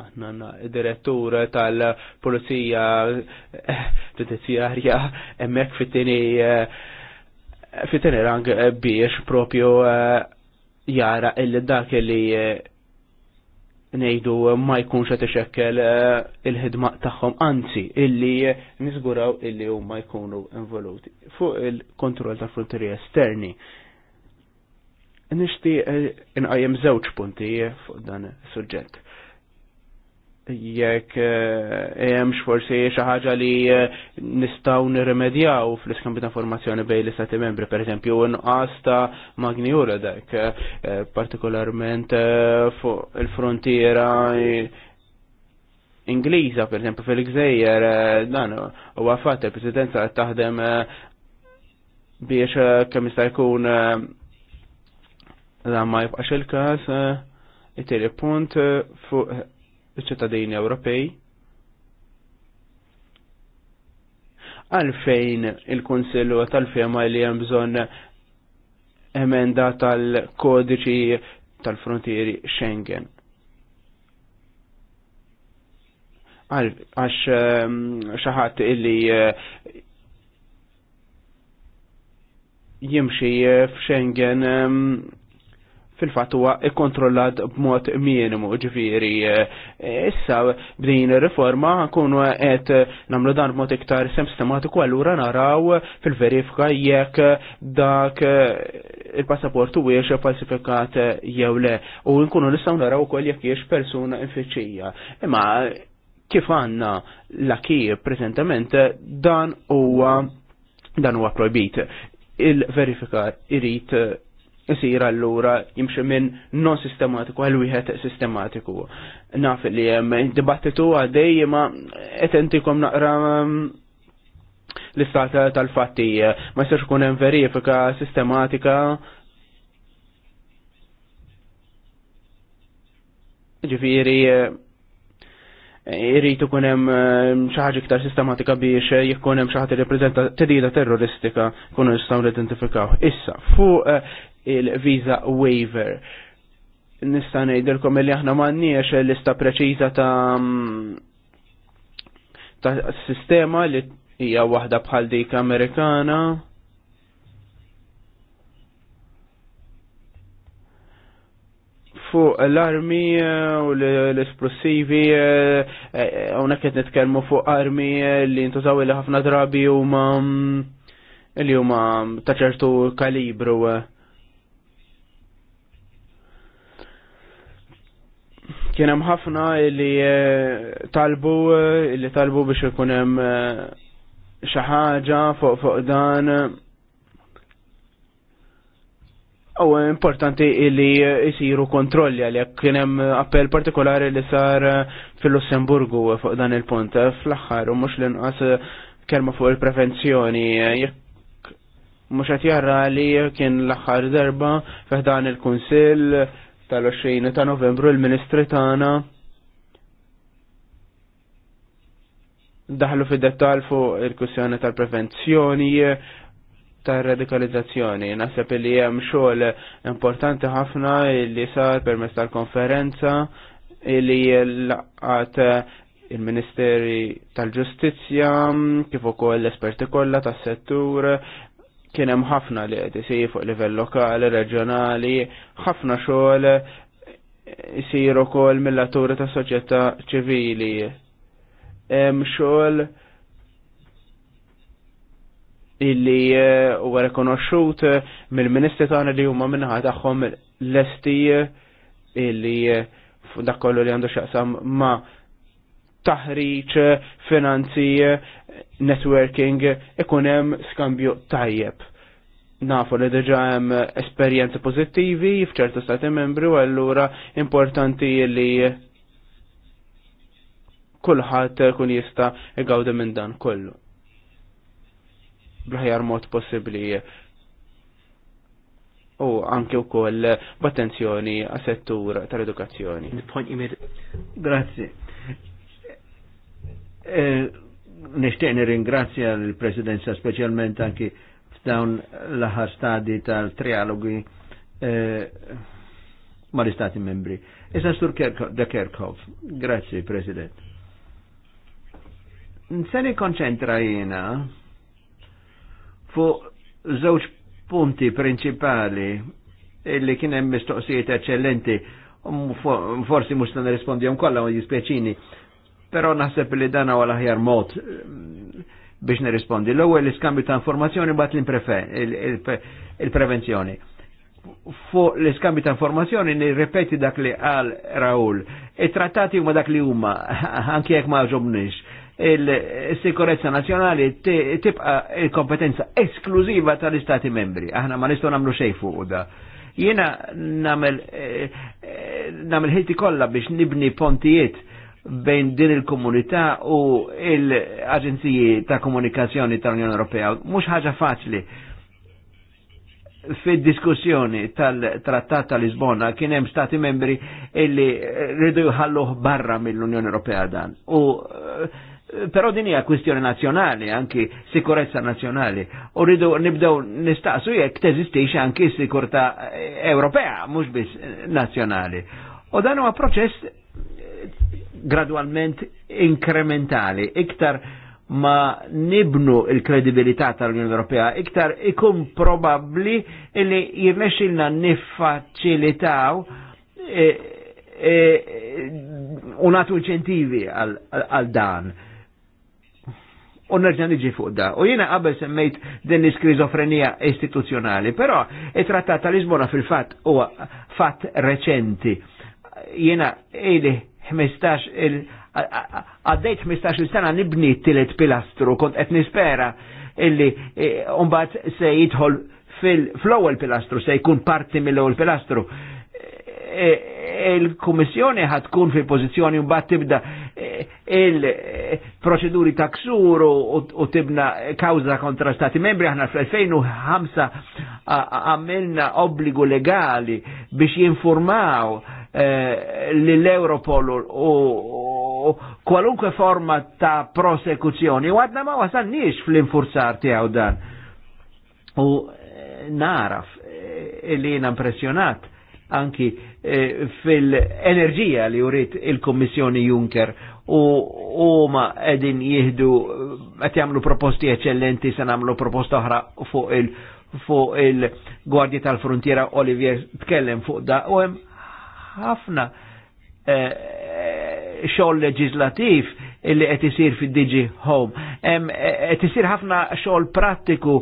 Aħna direttur tal-Polizija eh, Ġudizzjarja hemmhekk fit tini eh, fit tini rang eh, biex propju jara illi dak li nejdu ma jkunx qed ixekkel il-ħidma tagħhom anzi illi niżguraw illi huma jkunu involuti fuq il-kontroll ta' frontieri esterni. in inqajjem żewġ punti fuq dan is-suġġett jekk eh, hemm xforsi xi ħaġa li eh, nistgħu nirremedjaw fl iskambi ta' informazzjoni bejn l-istati membri, pereżempju inqas ta' magni dak, eh, partikolarment fuq il-frontiera Ingliża, pereżempju fil-Gżejjer, dan huwa fatt il-Presidenza taħdem biex kemm jista' jkun ma jibqax il-każ it punt fuq ċittadini Ewropej għalfejn il-Konsillu tal-fema li hemm bżonn emenda tal-kodiċi tal-frontieri Schengen. Għax ehm, xaħat illi eh, jimxi eh, f'Schengen ehm, fil-fatt huwa ikkontrollat b'mod minimu, ġifieri eh, issa b'din ir-riforma nkunu qed nagħmlu dan b'mod iktar sistematiku allura naraw fil-verifika jekk dak eh, il-passaport wiex falsifikat jew le u nkunu nistgħu naraw ukoll jekk jiex persuna infiċċija. Imma kif għandna l-aki preżentament dan huwa dan huwa projbit il-verifikar irrit isir allura jimxi minn non sistematiku għal wieħed sistematiku. Naf li hemm dibattitu għaddej ma qed intikom naqra mm, l-istat tal-fatti ma jsirx kun hemm verifika sistematika ġifiri irritu mm, xi xaħġa iktar sistematika biex jekk xi xaħat reprezenta tedida terroristika kunu jistgħu l-identifikaw. Issa, fuq eh, il-visa waiver. Nista' ngħidilkom li aħna m'għandniex lista preċiża ta' mm, ta' sistema li hija waħda bħal dik Amerikana. fuq l-armi eh, u l-esplosivi, għuna eh, eh, kiet nitkelmu fuq armi li ntużaw li ħafna drabi u ma mm, li huma ta' ċertu kalibru. Kien hemm ħafna li eh, talbu eh, illi talbu biex ikun hemm eh, xi ħaġa fuq fuq dan. U importanti li jisiru kontrolli għalhekk kien hemm appell partikolari li sar fil-Lussemburgu fuq dan il-punt fl-aħħar u mhux l-inqas kelma fuq il-prevenzjoni jekk mhux qed jarra li kien l-aħħar darba fih dan il-Kunsill tal-20 ta' novembru il-Ministri tagħna daħlu fid dettal fuq il kussjoni tal-prevenzjoni tal-radikalizzazzjoni. Naħseb li hemm xogħol importanti ħafna li sar permezz tal-konferenza li laqat il-Ministeri tal-Ġustizzja, kif ukoll l-esperti kollha tas-settur, kien hemm ħafna li qed isir fuq livell lokali, reġjonali, ħafna xogħol isir ukoll mill-atturi ta' soċjetà ċivili. Hemm xogħol illi eh, huwa rekonoxxut mill-Ministri tagħna li huma minnaħa tagħhom l-esti illi eh, dak kollu li għandu x'aqsam ma' taħriġ finanzi networking ikun hemm skambju tajjeb. Nafu li diġa hemm esperjenzi pożittivi f'ċertu stati membri u allura importanti li kulħadd kun jista' igawda minn dan kollu. Bl-ħjar mod possibbli u anke wkoll b'attenzjoni għas-settur tal-edukazzjoni. Grazzi. Eh, nishtiqni ringrazzja l-Presidenza specialment anki f'dawn l-aħħar stadi tal-trialogi eh, ma l-Istati membri. Issa Sur da Kerkhoff. Grazzi, President. Nseni konċentra jena fu żewġ punti principali illi kien hemm mistoqsijiet eccellenti um, forsi mhux se nirrispondihom kollha u jispjaċini Però naħseb li dana għal aħjar mod eh, biex nirrispondi. L-ewwel l-iskambju ta' informazzjoni bat il-prevenzjoni. Fuq l-iskambju ta' informazzjoni nirrepeti dak li għal Raul. Il-trattati huma dak li huma, anke jekk ma ġobnix. Il-sikurezza nazjonali tibqa il-kompetenza esklużiva tal-Istati membri. Aħna ma nistgħu nagħmlu xejn fuq da. Jiena namel eh, eh, ħilti kollha biex nibni pontijiet bejn din il-komunità u l-Aġenziji ta' Komunikazzjoni tal-Unjoni Ewropea. Mhux ħaġa faċli. Fid-diskussjoni tal-Trattat tal-Lisbona kien hemm stati membri illi rridu jħalluh barra mill-Unjoni Ewropea dan. U eh, Però din hija kwistjoni nazzjonali, anki sikurezza nazzjonali. U rridu nibdew nistaqsu jekk teżistix anki sikurta Ewropea, mhux biss nazzjonali. U dan huwa proċess gradualment inkrementali. Iktar ma nibnu il-kredibilità tal-Unjoni Ewropea, iktar ikun probabbli li jirnexilna niffaċilitaw e, e, unatu inċentivi għal dan. U nerġa' niġi fuq da. U jiena qabel semmejt din l-iskrizofrenija istituzzjonali, però it-Trattat ta' Lisbona fil-fatt huwa fatt reċenti. Jiena ejli għaddejt 15 il-sena nibni t-tilet pilastru, kont qed nispera illi e, umbat se jidħol fil-flowel pilastru, se jkun parti mill-ewwel pilastru. E, e, Il-Kummissjoni ħad tkun fil pożizzjoni mbagħad tibda il-proċeduri ta' ksuru u tibna kawza kontra stati membri, aħna fl-2005 għamilna obbligu legali biex jinformaw eh, l-Europol u kwalunkwe forma ta' prosekuzzjoni, u għadna ma' nix fl-infurzar tiegħu dan. U eh, naraf eh, li jena impressionat anki fil-enerġija li jurit il-Kommissjoni Juncker u huma qegħdin jihdu qed jagħmlu proposti eċċellenti se nagħmlu proposta oħra fuq il fuq il-Gwardja tal-Frontiera Olivier tkellem fuq da u hemm ħafna eh, eh, xogħol leġislativ illi qed isir fid-Digi Home. Eh, qed isir ħafna xogħol prattiku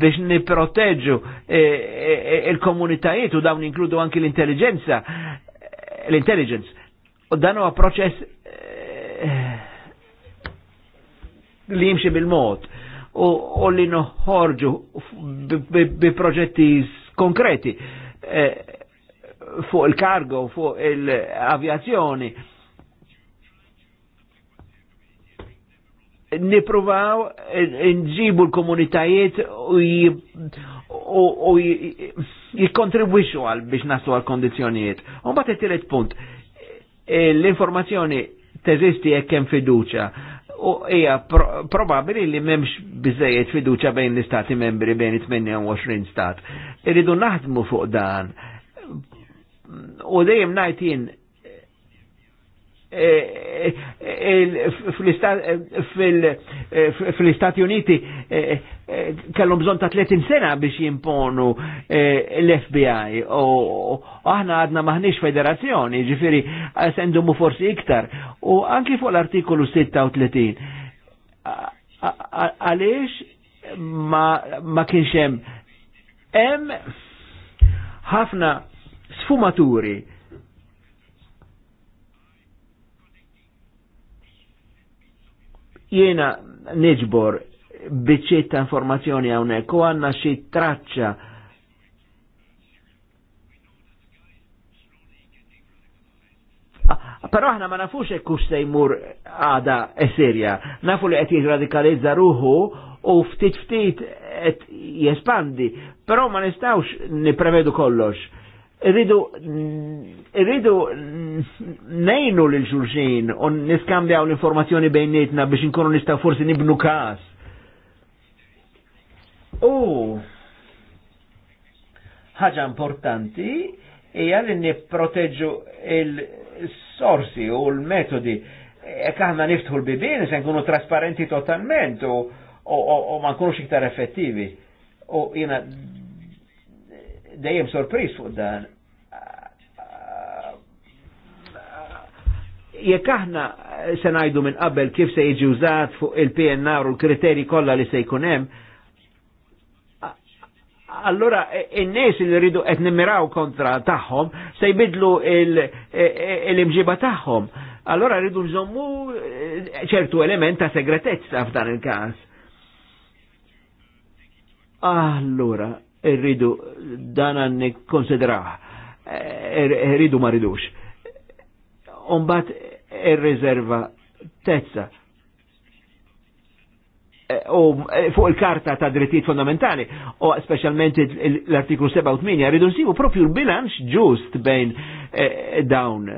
biex nipproteġġu il-komunitajiet u dawn inkludu anki l-intelligenza l-intelligence. U dan huwa proċess Eh, li jimxi bil-mod u li noħorġu bi proġetti konkreti eh, fuq il-kargo, fuq il-avjazzjoni. Nipruvaw eh, nġibu l-komunitajiet u jikontribwixu għal biex naslu għal kondizjonijiet. Un bat punt, l-informazzjoni teżisti jekk hemm fiduċa. U hija pro probabbli li m'hemmx biżejjed fiduċa bejn l-istati membri bejn 28 stat. Irridu naħdmu fuq dan. U dejjem ngħid Eh, eh, eh, fil-Istati Uniti kellhom bżonn ta' 30 sena biex jimponu l-FBI u aħna għadna maħniex federazzjoni, ġifiri sendumu forsi iktar. U anki fuq l-artikolu 36 għaliex ma kienx hemm ħafna sfumaturi Jiena neġbor biċċiet ta' informazzjoni hawnhekk u għanna xie traċċa Però aħna ma nafux hekk hux se jmur għada e serja. Nafu li qed jirradikalizza ruħu u ftit ftit qed jespandi, però ma nistgħux niprevedu kollox Irridu irridu nejnu l xulxin u niskambjaw l-informazzjoni bejnietna biex inkunu nistaw forsi nibnu kas. U ħaġa importanti hija li nipproteġġu il-sorsi u l-metodi jekk aħna niftħu l-bibin se nkunu trasparenti totalment u ma nkunux iktar effettivi. U jiena dejjem sorpris fuq dan. Jekk aħna se ngħidu minn qabel kif se jiġi użat fuq il-PNR u l kriteri kollha li se jkun hemm, allora in-nies li rridu qed nimmiraw kontra tagħhom se jbidlu l-imġiba tagħhom. Allora rridu nżommu eh, ċertu element ta' segretezza f'dan il-każ. Allura, irridu dan għanni konsideraħ, er-, irridu ma ridux. Umbat ir-riserva tezza e, u e, fuq il-karta ta' drittijiet fondamentali, u specialment l-artiklu 7 rridu nsibu propju l-bilanċ ġust bejn e, dawn.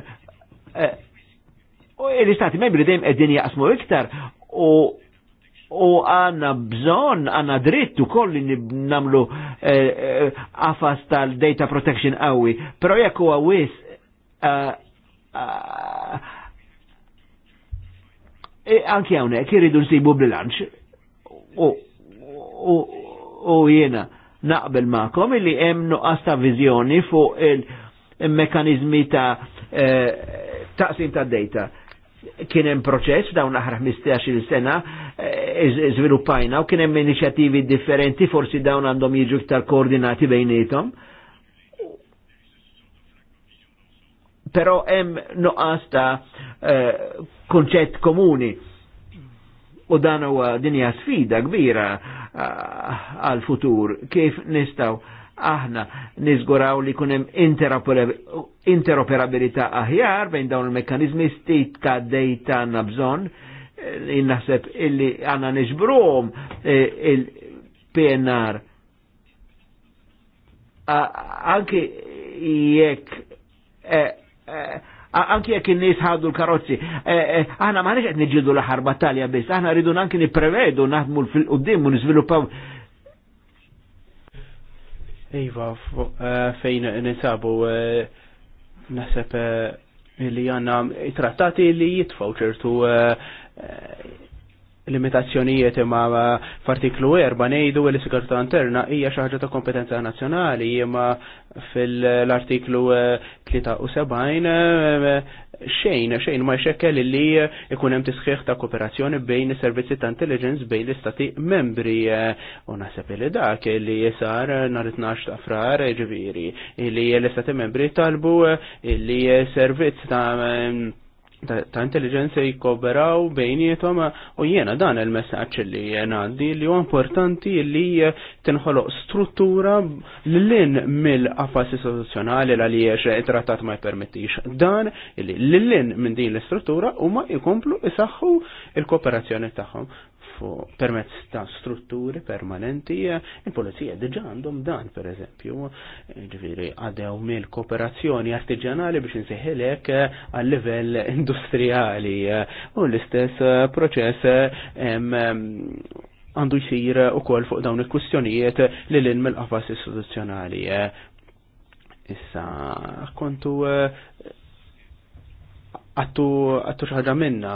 u l-istati membri dejjem ed-dinja jaqsmu iktar u u għanna bżon, għanna dritt kolli li namlu eh, eh, għafas tal-data protection għawi. Pero jekk u għawis, eh, anki għawnek, jiridu nsibu bil-lanċ, u jena naqbel ma'kom illi hemm nuqqas ta' viżjoni fuq il-mekanizmi ta' taqsim ta' data. Kien hemm proċess dawn aħra 15-il sena żviluppajna eh, u kien hemm inizjattivi differenti forsi dawn għandhom jiġu iktar koordinati bejnietom. Però hemm noqas ta' eh, konċett komuni u dan huwa dinja sfida kbira eh, għal futur kif nistgħu aħna nizguraw li kunem interoperabilità aħjar bejn dawn il-mekkanizmi stit ta' dejta nabżon bżonn Eh, naħseb illi għanna nġbrom eh, il-PNR. Anki jekk eh, anki jekk in-nies ħadu l-karozzi. Aħna ma qed niġġieldu l-aħħar battalja biss, aħna rridu anki nipprevedu naħdmu fil-qudiem u niżviluppaw Iva, fejn nisabu naħseb li għanna trattati li jitfaw ċertu Eh, limitazzjonijiet imma f'artiklu 4 ngħidu li sigurtà interna hija xi ħaġa ta' kompetenza nazzjonali imma fil-artiklu 73 eh, eh, xejn xejn ma jxekkel li ikun hemm tisħiħ ta' kooperazzjoni bejn is-servizzi ta' intelligence bejn l-istati membri u naħseb li dak li sar nhar 12 ta' frar ġifieri li l-istati membri talbu li servizz ta' ta' intelligenza jikoberaw bejnietom u jiena dan il-messaġġ li jena di li huwa importanti li tinħoloq struttura l-lin mill affas istituzzjonali għaliex trattat ma jpermettix dan li l-lin minn din l-istruttura u ma jkomplu isaħħu il-kooperazzjoni tagħhom fuq permezz ta' strutturi permanenti, eh, il-polizija diġa għandhom dan per eżempju, eh, ġviri għadew mill kooperazzjoni artiġjanali biex nseħilek eh, għal livell industrijali u l-istess proċess għandu jisir u kol fuq dawn il-kustjonijiet li l-in mill-qafas istituzzjonali. Issa, kontu għattu xaħġa minna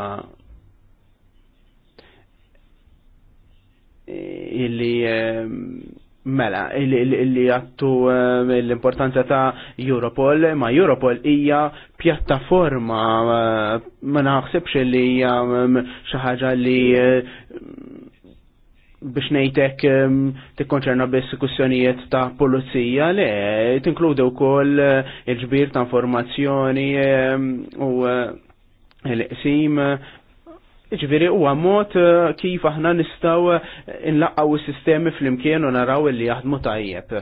illi ehm, mela illi għattu ehm, l-importanza ta' Europol ma' Europol hija pjattaforma ehm, ma naħsibx illi hija xi ħaġa li biex nejtek tikkonċerna biss kussjonijiet ta' pulizija, le, tinkludi u koll il-ġbir ta' informazzjoni u l-qsim Ġviri u għamot eh, kif aħna nistaw eh, inlaqqaw il-sistemi fl-imkien u naraw li jaħdmu tajjeb.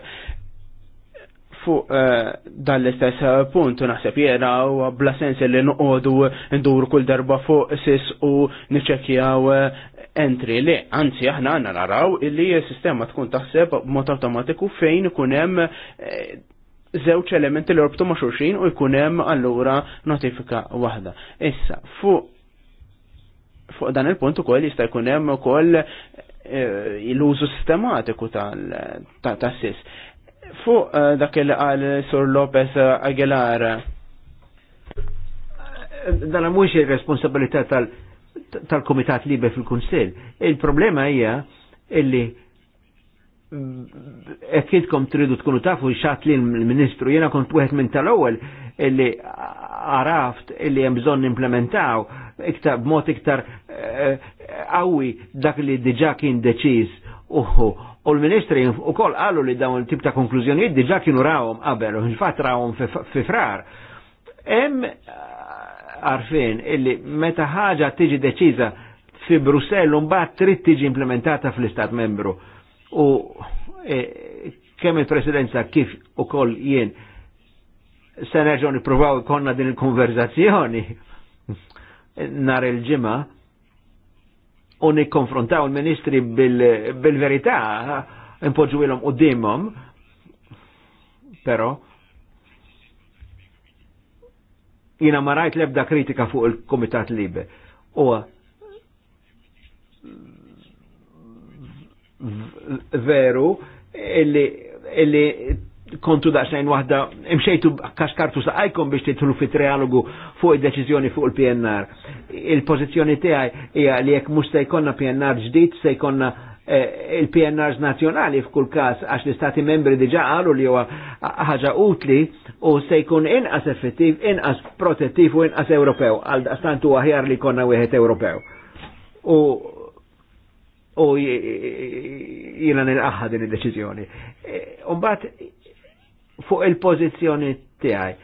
Fuq eh, l istess punt naħseb jena u bla sens li nuqodu nduru kull darba fuq sis u niċekjaw entri li, anzi aħna għanna naraw illi sistema tkun taħseb mod automatiku fejn kunem zewċ elementi li jorbtu ma' u jkunem allura notifika wahda. Issa, fuq fuq dan il-punt ukoll jista' jkun hemm ukoll eh, l-użu sistematiku tal-tassis. Fuq eh, dak il qal Sur Lopez Aguilar. Dan mhux ir-responsabilità tal-Kumitat Libe fil-Kunsill. Il-problema hija illi ekkidkom tridu tkunu tafu xat li l-ministru, jena kont wieħed minn tal-ewwel illi għaraft illi hemm bżonn implementaw iktar b'mod iktar eh, qawwi dak li diġà kien deċiż u l-ministri u koll għallu li dawn il-tip ta' konklużjonijiet diġa kienu rawhom qabel, u fatt rawhom fi frar. Hemm eh, għarfien illi meta ħaġa tiġi deċiża fi Brussell u mbagħad trid tiġi implementata fl-Istat membru. U eh, kemm il-Presidenza kif ukoll jien se nerġgħu provaw konna din il-konverzazzjoni nar il-ġimma u nikkonfrontaw il-ministri bil-verità bil impoġu u dimom, però jina ma rajt lebda kritika fuq il-Komitat Libe. U veru illi, illi kontu daqsajn wahda imxejtu kaskartu saqajkom biex titlu fit trialogu fuq id-deċizjoni fuq il-PNR. Il-pozizjoni tijaj hija li jekk mhux se jkollna PNR ġdid se jkollna eh, il-PNRs nazjonali f'kull każ għax l-istati membri diġa qalu li huwa ħaġa utli u se jkun inqas effettiv, inqas protettiv u inqas Ewropew għal daqstant huwa ħjar li konna wieħed Ewropew. U u jina nil-qaħħa din id-deċizjoni. Eh, Umbat fuq il-pozizjoni tiegħi.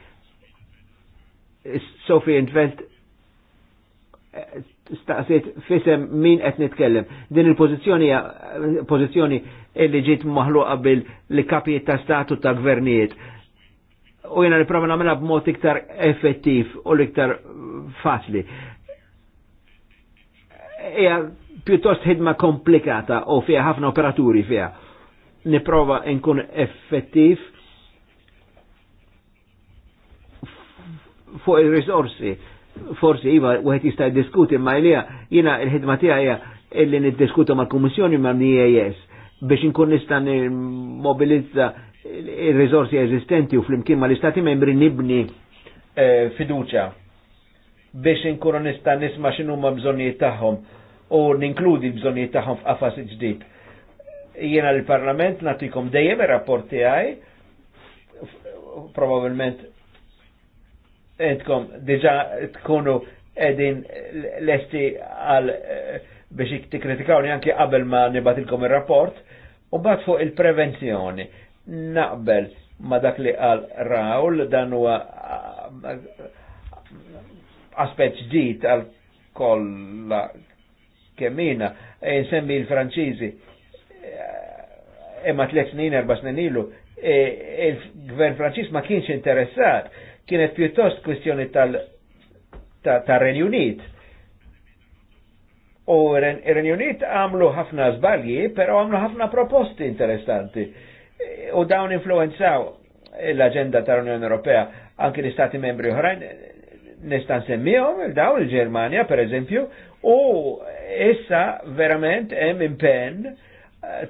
Sofi Invent eh, staqsiet fisem min qed nitkellem. Din il-pożizzjoni eh, pozizjoni pożizzjoni li ġiet maħluqa bil li kapijiet ta' statu ta' gvernijiet. U jena nipprova nagħmilha b'mod iktar effettiv u l-iktar faċli. Hija pjuttost ħidma komplikata u fiha ħafna operaturi fiha. Nipprova nkun effettiv fuq il-risorsi. Forsi iva għet jista' jiddiskuti ma ilija jina il-ħidma tijaja hija illi niddiskuta mal-Kummissjoni ma' NIAS biex nkun nista' mobilizza il-rizorsi eżistenti u fl-imkien ma l-istati membri nibni eh, fiduċa biex nkun nista nisma xinu ma bżonijiet tagħhom u ninkludi bżonijiet tagħhom f'qafas ġdid. Jiena l-Parlament natikom dejjem ir rapporti għaj, probabilment edkom diġa tkunu edin lesti għal eh, biex tikritikawni anke qabel ma nibatilkom il-rapport, u bat fuq il-prevenzjoni. Naqbel ma dak li għal Rawl dan huwa eh, aspet ġdid għal kolla kemina jinsemmi e il-Franċiżi, eh, imma tliet snin, erba' snin ilu, e il-gvern Franċiż ma kienx interessat kienet pjuttost kwestjoni tal-Renju Unit. U Renju Unit għamlu ħafna zbalji, pero għamlu ħafna proposti interessanti. U dawn influenzaw l-agenda tal-Unjoni Ewropea anki l-Istati membri uħrajn, nistan semmihom daw il-Germania per eżempju u issa verament hemm impenn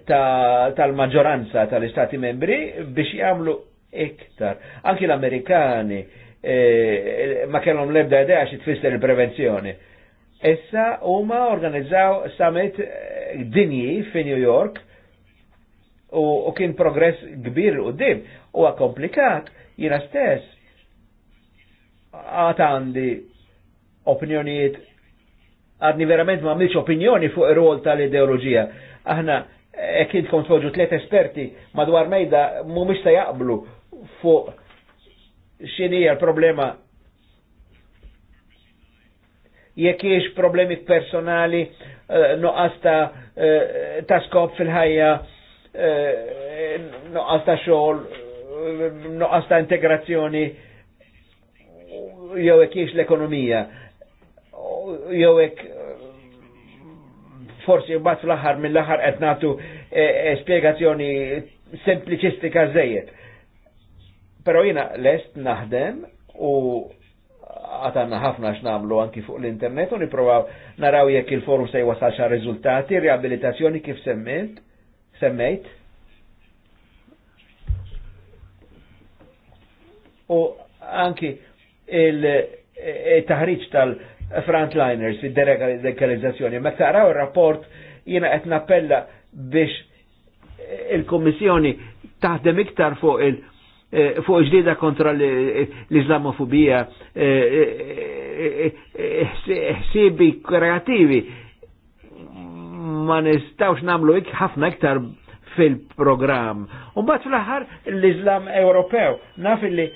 tal-maġġoranza tal-Istati membri biex jagħmlu iktar. Anki l-Amerikani eh, ma kellhom lebda idea xi tfisser il-prevenzjoni. Issa huma organizzaw summit eh, dinji fi New York u, kien progress kbir u dim u komplikat jina stess għat għandi opinjonijiet għadni verament ma mħiċ opinjoni fuq ir-rol tal-ideologija. Aħna eh, kien tkun tfoġu tliet esperti madwar mejda mhumiex se jaqblu fuq xinija l-problema jekk jiex problemi personali uh, eh, noqas ta' uh, ta' skop fil-ħajja uh, eh, noqas ta' xogħol noqas ta' integrazzjoni jew hekk jiex l-ekonomija jew hekk forsi mbagħad fl-aħħar mill-aħħar qed nagħtu spjegazzjoni sempliċistika żejjed Pero jina lest naħdem u għatanna ħafna x'namlu anki fuq l-internet u niprovaw naraw jekk il-forum se jwasal xa riżultati, riabilitazzjoni kif semmejt, semmejt. U anki il-taħriġ e tal-frontliners fid dekalizzazzjoni, ma taraw il-rapport jina qed nappella biex il-Kommissjoni taħdem iktar fuq il- Eh, fuq ġdida kontra l-Islamofobija, eh, eh, ħsibi kreativi. Ma nistawx namlu ik ħafna iktar fil-programm. Umbat fl-aħħar l-Islam Ewropew, naf li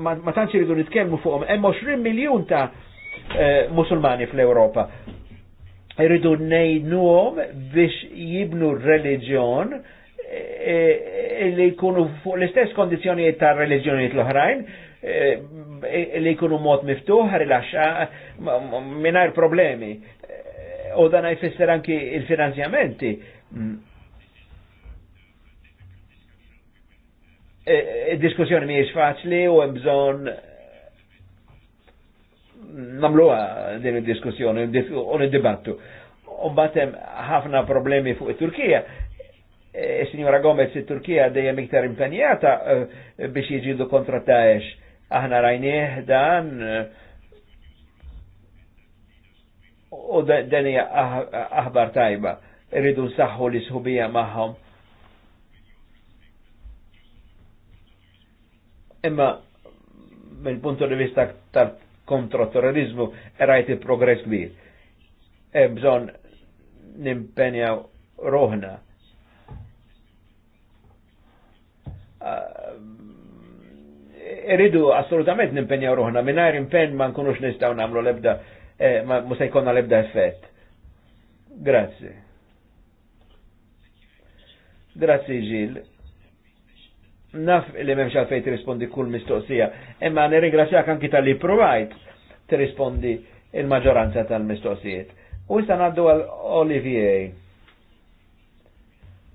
ma tantx iridu nitkellmu fuqhom, hemm 20 miljun ta' musulmani fl-Ewropa. Iridu nejnuom biex jibnu religjon, li jkunu fuq l-istess kondizjonijiet ta' reliġjonijiet l-oħrajn, eh, eh, li jkunu mod miftuħ, rilaxa, minar problemi. Eh, u dan jfisser anki il-finanzjamenti. Mm. Diskussjoni miex faċli u hemm bżonn din il diskussjoni u nid-dibattu. U batem ħafna problemi fuq il turkija E, signora Gomez, il-Turkija dejjem iktar impenjata e, biex jiġidu kontra Daesh. Aħna rajnieh dan e, u dan hija ah, aħbar tajba. Irridu nsaħħu l-isħubija magħhom. Imma mill punto di vista tal-kontraterrorizmu rajt il-progress kbir. Bżon nimpenjaw roħna Eh, Irridu assolutament nimpenjaw ruħna, minnajr impenn ma nkunux nistaw namlu lebda, eh, ma musa jkonna lebda effett. Grazzi. Grazzi Gil. Naf li memx għalfej t-rispondi kull mistoqsija, imma nirringrazzjak anki tal-li provajt t-rispondi il-maġoranza tal-mistoqsijiet. U jistan għaddu għal Olivier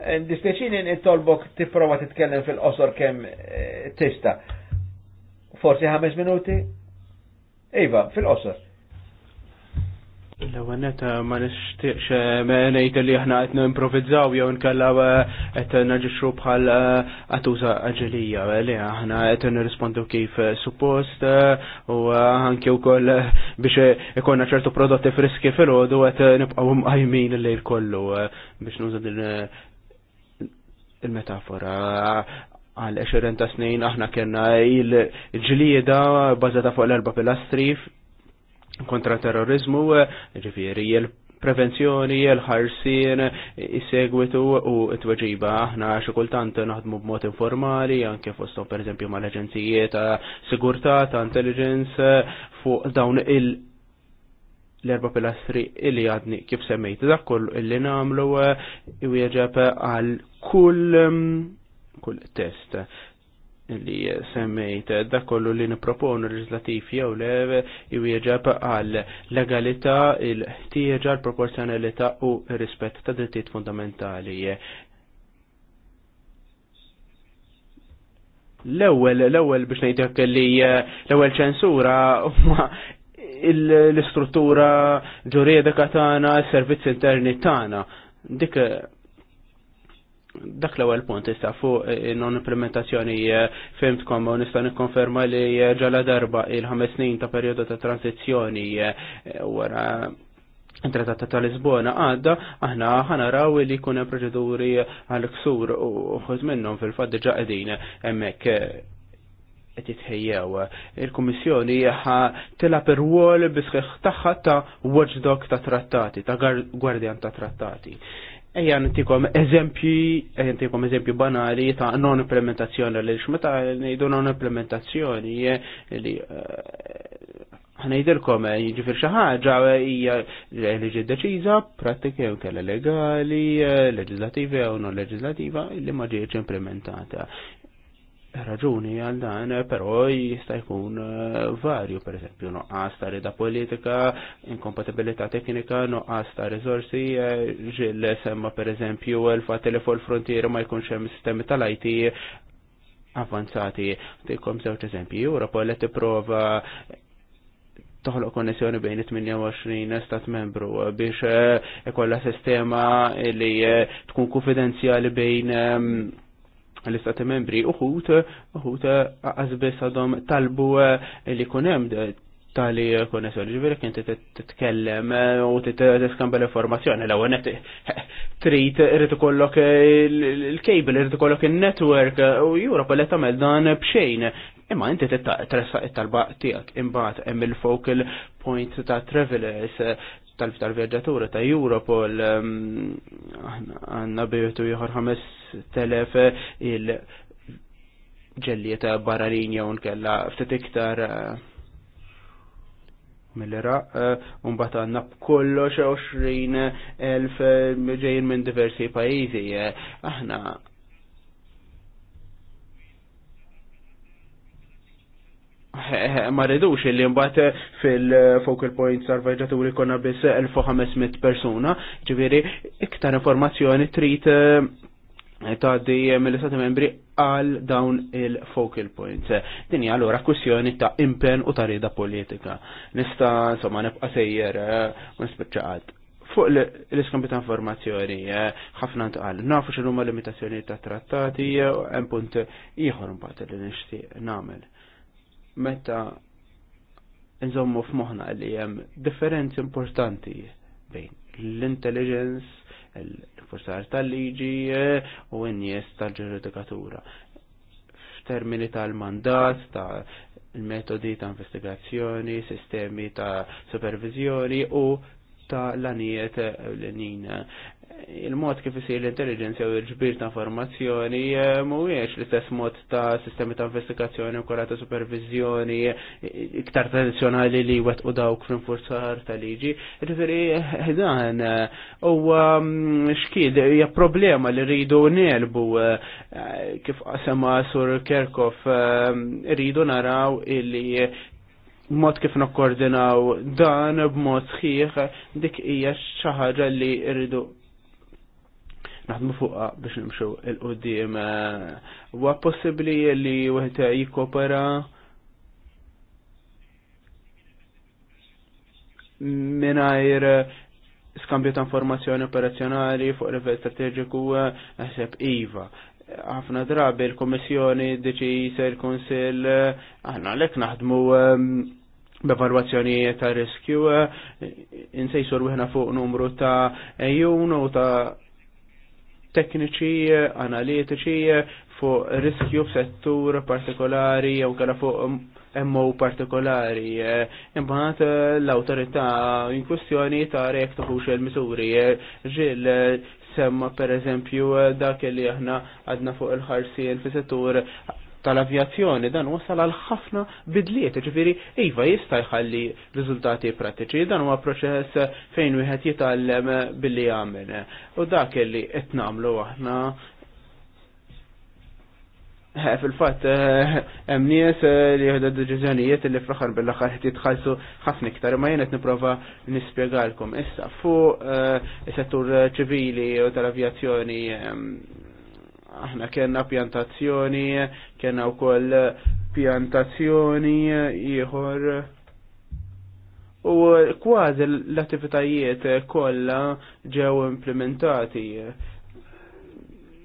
it-tolbok tipprova titkellem fil-qosor kemm eh, tista. Forsi ħames minuti? Iva, fil-qosor. L-għanet ma nishtiqx eh, nejt li aħna qed improvizzaw jew nkella eh, qed naġixxu bħal għatuza għagġelija. li aħna qed nirrispondu kif suppost u anke wkoll biex ikonna ċertu prodotti friski fil-ħodu qed nibqgħu mqajmin lejl kollu biex nuzad din il-metafora għal 20 ta' snin aħna kena il-ġlieda bazzata fuq l-erba pilastri kontra terrorizmu, ġifiri il-prevenzjoni, il-ħarsin, il-segwitu u it-tweġiba. Aħna xikultant naħdmu b'mod informali, anke fostom per eżempju mal aġenzijiet ta' sigurtà, ta' intelligence, fuq dawn il- l-erba pilastri illi għadni kif semmejt. Dak kollu illi namlu u jieġab għal kull um, kull test li semmejt da kollu li niproponu reżlatif jew le jwieġeb għal legalità, il-ħtieġa, l-proporzjonalità u rispett ta' drittijiet fundamentali. L-ewwel l-ewwel biex ngħidlek li l-ewwel ċensura huma l-istruttura ġuridika tagħna, s-servizz interni tagħna. Dik dak l-ewwel punt issa fuq eh, non implementazzjoni eh, fimtkom u nista' nikkonferma li eh, ġala darba il-ħames snin ta' perjodu ta' tranzizzjoni wara Intrattat ta' Lisbona għadda, aħna raw li kun hemm proċeduri għal-ksur u ħuż minnhom fil-fatt diġà qegħdin hemmhekk qed jitħejjew. Il-Kummissjoni ħa tilab ir-rwol bisħiħ tagħha ta' watchdog ta' trattati, ta' gwardjan ta' trattati. Eja, nittikom eżempji, ejja ntikom eżempju banali ta' non implementazzjoni li xmeta ngħidu non implementazzjoni li eh, ħnejdilkom eh, jiġifier xi ħaġa eh, hija li ġiet deċiża, pratika jew legali, leġislativa jew non leġislativa li ma ġietx implementata raġuni għal dan, però jista' jkun eh, varju, per eżempju, noqqas ta' rida politika, inkompatibilità teknika, noqqas ta' rizorsi, eh, ġil semma per eżempju l-fat li frontiera ma jkunx hemm sistemi tal-IT avanzati. Tikom żewġ eżempji, Europa li tipprova toħloq konnessjoni bejn 28 stat membru biex eh, ikolla sistema li tkun konfidenzjali bejn ehm, l-istati membri uħut, uħut għazbis għadhom talbu eh, li kunem tali konnessor, ġiviri kien tkellem eh, u titkamba l-informazzjoni, eh, l għonet trit irrit kollok il-kabel, irrit kollok il-network u jura li tamel dan bxejn. Imma inti tressa it-talba tijak imbat hemm il-focal point ta' travelers tal-talf tal-vjaġġatura ta' Europol għanna bejtu jħor 5000 il ġellieta barrarin jew nkella ftit iktar uh, mill-Iraq, uh, unbat għanna kollox 20.000 ġejjin minn diversi pajjiżi. Aħna ma il-li mbagħad fil-focal point sarvajġaturi konna biss 1500 persuna, ġiviri iktar informazzjoni trid eh, tgħaddi mill-istati membri għal dawn il-focal points. Din hija allura kwistjoni ta' impen u ta' rida politika. Nista' insomma nibqa' sejjer eh, ma fuq l-iskambi ta' informazzjoni, eh, ħafna ntqal, nafu xinu ma' limitazzjoni ta' trattati, u punt ieħor mbagħad li nixtieq nagħmel meta nżommu f'moħna li hemm differenzi importanti bejn l-intelligence, l-forsar tal-liġi eh, u n-nies tal-ġuridikatura. F'termini tal-mandat, ta' il-metodi ta' investigazzjoni, sistemi ta' supervizjoni u ta' l-anijiet l nina il-mod kif isir l intelligenza u l ġbir ta' informazzjoni eh, mhuwiex l-istess mod ta' sistemi ta' investigazzjoni u kolla ta' supervizjoni iktar tradizzjonali li wet u dawk fl-infurzar ta' liġi. Ġifieri dan eh, huwa mm, xkid hija problema li rridu nelbu eh, kif qasema sur Kerkov rridu naraw illi mod kif nakkoordinaw dan b'mod sħiħ dik hija xi ħaġa li rridu naħdmu fuqha biex nimxu il-qudiem. Eh, huwa possibbli li wieħed jikkopera minajr skambju ta' informazzjoni operazzjonali fuq livell strateġiku eh, naħseb IVA. Għafna drabi l-Komissjoni deċisa l-Konsil eh, aħna lek naħdmu b'evalwazzjonijiet ta' riskju insejsur wieħna fuq numru ta' ejjun u ta' tekniċi, analitiċi fuq riskju f'settur partikolari jew kalla fuq emmo partikolari. Imbagħad l-awtorità in kwestjoni ta' jekk tuħux il-misuri. Ġil semma per eżempju dak li aħna għadna fuq il-ħarsien f settur tal-avjazzjoni dan wasal għal ħafna bidliet, ġifiri iva jista' jħalli rizultati pratiċi, dan huwa proċess fejn wieħed jitgħallem billi jagħmel. U dak li qed nagħmlu aħna fil-fatt eh, hemm nies eh, li jieħdu deċiżjonijiet li fl-aħħar bil-aħħar qed jitħallsu ħafna iktar, ma jien qed nipprova nispjegalkom issa fuq eh, is-settur ċivili u tal-avjazzjoni aħna kena pjantazzjoni, kena u koll pjantazzjoni ieħor u kważi l-attivitajiet kollha ġew implementati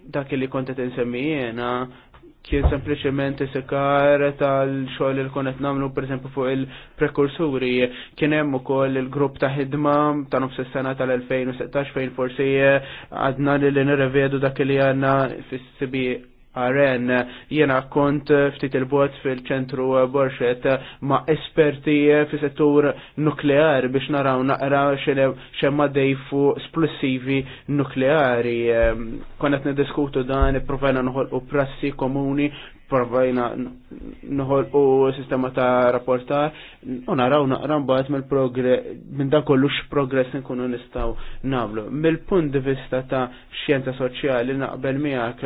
dak li kontet jena kien sempliciment isikar tal-xogħol il konet namlu esempio fuq il-prekursuri kien hemm ukoll il-grupp ta' ħidma ta' nofs is-sena tal-2016 fejn forsi għadna li nirrevedu dak li għandna fis-sibi Aren, jena kont ftit il-bot fil-ċentru Borxet ma' esperti fi settur nukleari biex naraw naqra xemma dejfu splussivi nukleari. Konet nediskutu dan, provajna nħol u prassi komuni provajna nħol u sistema ta' rapportar, u naraw naqram bat minn da kollu x-progress nkunu nistaw nablu. Mill-punt di vista ta' xjenza soċjali naqbel miegħek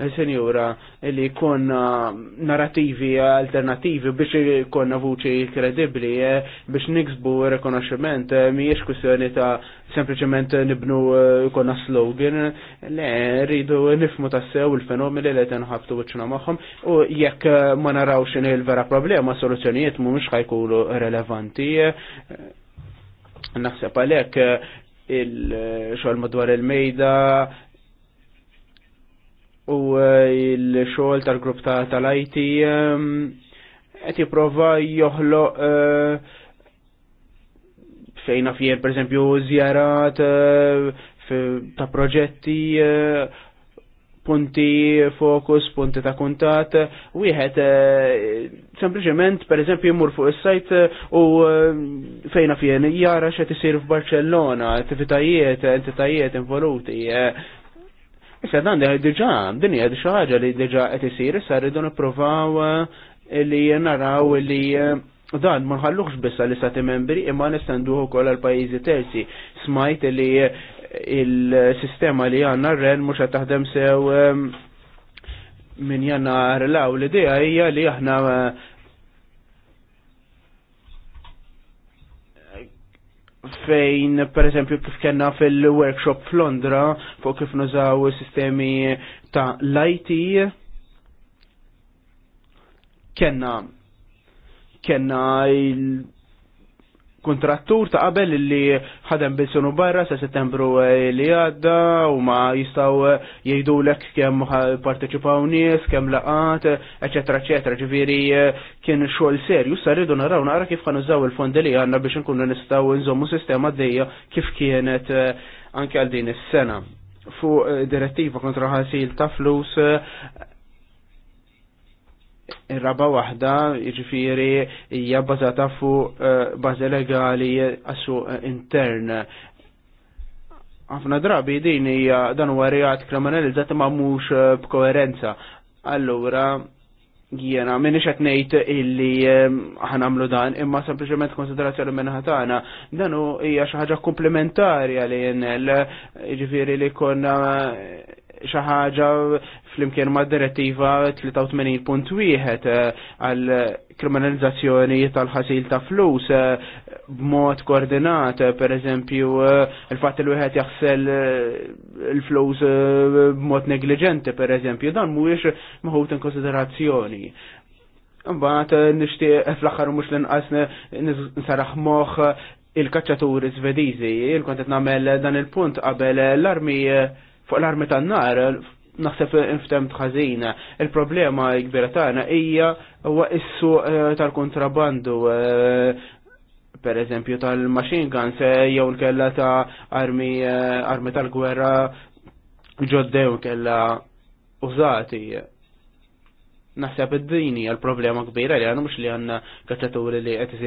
eh, senjura li konna narrativi alternativi biex konna vuċi kredibli eh, biex niksbu r-rikonoxximent eh, miex kwistjoni ta' sempliciment nibnu eh, konna slogan, le, rridu nifmu tassew il-fenomeni li tenħabtu bieċna maħħom u jekk eh, ma narawx il-vera problema, soluzzjonijiet mhumiex ħajkulu relevanti. Naħseb għalek eh, il-xol madwar il-mejda, u il-xogħol tal-grupp tal-IT qed jipprova joħloq fejna fjer per eżempju zjarat eh, ta' proġetti eh, punti fokus, punti ta' kuntat, wieħed eh, sempliċement per eżempju jmur fuq is-sajt u fejna fien jara x'qed isir f'Barcellona, attivitajiet, entitajiet involuti. Issa dan diġà, din hija xi ħaġa li diġa' qed isir, issa rridu nipprovaw li naraw li dan ma nħalluħx biss li istati membri imma nistenduħu kol għal pajizi terzi. Smajt li il-sistema li għanna r-ren mux taħdem sew minn r law l-idea hija li aħna fejn per eżempju kif kena fil-workshop f'Londra fuq kif nużaw sistemi ta' l-IT kena kena il kontrattur ta' qabel li ħadem bil-sunu barra sa' settembru eh, li għadda u ma jistaw eh, jgħidu l-ek kem parteċipaw nies, kem laqat, eh, eccetera, eccetera, ġiviri kien xogħol serju, sa' rridu naraw nara kif kan użaw il-fondi li għanna biex nkunu nistaw nżommu sistema dejja kif kienet anke għal din is-sena. Fuq direttiva kontra ħasil ta' flus Raba waħda, ġifiri, hija bbażata fuq eh, bażi legali għassu eh, intern. Għafna drabi din hija dan huwa reat kriminalizzat ma mhux eh, b'koerenza. Allura, jiena minn qed ngħid illi għamlu dan imma sempliċement konsiderazzjoni minn ħatana dan hija xi ħaġa komplementari għal jinel e jiġifieri li konna xaħġa ħaġa flimkien ma' direttiva 83.1 eh, għal kriminalizzazzjoni tal-ħasil ta' flus eh, b'mod koordinat, eh, per eżempju, il-fatt li wieħed jaħsel il-flus b'mod negligenti, per eżempju, dan mhuwiex maħut in konsiderazzjoni. Mbagħad nixtieq fl-aħħar mhux l-inqas moħħ il-kaċċaturi Svediżi, il-kontet nagħmel dan il-punt qabel l-armi fuq l-armi tan-nar naħseb inftem tħazina. Il-problema kbira tagħna hija huwa issu eh, tal-kontrabandu eh, per eżempju tal-machine guns eh, jew l kella ta' armi armi tal-gwerra ġoddew kella użati. Naħseb id-dini għal-problema kbira li għanna mux li għanna kaċċaturi li għet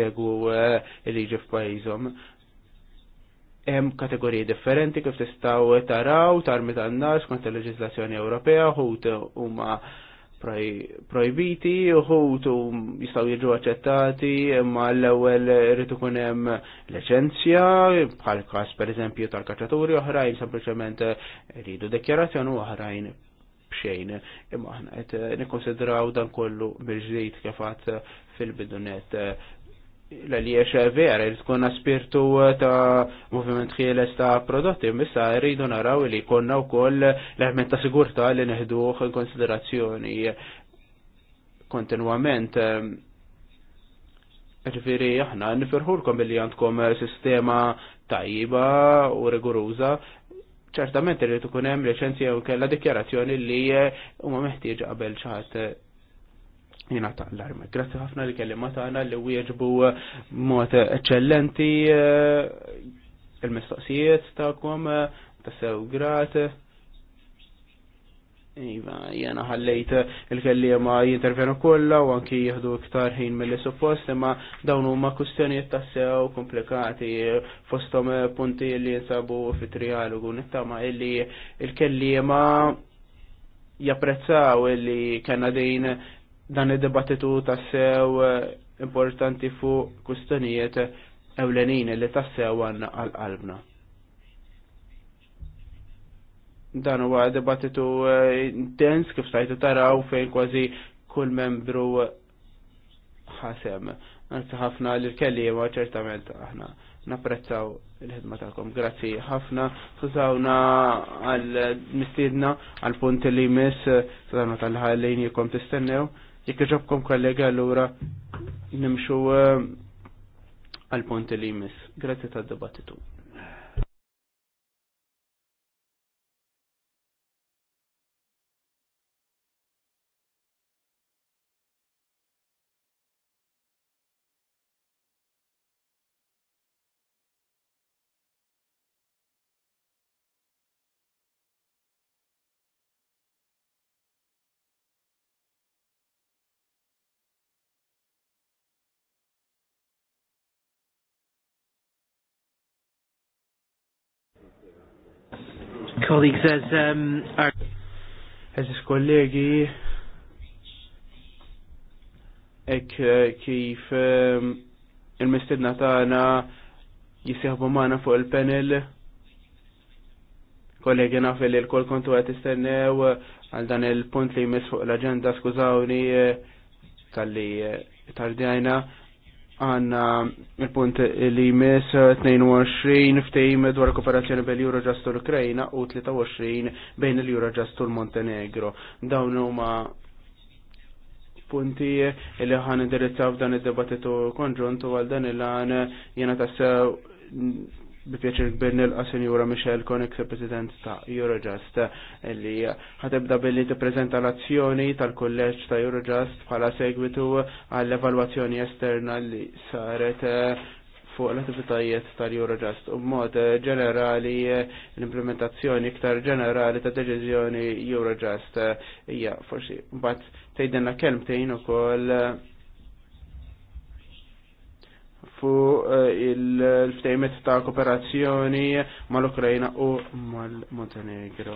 li ġif pajizom hemm kategoriji differenti kif tistgħu taraw tarmi tan-nar skont il-leġiżlazzjoni Ewropea ħut huma projbiti, uħut jistgħu jiġu aċċettati, imma l-ewwel irid ikun hemm liċenzja bħal każ pereżempju tal-kaċċaturi oħrajn sempliċement rridu dekjarazzjoni oħrajn b'xejn. Imma aħna qed nikkonsidraw dan kollu bil-ġdid kif fil-bidunet l-għaliex vera, tkun aspirtu ta' moviment ħieles ta' prodotti, missa rridu naraw li konna u koll l-element ta' sigurta li in konsiderazzjoni kontinuament. Ġifiri, aħna nifirħulkom li għandkom sistema tajjiba u riguruza, ċertament li tkun hemm liċenzja u kella dikjarazzjoni li huma meħtieġ qabel ċaħat jina ta' l-arma. Grazie ħafna li kelli matana li wieġbu mod eccellenti eh, il-mistoqsijiet kum eh, ta' sew grat. Iva, jena ħallejt il-kelli ma jintervenu kolla u anki jihdu iktar ħin mill suppost imma dawn huma kustjonijiet ta' sew komplikati fostom eh, punti li jinsabu fit-trialogu nittama illi il-kelli ma japprezzaw illi kanadin din dan id debattitu tassew eh, importanti fuq kustonijiet ewlenin li tassew għanna għal-qalbna. Dan huwa dibattitu eh, intens kif stajtu taraw fejn kważi kull membru ħasem. Għanzi ħafna l-kelli ċertament aħna napprezzaw il-ħidma tal-kom. Grazzi ħafna tużawna għal mistiedna għal punt li jmiss tużawna tal-ħallin jikom tistennew. Jekk ġobkom kollega allura nimxu eh, għal-ponti li jmiss. Grazie tad-dibattitu. Colleagues, as um, our... his colleague ek eh, kif um, il-mistidna tagħna jisieħbu mana fuq il-panel. Kollegi naf li l-kol kontu qed istennew għal dan il-punt li jmiss fuq l agenda skużawni eh, tal-li eh, tardjajna għanna il-punt li jmiss 22 ftejm dwar kooperazzjoni bejn l-Eurojust u l-Ukrajna u 23 bejn l-Eurojust l-Montenegro. Dawn huma punti li ħan indirizzaw f'dan id-debattitu konġuntu għal dan il-għan jena tassew Bipjaċir kbir nilqa Senjura Michel Konik, President ta' Eurojust, li ħatibda billi t-prezenta l-azzjoni tal-kolleġ ta' Eurojust bħala segwitu għall-evalwazzjoni esterna li saret eh, fuq l-attivitajiet tal-Eurojust. U mod eh, ġenerali eh, l-implementazzjoni iktar ġenerali ta' deċiżjoni Eurojust hija forsi mbagħad tgħidilna kelmtejn ukoll Fu eh, il-ftejmet ta' kooperazzjoni mal-Ukrajna u l montenegro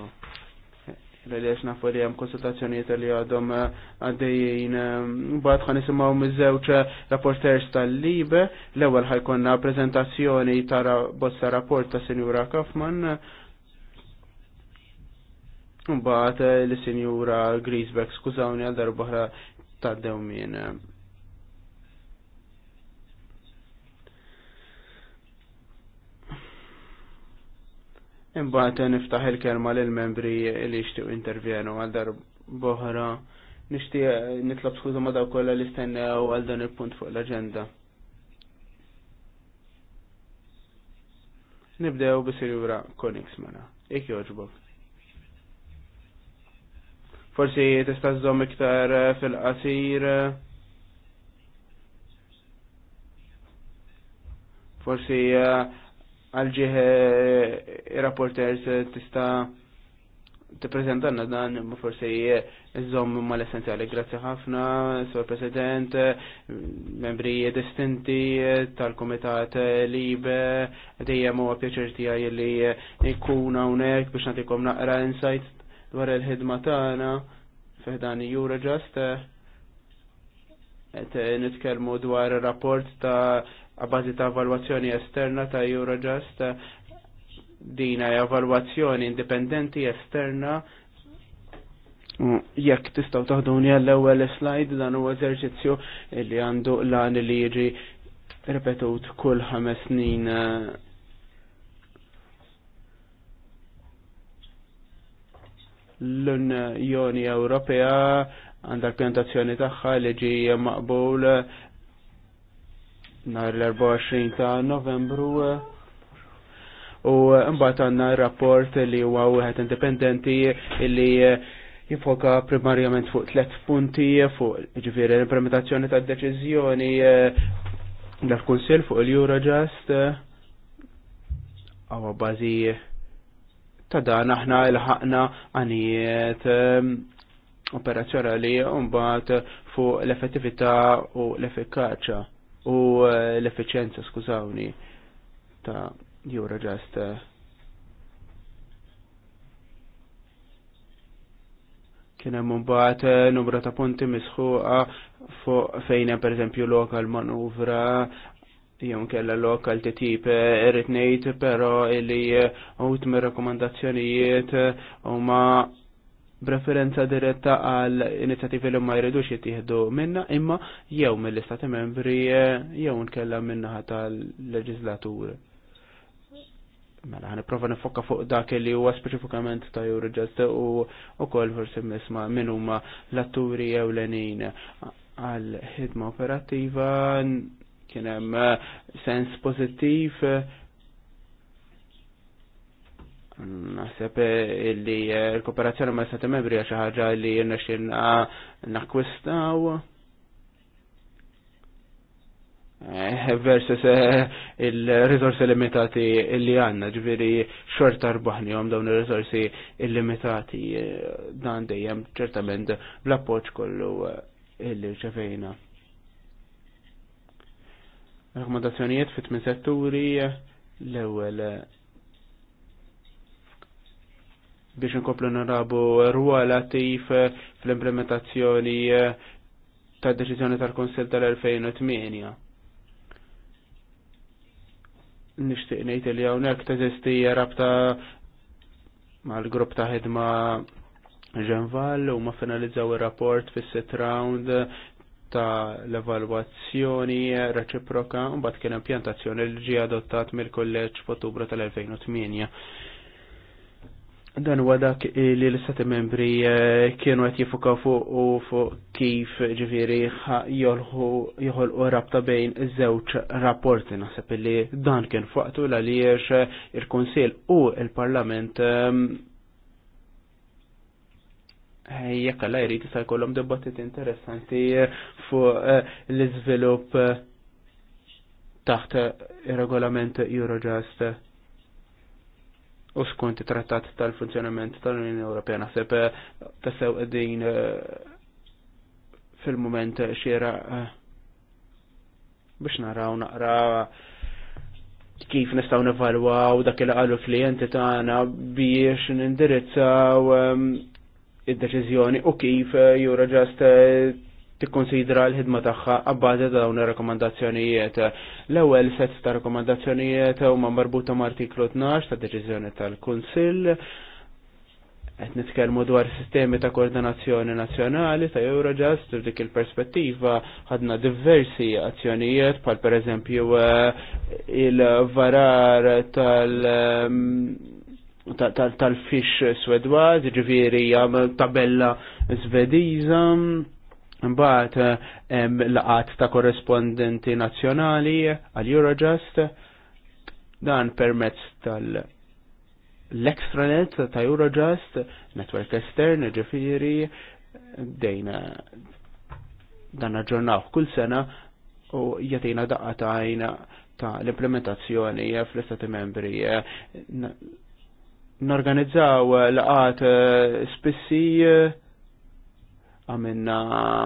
eh, L-għaliex nafu li għam konsultazzjoniet li għadhom eh, għaddejjien bad għan nisimaw mizzewċ rapporters tal-Libe, l-ewel ħajkonna prezentazzjoni ta' bossa rapport ta' Senjura Kaufman, Mbagħad l-Sinjura Griesbeck skużawni għal darba ta' dewmien. Imbagħad niftaħ il-kelma lil membri li jixtiequ intervjenu għal dar boħra. Nixtieq nitlob skuża ma dawk kollha li stennew għal dan il-punt fuq l-aġenda. Nibdew bi Konix Mela. Ik joġbok. Forsi tista' żżomm iktar fil-qasir. Forsi għalġieħ il-rapporters eh, eh, tista t-prezentanna dan ma forse eh, jizzom ma l-essenzjali. Grazie ħafna, Sor President, membri distinti tal-Komitat Libe, dejjem huwa pjaċir tija li jkun hawnhekk biex natikom naqra insight dwar il-ħidma tagħna jura Eurojust. Et nitkelmu dwar rapport ta' għabazi ta' evalwazzjoni esterna ta' Eurojust dina evalwazzjoni indipendenti esterna jekk tistaw taħduni għall ewwel slide dan huwa eżerċizzju li għandu lan li jiġi repetut kull ħames snin l-Unjoni Ewropea għandha l-pjantazzjoni tagħha li ġi maqbul nar l-24 ta' novembru eh, u eh, mbagħad għandna rapport li huwa wieħed indipendenti li eh, jifoka primarjament fuq tlet punti fuq ġifiri l-implementazzjoni tad-deċiżjoni l kunsill fuq il-Eurojust għawa bażi ta' dan aħna il-ħakna għanijiet operazzjonali mbagħad fuq l-effettività u l-effikaċja u eh, l-efficienza, skużawni, ta' Eurojust. Eh, kien hemm mbagħad eh, numru ta' punti misħuqa fuq fejn hemm pereżempju lokal manuvra jom kella lokal titip tip ngħid però illi għut mir-rakkomandazzjonijiet huma preferenza diretta għal inizjativi li ma jridux jittieħdu minna imma jew mill-istati membri eh, jew nkella minnaħa tal-leġislatur. Mela ħan prova nifokka fuq dak li huwa speċifikament ta' Eurojust u wkoll forsi nisma' min huma l-atturi jew lenin għal ħidma operattiva kien hemm eh, sens pożittiv eh, Naħseb li eh, l-kooperazzjoni ma' stati membri għaxa ħaġa li jirnexin nakwistaw. Eh, versus eh, il-rizorsi limitati li għanna, ġviri xorta rbaħni għom dawn il-rizorsi illimitati dan dejjem ċertament bl-appoċ kollu illi ċefejna. Rekomendazzjonijiet fit min setturi l-ewel biex nkomplu narabu rwol attiv fl-implementazzjoni eh, ta' deċiżjoni tal-Konsil tal-2008. Nixtieq ngħid li hawnhekk teżisti rabta mal-grupp ta' ħidma ġenval u ma finalizzaw ir-rapport fis-sit round ta' l-evalwazzjoni reċiproka u mbagħad kien impjantazzjoni li ġie adottat mill-kolleġġ f'Ottubru tal-2008 Dan huwa dak li l-istati membri eh, kienu qed jifukaw fuq u fuq kif ġifieri joħolqu rabta bejn iż-żewġ rapporti naħseb li dan kien fuqtu għaliex il-Kunsill u il-Parlament ehm, jekk alla jrid jista' jkollhom dibattiti interessanti fuq eh, l-iżvilupp taħt ir-regolament Eurojust u skont trattat tal-funzjonament tal-Unjoni Ewropea naħseb eh, tassew din eh, fil-moment eh, xiera biex naraw naqra kif nistaw nevalwaw dak il qalu klienti tagħna biex nindirizzaw ehm, id-deċiżjoni u kif jura ġast tikkonsidra l-ħidma tagħha abbażi ta' dawn ir-rakkomandazzjonijiet. L-ewwel set ta' rakkomandazzjonijiet huma marbuta mal artiklu 12 ta' deċiżjoni tal-Kunsill qed nitkellmu dwar sistemi ta' koordinazzjoni nazzjonali ta' Eurojust u dik il-perspettiva ħadna diversi azzjonijiet bħal pereżempju eh, il-varar tal- tal-fix swedwaz, ġiviri tabella svediza, Mbaħt hemm laqat ta' korrespondenti nazzjonali għal Eurojust dan permezz tal l-extranet ta' Eurojust, network estern, ġifiri, dejna dan aġġornaw kull sena u jatina daqqa ta' ta' l-implementazzjoni fl-istati membri norganizzaw laqat spissi għamilna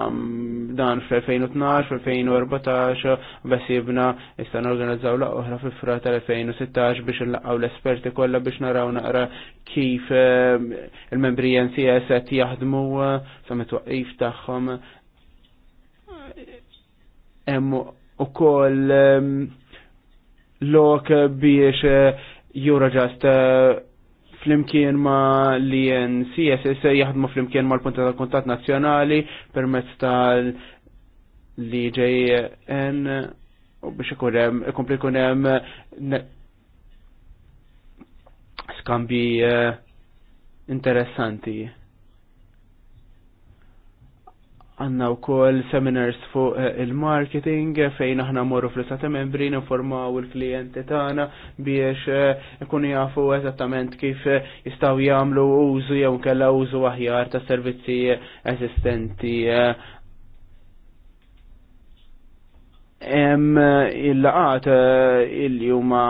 mm, dan fl-2012, fl-2014, besibna issa organizzaw la uħra fil-fra tal-2016 biex nlaqgħu l-esperti kollha biex naraw naqra kif eh, il-membri NCS qed jaħdmu eh, sa Emmu tagħhom. koll l eh, lok biex Eurojust flimkien ma li CSS jaħdmu flimkien ma l-punta tal kontat nazjonali permezz tal li JN u biex ikunem, ikompli ikunem skambi eh, interessanti. Għanna u koll seminars fuq eh, il-marketing fejn aħna morru fl-istati membri informaw il-klienti tagħna biex eh, ikunu jafu eżattament kif eh, jistaw jagħmlu użu jew kella użu aħjar ta' servizzi eżistenti Em il-laqat illi huma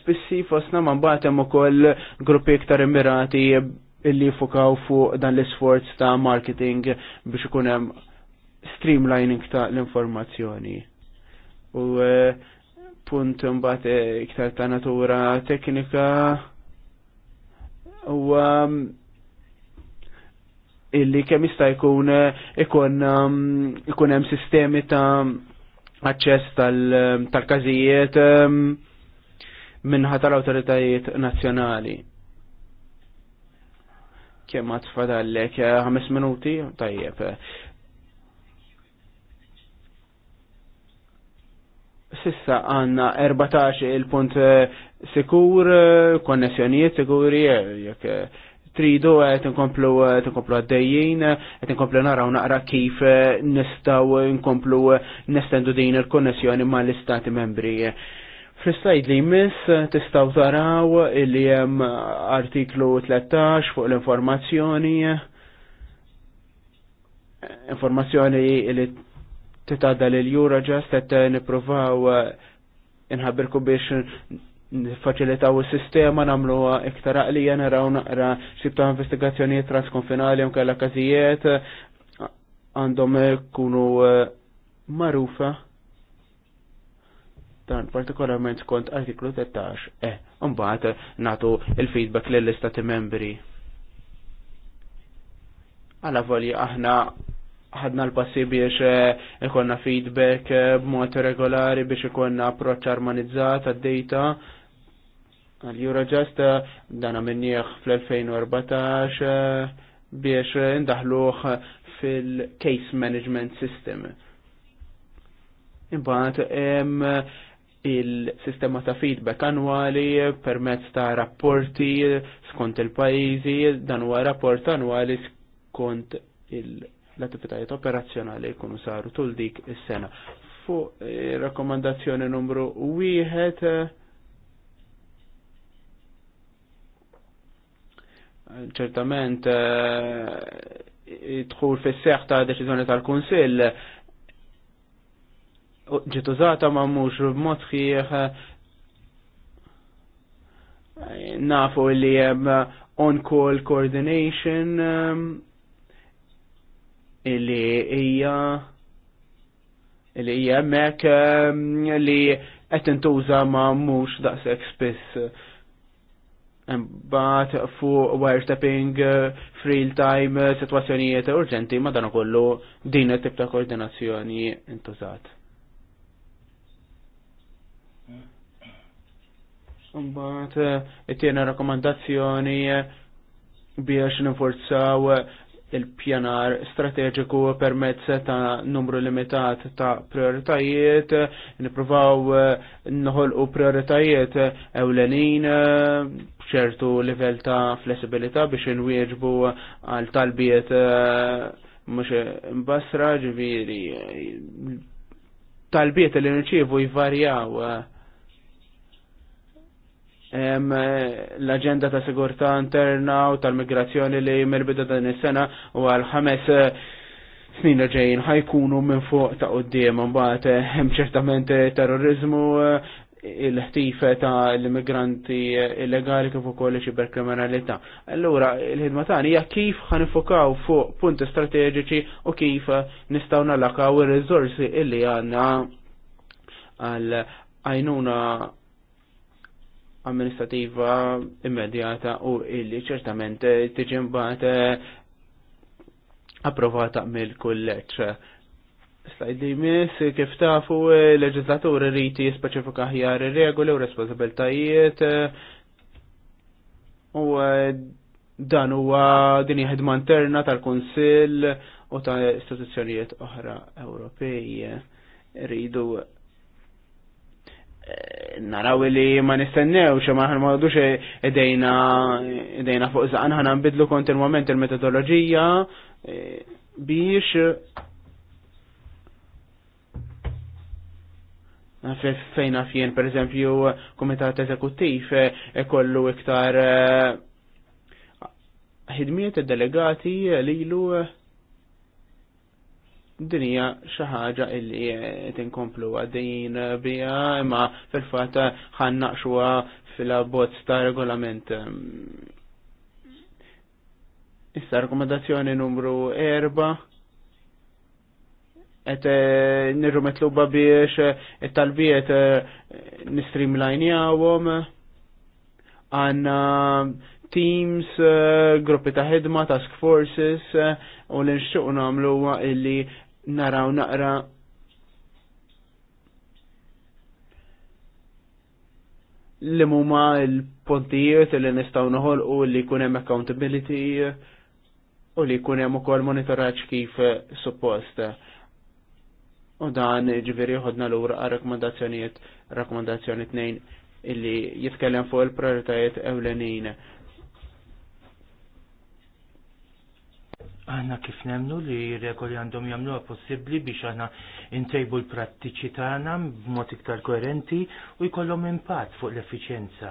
spissi fosna ma mbagħad hemm ukoll gruppi iktar immirati illi fukaw fuq dan l-isforz ta' marketing biex ikun hemm streamlining ta' l-informazzjoni. U e, punt mbagħad e, iktar ta' natura teknika u mm, illi kemm jista' jkun e, ikun mm, ikun hemm sistemi ta' aċċess tal-każijiet minħa mm, tal-awtoritajiet nazzjonali. Kemm ma tfadallek eh, ħames minuti, tajjeb. Sissa għanna 14 il-punt eh, sikur, eh, konnessjonijiet sikuri, jekk tridu qed inkomplu qed inkomplu għaddejjin, qed inkomplu naraw naqra kif nistgħu nkomplu nestendu din il-konnessjoni mal-istati membri. Fl-slajd li jmiss eh, tistaw taraw li jem eh, artiklu 13 fuq l-informazzjoni eh, informazzjoni li titadda l jura ġast għet niprofaw inħabirku biex nifacilitaw il-sistema namlu iktar għalija naraw naqra xibta investigazzjoniet transkonfinali u kalla kazijiet għandhom kunu marufa dan partikolarment kont artiklu 13 eh, mbagħad natu il-feedback lill istati membri. Għala voli aħna ħadna l-passi biex eh, ikonna feedback eh, b'mod regolari biex ikonna approċċ armonizzat għad-data Għal-Eurojust eh, dan minniħ fl-2014 biex indaħluħ fil-Case Management System. Imbagħad il-sistema ta' feedback annwali permezz ta' rapporti skont il-pajizi, dan huwa rapport annwali skont l-attivitajiet operazzjonali jkunu saru tul dik is-sena. Fuq eh, rakkomandazzjoni numru wieħed eh, ċertament eh, dħul fis seħħ ta' deċiżjoni tal-Kunsill ġiet użata ma mhux b'mod ħieħ nafu li hemm on-call coordination um, illi hija illi hija hemmhekk um, li qed intuża ma mhux daqshekk spiss. Mbagħad fuq wiretapping uh, free time uh, sitwazzjonijiet urġenti ma dan ukollu din it-tip ta' koordinazzjoni intużat. Mbagħad eh, it rakomandazzjoni rakkomandazzjoni eh, biex ninforzaw il-pjanar strateġiku permezz ta' numru limitat ta' prioritajiet, eh, nipruvaw nħolqu prioritajiet ewlenin b'ċertu livell ta' flessibilità biex inwieġbu għal talbiet mhux imbasra ġviri talbiet li nirċievu jvarjaw Eh, l-agenda ta' sigurtà interna u tal-migrazzjoni li mirbida dan is-sena u għal ħames eh, snin ġejjin ħajkunu minn fuq ta' qudiem mbagħad eh, hemm ċertament terrorizmu il-ħtife ta' l-immigranti illegali kif ukoll ċiberkriminalità. Allura il-ħidma tagħni hija kif ħanifokaw fuq punti strateġiċi u kif nistgħu nalakaw ir-riżorsi illi għandna għal għajnuna amministrativa immedjata u illi ċertament tiġi mbagħad eh, approvata mill-kulleġġ. Slajdi mis, kif tafu, leġizlatur rriti jispeċifika ħjar regoli u responsabiltajiet eh, u eh, dan huwa din ħidma interna tal-Kunsill u ta' istituzzjonijiet oħra Ewropej. Rridu naraw li ma nistennew xe maħan ma għadux edejna edejna fuq zaqan ħana nbidlu kontinuament il-metodologija eh, biex fejna fjen per eżempju komitat eżekuttiv eh, kollu iktar eh, ħidmiet delegati lilu dinija xaħġa illi tinkomplu għaddin bija imma fil-fat ħannaqxuha fil-abbozz ta' regolament. Issa rekomendazzjoni numru 4 et eh, nirru metluba biex et eh, talbiet eh, nistreamlinjawhom għanna teams, gruppi ta' ħidma, task forces, u l-inxuq namlu illi naraw naqra li huma l-pontijiet li nistgħu noħolqu li jkun hemm accountability u li jkun hemm ukoll monitoraċ kif suppost. U dan ġifieri ħodna lura għal rakkomandazzjonijiet rakkomandazzjoni tnejn illi jitkellem fuq il-prioritajiet ewlenin Aħna kif nemnu li regoli għandhom jagħmluha possibbli biex aħna intejbu l-prattiċi tagħna b'mod iktar koerenti u jkollhom impatt fuq l-effiċjenza.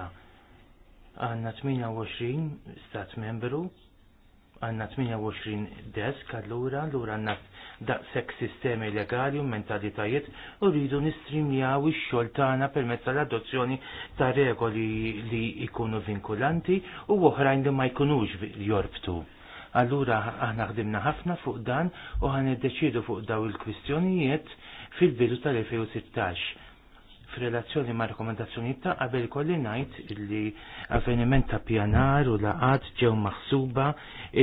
Għandna 28 stat membru, għandna 28 desk allura, allura għandna daqshekk sistemi legali u mentalitajiet u rridu nistrimjaw ix-xogħol tagħna permezz tal-adozzjoni ta' regoli li jkunu vinkulanti u oħrajn li ma jkunux jorbtu Allura aħna ħdimna ħafna fuq dan u ħan iddeċidu fuq daw il-kwistjonijiet fil-bidu tal-2016. F'relazzjoni ma' rekomendazzjonijiet ta' qabel kolli ngħid illi avveniment ta' pjanar u laqat ġew maħsuba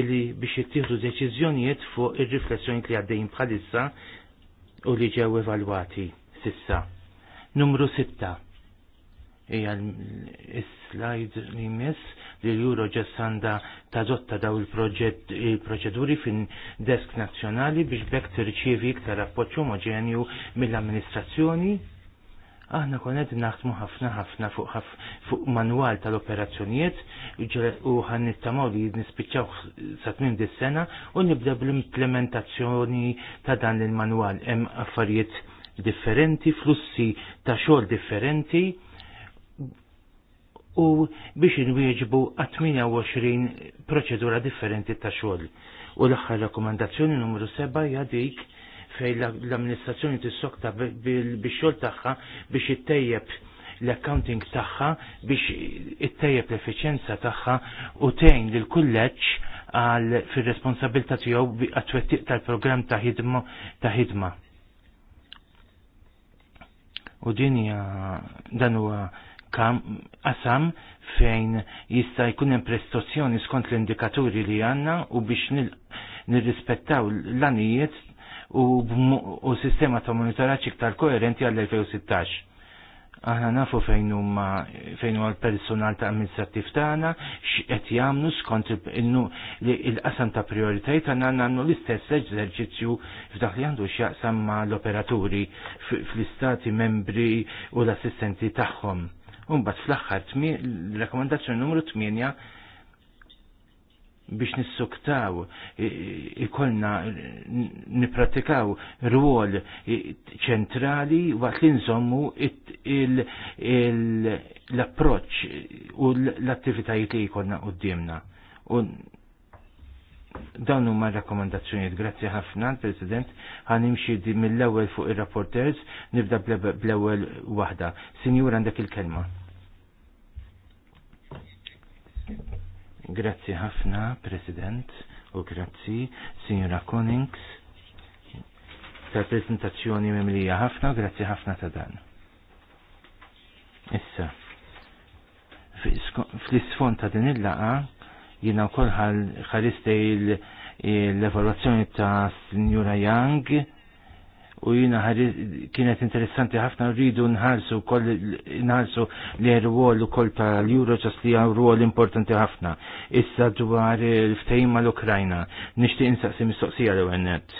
illi biex jittieħdu deċiżjonijiet fuq ir riflessjoni li għaddejjin bħalissa u li ġew evalwati sissa. Numru 6 hija l-slide li jmiss li l ġessanda għanda tadotta daw il-proċeduri fin desk nazzjonali biex bekk tirċievi iktar appoġġ omogenju mill-amministrazzjoni aħna konet naħdmu ħafna ħafna fuq fuq manwal tal-operazzjonijiet u ħannittamaw li nispiċċaw sa tmim dis-sena u nibda bl-implementazzjoni ta' dan il-manwal hemm affarijiet differenti, flussi ta' xogħol differenti u biex inwieġbu għat 28 proċedura differenti ta' xogħol. U l-aħħar rakkomandazzjoni numru 7 hija dik fejn l-amministrazzjoni tissokta bix-xogħol tagħha biex ittejjeb l-accounting tagħha biex ittejjeb l-effiċjenza tagħha u tgħin lil kulleġġ għal fir-responsabilità tiegħu għat-twettiq tal-programm ta' ħidma ta' ħidma. U din dan huwa Kam qasam fejn jista' jkun hemm prestazzjoni skont l-indikaturi li għandna u biex nirrispettaw l għanijiet u sistema ta' monitoraġġ iktar koerenti għall-2016 aħna nafu fejn huma fejn huwa l-personal ta' amministrattiv tagħna x'qed jagħmlu skont il-qasam ta' prioritajiet għandna għandu l-istess eżerċizzju f'dak li għandu x'jaqsam ma' l-operaturi fl-istati membri u l-assistenti tagħhom. Umbat fl-axħar l-rakkomandazzjoni numru 8 biex nissuktaw, ikolna nipratikaw rwol ċentrali waqt li nżommu l-approċ u l-attivitajiet li jkollna qoddimna. dawn huma rakkomandazzjonijiet. Grazzi ħafna l-President ħanimxi mill-ewwel fuq ir-rapporters nibda bl-ewwel waħda. Sinjur għandek il-kelma. Grazzi ħafna, President, u grazzi, Signora Konings, tal-prezentazzjoni memlija ħafna, grazzi ħafna ta' dan. Issa, fl-isfond ta' din il-laqa, jina wkoll ħaristej l-evaluazzjoni ta' Signora Young, u jina kienet interessanti ħafna rridu nħarsu koll nħarsu li rwol u koll ta' l-Euro ċas li rwol importanti ħafna. Issa dwar il-ftejma l-Ukrajna, nishti insaqsi mistoqsija l għennet.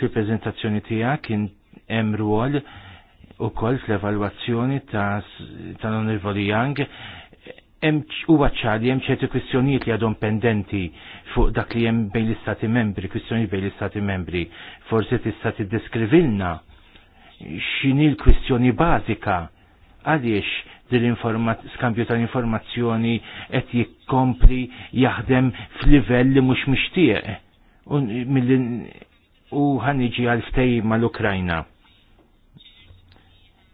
Fi prezentazzjoni tija kien hemm rwol u koll fl-evalwazzjoni ta' l-Onorevoli Young huwa ċari hemm ċerti kwistjonijiet li għadhom pendenti fuq dak li hemm bejn l-istati membri, kwistjonijiet bejn l-istati membri. Forsi tista' tiddeskrivilna x'inhi l-kwistjoni bażika għaliex din skambju tal-informazzjoni qed jikkompli jaħdem f'livell li mhux mixtieq u ħanniġi għal ftej mal-Ukrajna.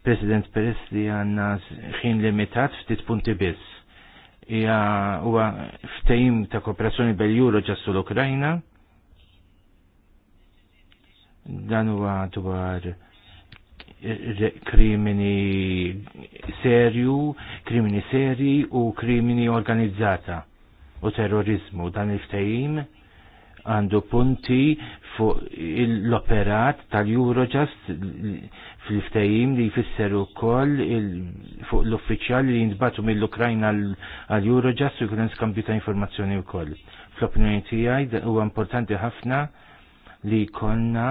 President Peres li għanna ħin limitat ftit punti biss hija huwa ftehim ta' kooperazzjoni bel-Juro ġastu l-Ukrajna. Dan huwa dwar krimini serju, krimini seri u krimini organizzata u terrorizmu. Dan il-ftehim għandu punti fuq l-operat tal-Eurojust fil-ftajim li jfisser ukoll fuq l-uffiċjal li jindbatu mill-Ukrajna għal-Eurojust u jkun skambju ta' informazzjoni wkoll. Fl-opinjoni tiegħi huwa importanti ħafna li konna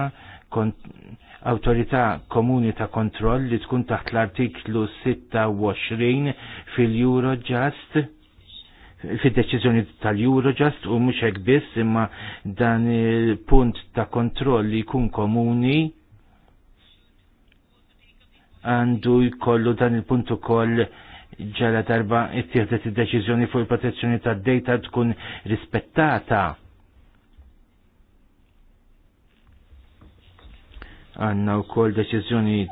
autorità komuni ta' kontroll li tkun taħt l-artiklu 26 fil-Eurojust fid-deċiżjoni tal-Eurojust u mhux hekk biss imma dan il-punt ta' kontroll li jkun komuni għandu jkollu dan il-punt ukoll ġala darba ittieħdet id-deċiżjoni fuq il-protezzjoni tad-dejta tkun rispettata. Għanna u koll deċizjoni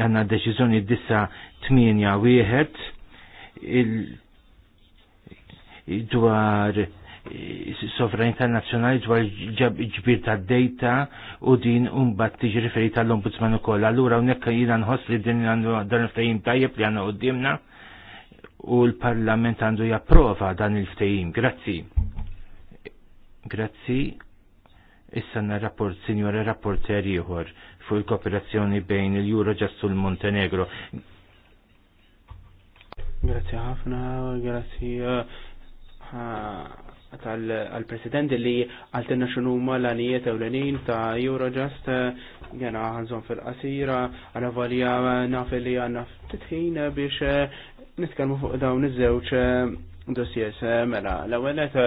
għanna deċizjoni dissa 8 wieħed dwar eh, sovranità nazzjonali dwar ġbir ta' dejta u din umbat tiġi riferita l-ombudsman ukoll. Allura hawnhekk jiena nħoss li din dan il-ftehim tajjeb li għandna qudiemna u l-Parlament għandu japprova dan il-ftehim. Grazzi. Grazzi. Issa na rapport, sinjora rapporter ieħor fuq il-kooperazzjoni bejn il-Eurojust u l-Montenegro. Grazzi ħafna, grazzi eh, tal-presidenti li għaltenna xunu ma l-anijiet u l-anin ta' Eurojust jena għanżon fil-qasira għal-avalja naf li għanna ftitħin biex nitkalmu fuq dawn iż-żewġ dossiers. Mela, l-għawenet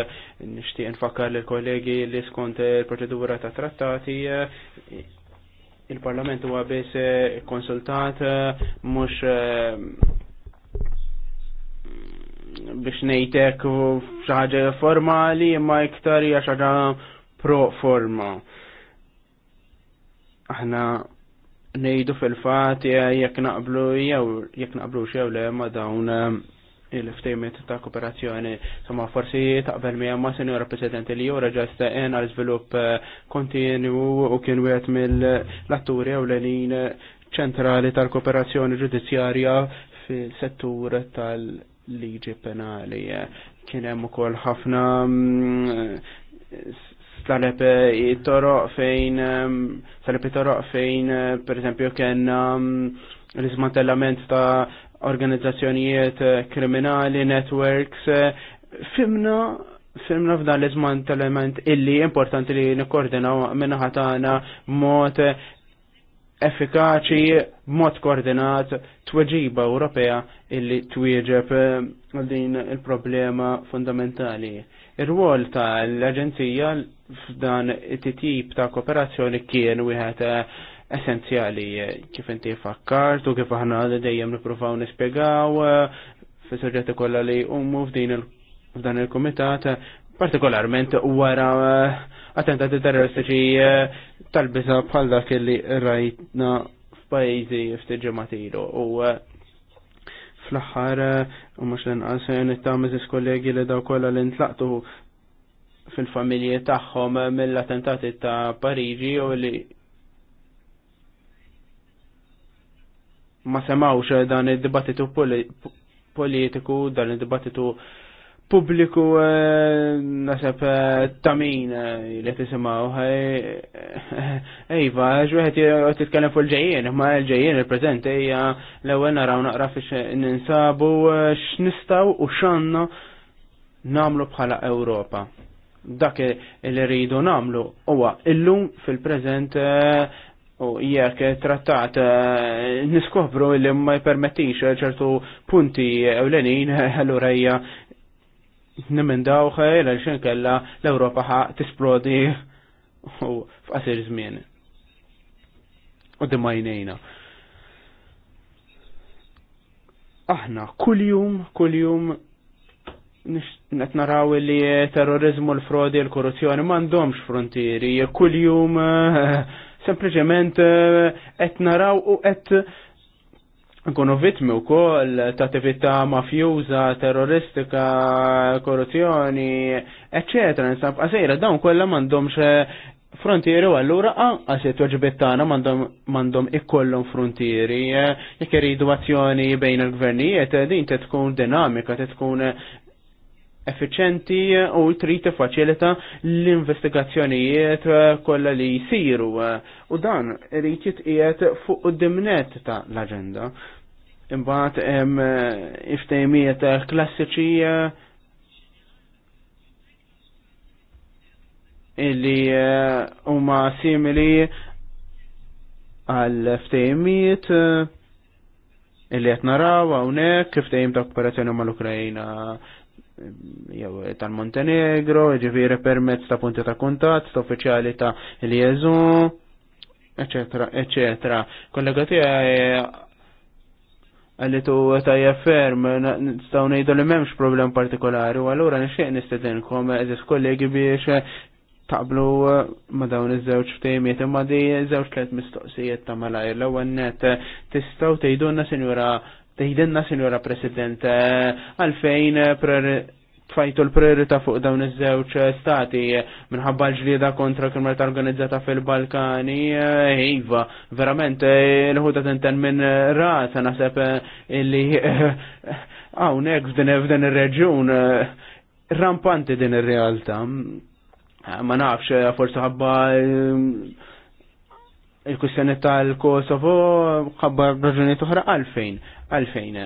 nishtiq nfakkar l-kollegi li skont il-proċedura ta' trattati il-parlament huwa biss konsultat mhux biex nejtek xaħġa formali imma iktar hija xaħġa pro forma. Aħna nejdu fil fatt jekk naqblu jew jekk naqblu xew le ma dawn eh, il-ftejmet ta' kooperazzjoni. Somma forsi taqbel mi ma senjora president li jora ġast eh, ena l-svilup eh, kontinu u kien wieħed mill-atturi u l-elin ċentrali tal-kooperazzjoni ġudizzjarja fil-settur tal- liġi penali. Kien hemm ukoll ħafna mm, salep eh, toroq fejn mm, salep toroq fejn eh, pereżempju kien mm, l-ismantellament ta' organizzazzjonijiet eh, kriminali, networks, fimna Fimna f'dan l-izman element illi importanti li nikkordinaw minna ħatana mod effikaċi mod koordinat tweġiba Ewropea illi twieġeb eh, din il-problema fundamentali. Ir-rwol tal-Aġenzija f'dan it-tip ta' kooperazzjoni kien wieħed eh, essenzjali kif inti fakkart u kif aħna dejjem nippruvaw nispjegaw eh, fis-soġġetti kollha li jqumu f'din il- f'dan il-komitat partikolarment wara eh, attentati terroristiċi eh, tal bisa bħal dak li rajtna f'pajjiżi f'tiġematilu u eh, fl-aħħar u mhux l-inqas, miżis kollegi li daw kollha li ntlaqtu fil-familji tagħhom mill-attentati ta' Pariġi u li ma semawx dan id-dibattitu politiku, dan id-dibattitu pubbliku eh, nasab eh, tamin eh, li tisimaw ejva ġweħet jgħot titkellem fuq il-ġejjien ma il-ġejjien il-prezent ejja l-ewwel naraw naqra fiex ninsabu x'nistgħu u x'għandna namlu bħala Ewropa. Dak li rridu namlu huwa illum fil-preżent u jekk trattat niskopru li ma jpermettix ċertu punti ewlenin allura hija nimendaw xejn għalxin kella l-Ewropa ħa tisplodi u f'qasir żmien. U dimma Aħna kuljum, kuljum net naraw li terrorizmu, l-frodi, l-korruzzjoni m'għandhomx frontieri, kuljum sempliċement eh, qed naraw u qed nkunu vittmi wkoll ta' tivita mafjuża, terroristika, korruzzjoni, eccetera, nisab għasajra, dawn kollha m'għandhomx eh, frontieri u għallura anqas it-tweġibiet tagħna m'għandhom ikollhom frontieri, eh, jekk iridu azzjoni bejn il-gvernijiet, eh, din tkun dinamika, tkun effiċenti u trid tiffaċilita l-investigazzjonijiet kollha li jsiru u dan irid jiet fuq dimnet ta' l agenda Imbagħad hemm iftejmijiet klassiċi illi huma simili għal ftejmijiet illi qed naraw hawnhekk ta' kooperazzjoni mal ukrajina jew tal-Montenegro, ġifieri permezz ta' punti ta' kuntatt, ta' uffiċjali ta' Liezu, eccetera, eccetera. Kollega tiegħi għalli tu tajja ferm, nistaw nejdu li memx problem partikolari, u għallura nixtieq nistedinkom, eżis kollegi biex taqblu ma dawn iż-żewġ ftejmiet imma di żewġ tliet mistoqsijiet ta' malajr l-ewwel net tistgħu tgħidulna sinjura Tejdenna, Sinjora President, għalfejn tfajtu l-priorità fuq dawn iż-żewġ stati minħabba l-ġlieda kontra kriminalità organizzata fil-Balkani, iva, verament l-ħuda tenten minn rasa naħseb illi hawnhekk f'din ir-reġjun rampanti din ir-realtà. Ma nafx, forsi ħabba il-kustjoni tal-Kosovo ħabbar raġuni oħra għalfejn, għalfejn.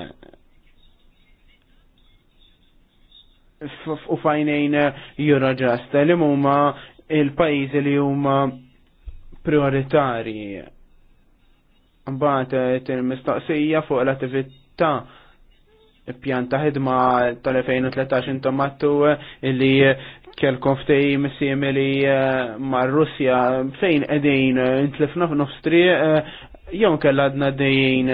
U fajnejn jura ġast li huma il-pajjiżi li huma prioritari. Mbagħad il-mistaqsija fuq l-attività pjan ta' ħidma tal-2013 intom mattu illi kelkom ftej li eh, mar Russja fejn qegħdin eh, intlifna f'nofstri triq eh, jew kellha għadna dejjin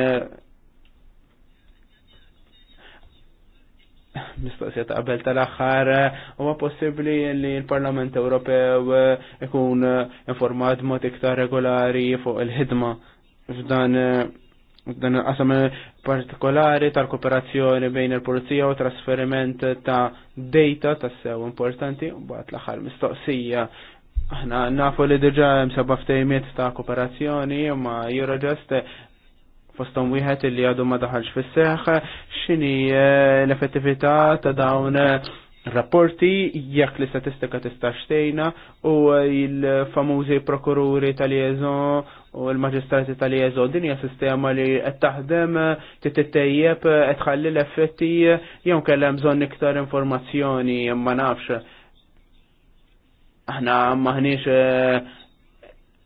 mistoqsija ta' qabel tal-aħħar huwa possibbli li l-Parlament Ewropew ikun informat mod iktar regolari fuq il-ħidma f'dan dan qasam partikolari tal-kooperazzjoni bejn il-Polizija u trasferiment ta' data ta' sew importanti u bat l-aħħar mistoqsija. Aħna nafu li diġa seba' ftejmiet ta' kooperazzjoni ma' Eurojust fostom wieħed li għadu ma daħalx fis-seħħ, x'inhi eh, l-effettività ta' dawn rapporti jekk l-istatistika tista' xtejna u l-famużi prokururi tal-jeżo u l-maġistrati tal-jeżo din hija sistema li qed taħdem titejjeb qed tħalli l-effetti jew kellha bżonn iktar informazzjoni ma nafx. Aħna maħniex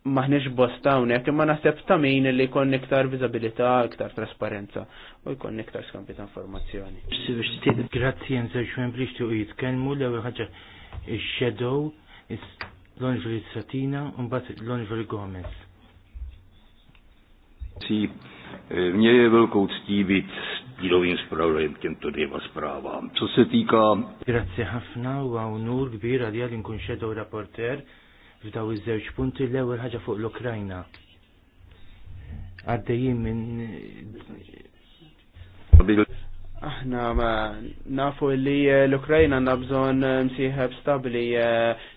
maħnex bosta unek, imma naħseb ta' min li jkun iktar viżabilità, iktar trasparenza u jkun iktar skampi ta' informazzjoni. Grazzi jenżel xwen biex u jitkellmu l ħaġa il shadow l-Onġveri Satina u bat l onġuri Gomez. Si, eh, mnie velko velkou dilovin sprawa, jem kem to dvěma sprawa. Co se tika Grazie ħafna u għaw nur kbir għal jgħal nkun shadow rapporter f'daw iż-żewġ punti l-ewwel ħaġa fuq l-Ukrajna. Għaddejjin minn Aħna ma nafu li l-Ukrajna għandha bżonn msieħeb stabbli eh,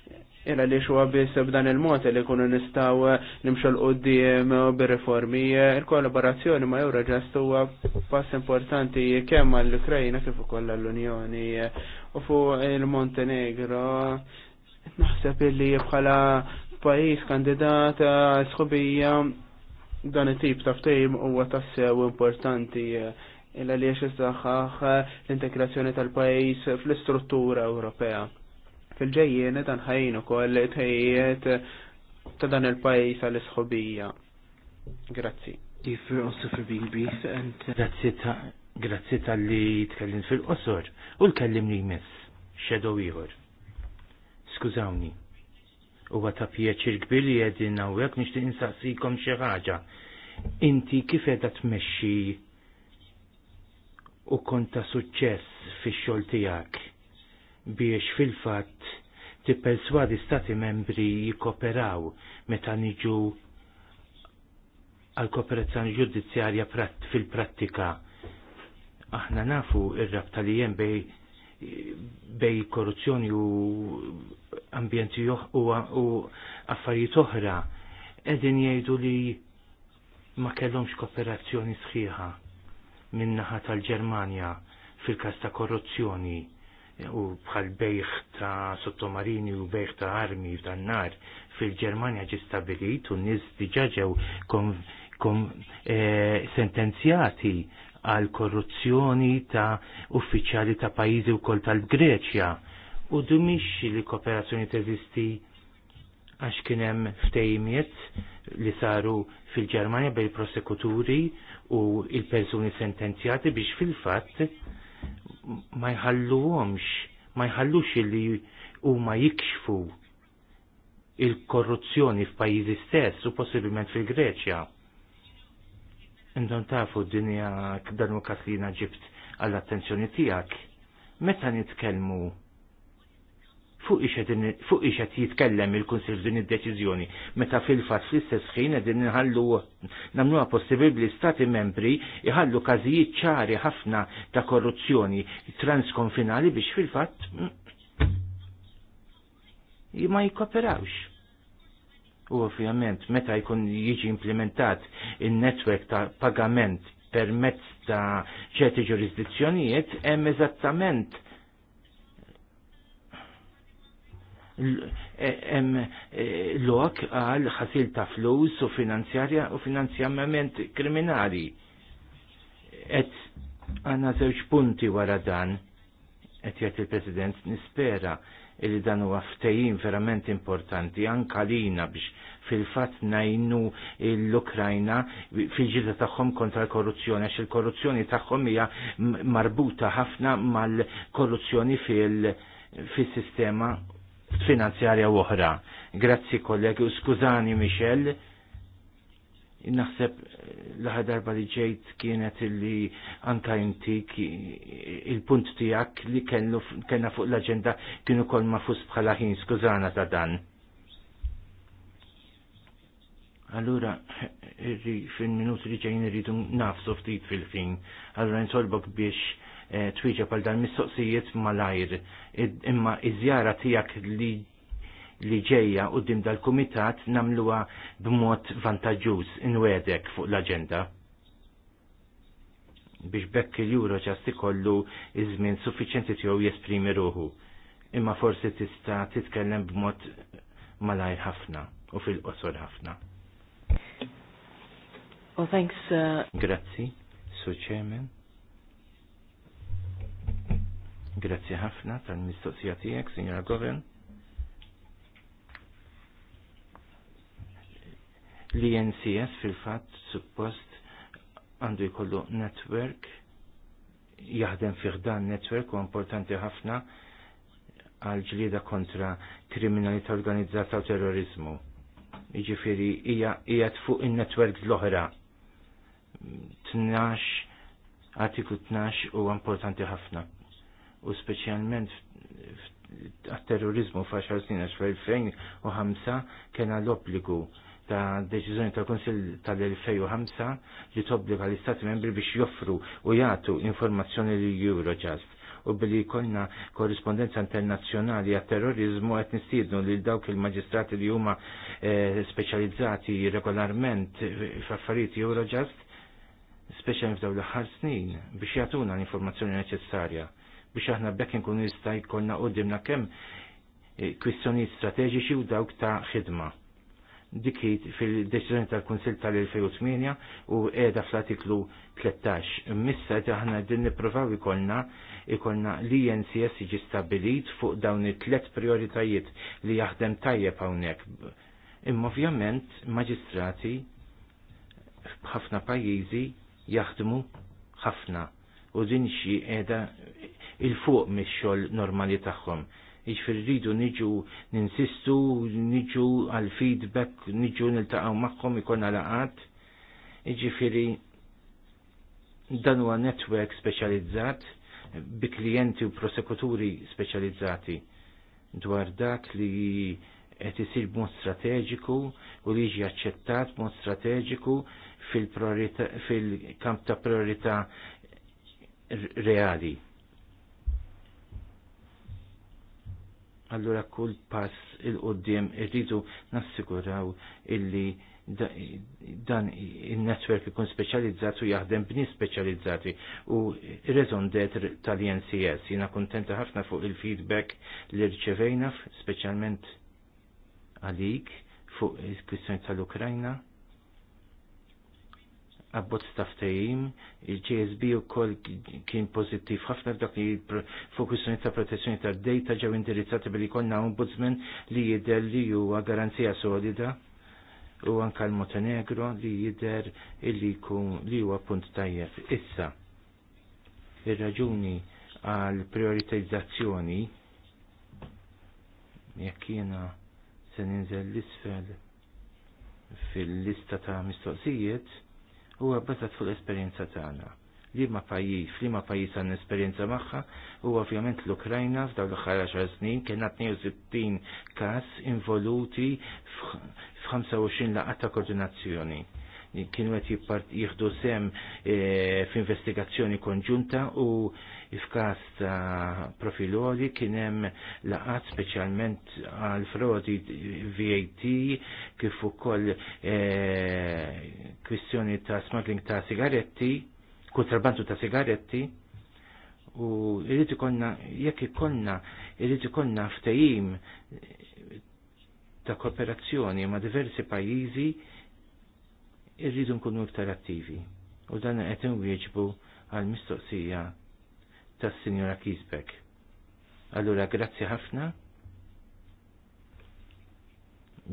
Ira li xuwa biss b'dan il-mod li kunu nistaw nimxu l-qoddim b'reformi. Il-kollaborazzjoni ma' ġest huwa pass importanti kemm għall-Ukrajna kif ukoll l unjoni U fuq il-Montenegro Naħseb illi bħala pajis kandidata eh, sħobija dan it-tip ta' ftejm huwa tassew importanti eh, illa li jisaxħax eh, l-integrazzjoni tal-pajis fl-istruttura Ewropea. Fil-ġejjien dan ħajin ukoll tħejjiet ta' dan il-pajis għall sħobija Grazzi. Thank you also for being brief and uh, grazzi ta' grazzi tal-li tkellim fil-qosor u l-kellim li jmiss, xedow ieħor. Skużawni. Huwa ta' pjaċir kbir li għawek nix nixtieq insaqsikom xi ħaġa. Inti kif t tmexxi u konta suċċess fix-xogħol tiegħek biex fil-fatt tipperswadi stati membri jikoperaw meta niġu għal kooperazzjoni ġudizzjarja fil-prattika. Aħna nafu ir-rabta li jem bej bej korruzzjoni u ambjenti u affarijiet oħra qegħdin jgħidu li ma kellhomx kooperazzjoni sħiħa min naħa tal-Ġermanja fil-każ ta' korruzzjoni u bħal bejħ ta' sottomarini u bejħ ta' armi f'dan nar fil-Ġermanja ġi stabilit u n-nies diġà ġew e, sentenzjati għal korruzzjoni ta' uffiċjali ta' pajjiżi wkoll tal-Greċja u dumix li kooperazzjoni teżisti għax kien hemm ftejmiet li saru fil-Ġermanja bej prosekuturi u il-persuni sentenzjati biex fil-fatt ma jħalluhomx, ma jħallux li huma jikxfu il-korruzzjoni f'pajjiżi stess u possibilment fil-Greċja. Ndon tafu d-dinja k'dan u kaslina ġibt għall-attenzjoni tiegħek. Meta nitkellmu fuq ixet jitkellem il konsil f'din id-deċiżjoni, meta fil-fat fl-istess ħin qegħdin nħallu nagħmluha possibbli stati membri iħallu każijiet ċari ħafna ta' korruzzjoni transkonfinali biex fil-fatt ma jikkoperawx. U ovvjament meta jkun jiġi implementat in-netwerk ta' pagament permezz ta' ċerti ġurisdizzjonijiet hemm eżattament Eh, lok għal ħasil ta' flus u finanzjarja u finanzjament kriminali. Et għanna zewġ punti wara dan, et jgħat il-President nispera li dan huwa ftehim verament importanti anka lina biex fil-fatt najnu l-Ukrajna fil-ġilda tagħhom kontra l-korruzzjoni għax il-korruzzjoni tagħhom hija marbuta ħafna mal-korruzzjoni fil- fil-sistema finanzjarja uħra. oħra. Grazzi kollegi u skużani Michel, naħseb laħa darba li ġejt kienet illi anka inti il-punt tijak li kena fuq l-agenda kienu kol ma fus bħala ħin skużana ta' dan. Allura, fin minuti li ġejn rridu nafsu ftit fil-fin, allura nsolbok biex Eh, twiġa pal dan mistoqsijiet malajr. Imma iżjara tijak li li ġeja u dim dal-komitat namluwa b'mod vantaġġuż inwedek fuq l-agenda biex bekk il-juro ċast ikollu iż-żmien suffiċenti tiegħu jesprimi ruħu. Imma forsi tista' titkellem b'mod malajr ħafna u fil-qosor ħafna. Well, thanks. Uh... Grazzi, so Chairman. Grazzi ħafna tal-mistoqsija tiegħek, Sinjora govern. L-INCS fil-fatt suppost għandu jkollu network jaħdem fih dan network u importanti ħafna għal ġlieda kontra kriminalità organizzata u terrorizmu. Jiġifieri hija tfuq fuq in-netwerk l-oħra. 12 artiklu 12 u importanti ħafna u speċjalment għat-terrorizmu xar snin għax u 2005 kena l-obbligu ta' deċiżjoni tal konsil tal-2005 li tobbliga l-Istati membri biex joffru u jagħtu informazzjoni li Eurojust u billi jkollna korrispondenza internazzjonali għat terrorizmu qed nistiednu li dawk il-maġistrati li huma eh, speċjalizzati regolarment f'affarijiet Eurojust speċjalment f'dawn l-aħħar snin biex jagħtuna l-informazzjoni neċessarja biex aħna bekk nkun nista' jkollna qudiemna kemm eh, kwistjonijiet strateġiċi u dawk ta' ħidma. Dikit fil-deċiżjoni tal-Kunsil tal-2008 u qiegħda fl-artiklu 13. Missa aħna din nippruvaw ikollna ikollna li NCS jiġi stabilit fuq dawn it-tlet prioritajiet li jaħdem tajjeb hawnhekk. Imma ovvjament maġistrati f'ħafna pajjiżi jaħdmu ħafna u din xi qiegħda il-fuq mix-xogħol normali tagħhom. Iġfir rridu niġu ninsistu, niġu għal feedback, niġu niltaqgħu magħhom ikon għalaqat. Iġifieri dan huwa netwerk speċjalizzat bi klijenti u prosekuturi speċjalizzati dwar dak li qed isir b'mod strateġiku u li jiġi aċċettat b'mod strateġiku fil-kamp fil ta' priorità reali. allura kull pass il-qoddim irridu nassiguraw illi dan il-netwerk ikun speċjalizzat u jaħdem bni speċjalizzati u rezon detr tal-NCS. Jina kontenta ħafna fuq il-feedback li rċevejna, specialment għalik fuq il-kwistjoni tal-Ukrajna Abbot staftejim, il-JSB u koll kien pozittif ħafna dak li fokussjoni ta' protezzjoni ta' data ġew indirizzati billi konna ombudsman li jider li huwa garanzija solida u anka l-Montenegro li jider li li huwa punt tajjeb. Issa, ir-raġuni għal prioritizzazzjoni jekk jiena se ninżel l-isfel fil-lista ta' mistoqsijiet, huwa bbażat fuq l-esperjenza tagħna. Li ma pajjiż, li ma pajjiż għan esperjenza magħha, u ovvjament l-Ukrajna f'daw l-aħħar snin kien 62 każ involuti f'25 laqgħa ta' koordinazzjoni kienu qed jieħdu sem e, f'investigazzjoni konġunta u f'każ ta' profiloli kien hemm laqat speċjalment għal frodi VAT kif ukoll e, kwistjoni ta' smuggling ta' sigaretti, kontrabandu ta' sigaretti u irrid ikollna jekk ikollna irrid ikollna ftehim ta' kooperazzjoni ma' diversi pajjiżi irridu nkunu iktar attivi u dan qed inwieġbu għal mistoqsija tas-Sinjora Kisbek. Allura grazzi ħafna.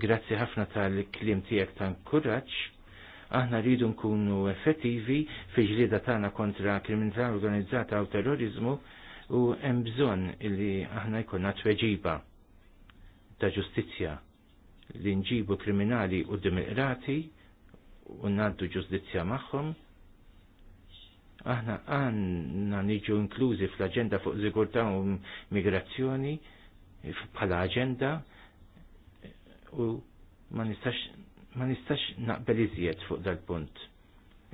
Grazzi ħafna tal-klim tiegħek ta' kuraġġ. Aħna rridu nkunu effettivi fi ġlieda tagħna kontra kriminalità organizzata u terrorizmu u hemm bżonn li aħna jkunna tweġiba ta' ġustizzja li nġibu kriminali u dimiqrati u naddu ġustizzja magħhom, aħna għanna niġu inklużi fl-agenda fuq zigurtà u migrazzjoni bħala agenda u ma nistax naqbel iżjed fuq dal-punt.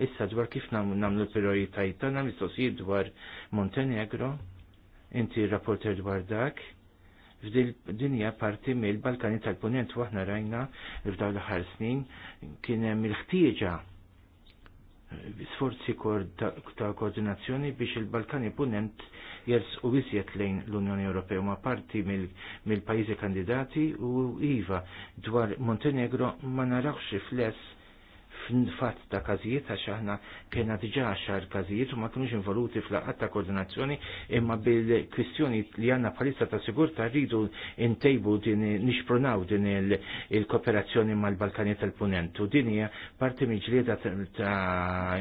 Issa dwar kif namlu l-prioritajiet tagħna mistoqsijiet dwar Montenegro, inti rapporter dwar dak, F'dinja parti mill-Balkani tal-Punent waħna rajna f'daw l-ħar snin kien hemm il-ħtieġa sforzi ta' koordinazzjoni biex il-Balkani punent jers u wisjet lejn l-Unjoni Ewropea ma' parti mill-pajizi kandidati u IVA dwar Montenegro ma' narawx fless f'fatt ta' każijiet għax aħna kena diġà xar każijiet u ma kinux involuti fl-qatt ta' koordinazzjoni imma bil-kwistjoni li għandna bħalissa ta' sigurta rridu ntejbu din nixpronaw din il-kooperazzjoni mal-Balkani tal-Punent u din hija parti miġlieda ta'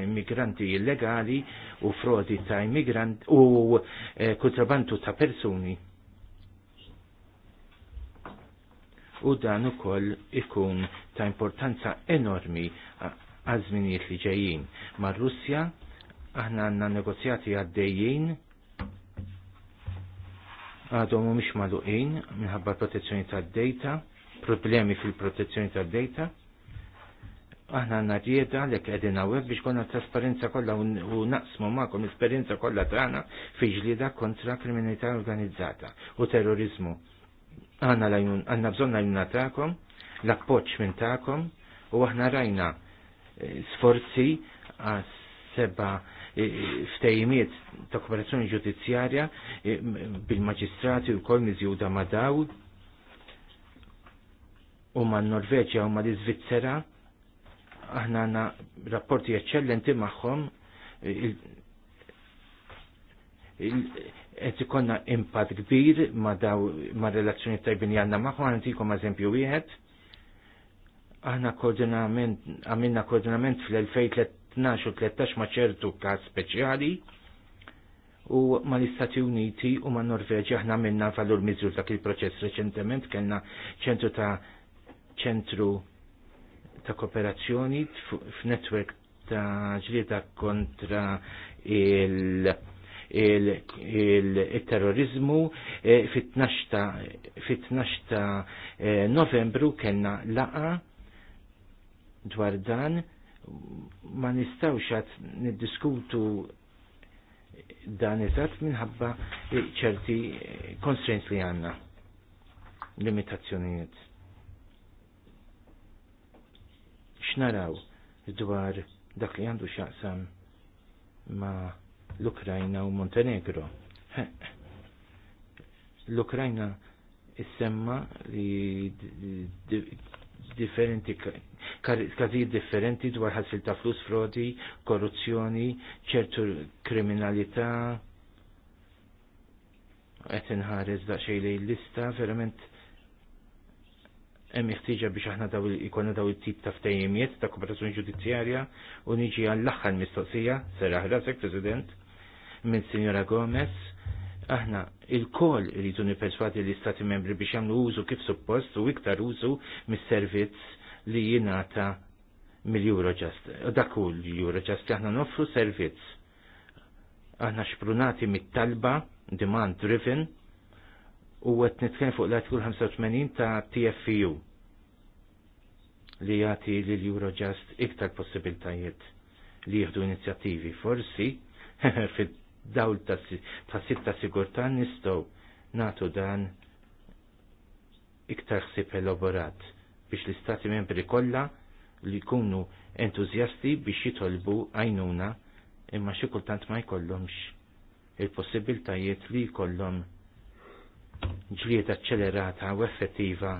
immigranti illegali u frodi ta' immigranti u eh, kontrabantu ta' persuni u dan ukoll ikun ta' importanza enormi għażminijiet li ġejjin. Ma' Russja aħna għandna negozjati għaddejjin għadhom mhumiex magħluqin minħabba protezzjoni tad dejta problemi fil-protezzjoni tad dejta aħna għanna ġieda għalhekk qegħdin hawnhekk biex konna trasparenza kollha u naqsmu l esperjenza kollha tagħna fi ġlieda kontra kriminalità organizzata u terrorizmu għanna lajnun, għanna bżon lajnuna ta'kom, l-appoċ minn ta'kom, u għahna rajna eh, sforzi għas seba eh, ftejmiet ta' kooperazzjoni ġudizzjarja eh, bil-maġistrati u kol miżjuda ma' daw u ma' Norveġja u ma' l aħna għanna rapporti eccellenti magħhom et ikonna impatt kbir ma daw ma' relazzjoni tajbin li maħu għan għantikom eżempju wieħed. Aħna koordinament għamilna koordinament fl-2012 u 13 ma' ċertu każ speċjali u ma l-Istati Uniti u ma Norveġi aħna minna valur miżur dak il-proċess reċentement kellna ċentru ta' ċentru ta' kooperazzjoni f'netwerk ta' ġlieda kontra il- il-terrorizmu e fit-12 ta' e, novembru kellna laqa dwar dan ma nistawx għat niddiskutu dan eżatt minħabba ċerti constraints li għanna limitazzjonijiet. X'naraw dwar dak li għandu x'aqsam ma' l-Ukrajna u Montenegro. L-Ukrajna issemma li differenti każijiet differenti dwar ħasil ta' flus frodi, korruzzjoni, ċertu kriminalità, qed inħares daqsxejn lejn lista, verament hemm iħtieġa biex aħna daw ikolna daw it-tip ta' ftejjimiet ta' kooperazzjoni ġudizzjarja u niġi għall-aħħar mistoqsija, seraħ rasek President, minn Sinjora Gomez, aħna il-kol rridu nipperswadi l-Istati membri biex jagħmlu użu kif suppost u iktar użu mis-servizz li jingħata mill-Eurojust. Dak hu l-Eurojust aħna noffru servizz. Aħna xprunati mit-talba, demand driven, u għet nitkellem fuq l artikul 85 ta' TFU li jagħti lil Eurojust iktar possibiltajiet li jieħdu inizjattivi. Forsi fil dawl ta' sitta sigurta nistgħu nagħtu dan iktar ħsieb elaborat biex l-istati membri kollha li jkunu entuzjasti biex jitolbu għajnuna imma xi kultant ma jkollhomx il-possibiltajiet li jkollhom ġliet accelerata u effettiva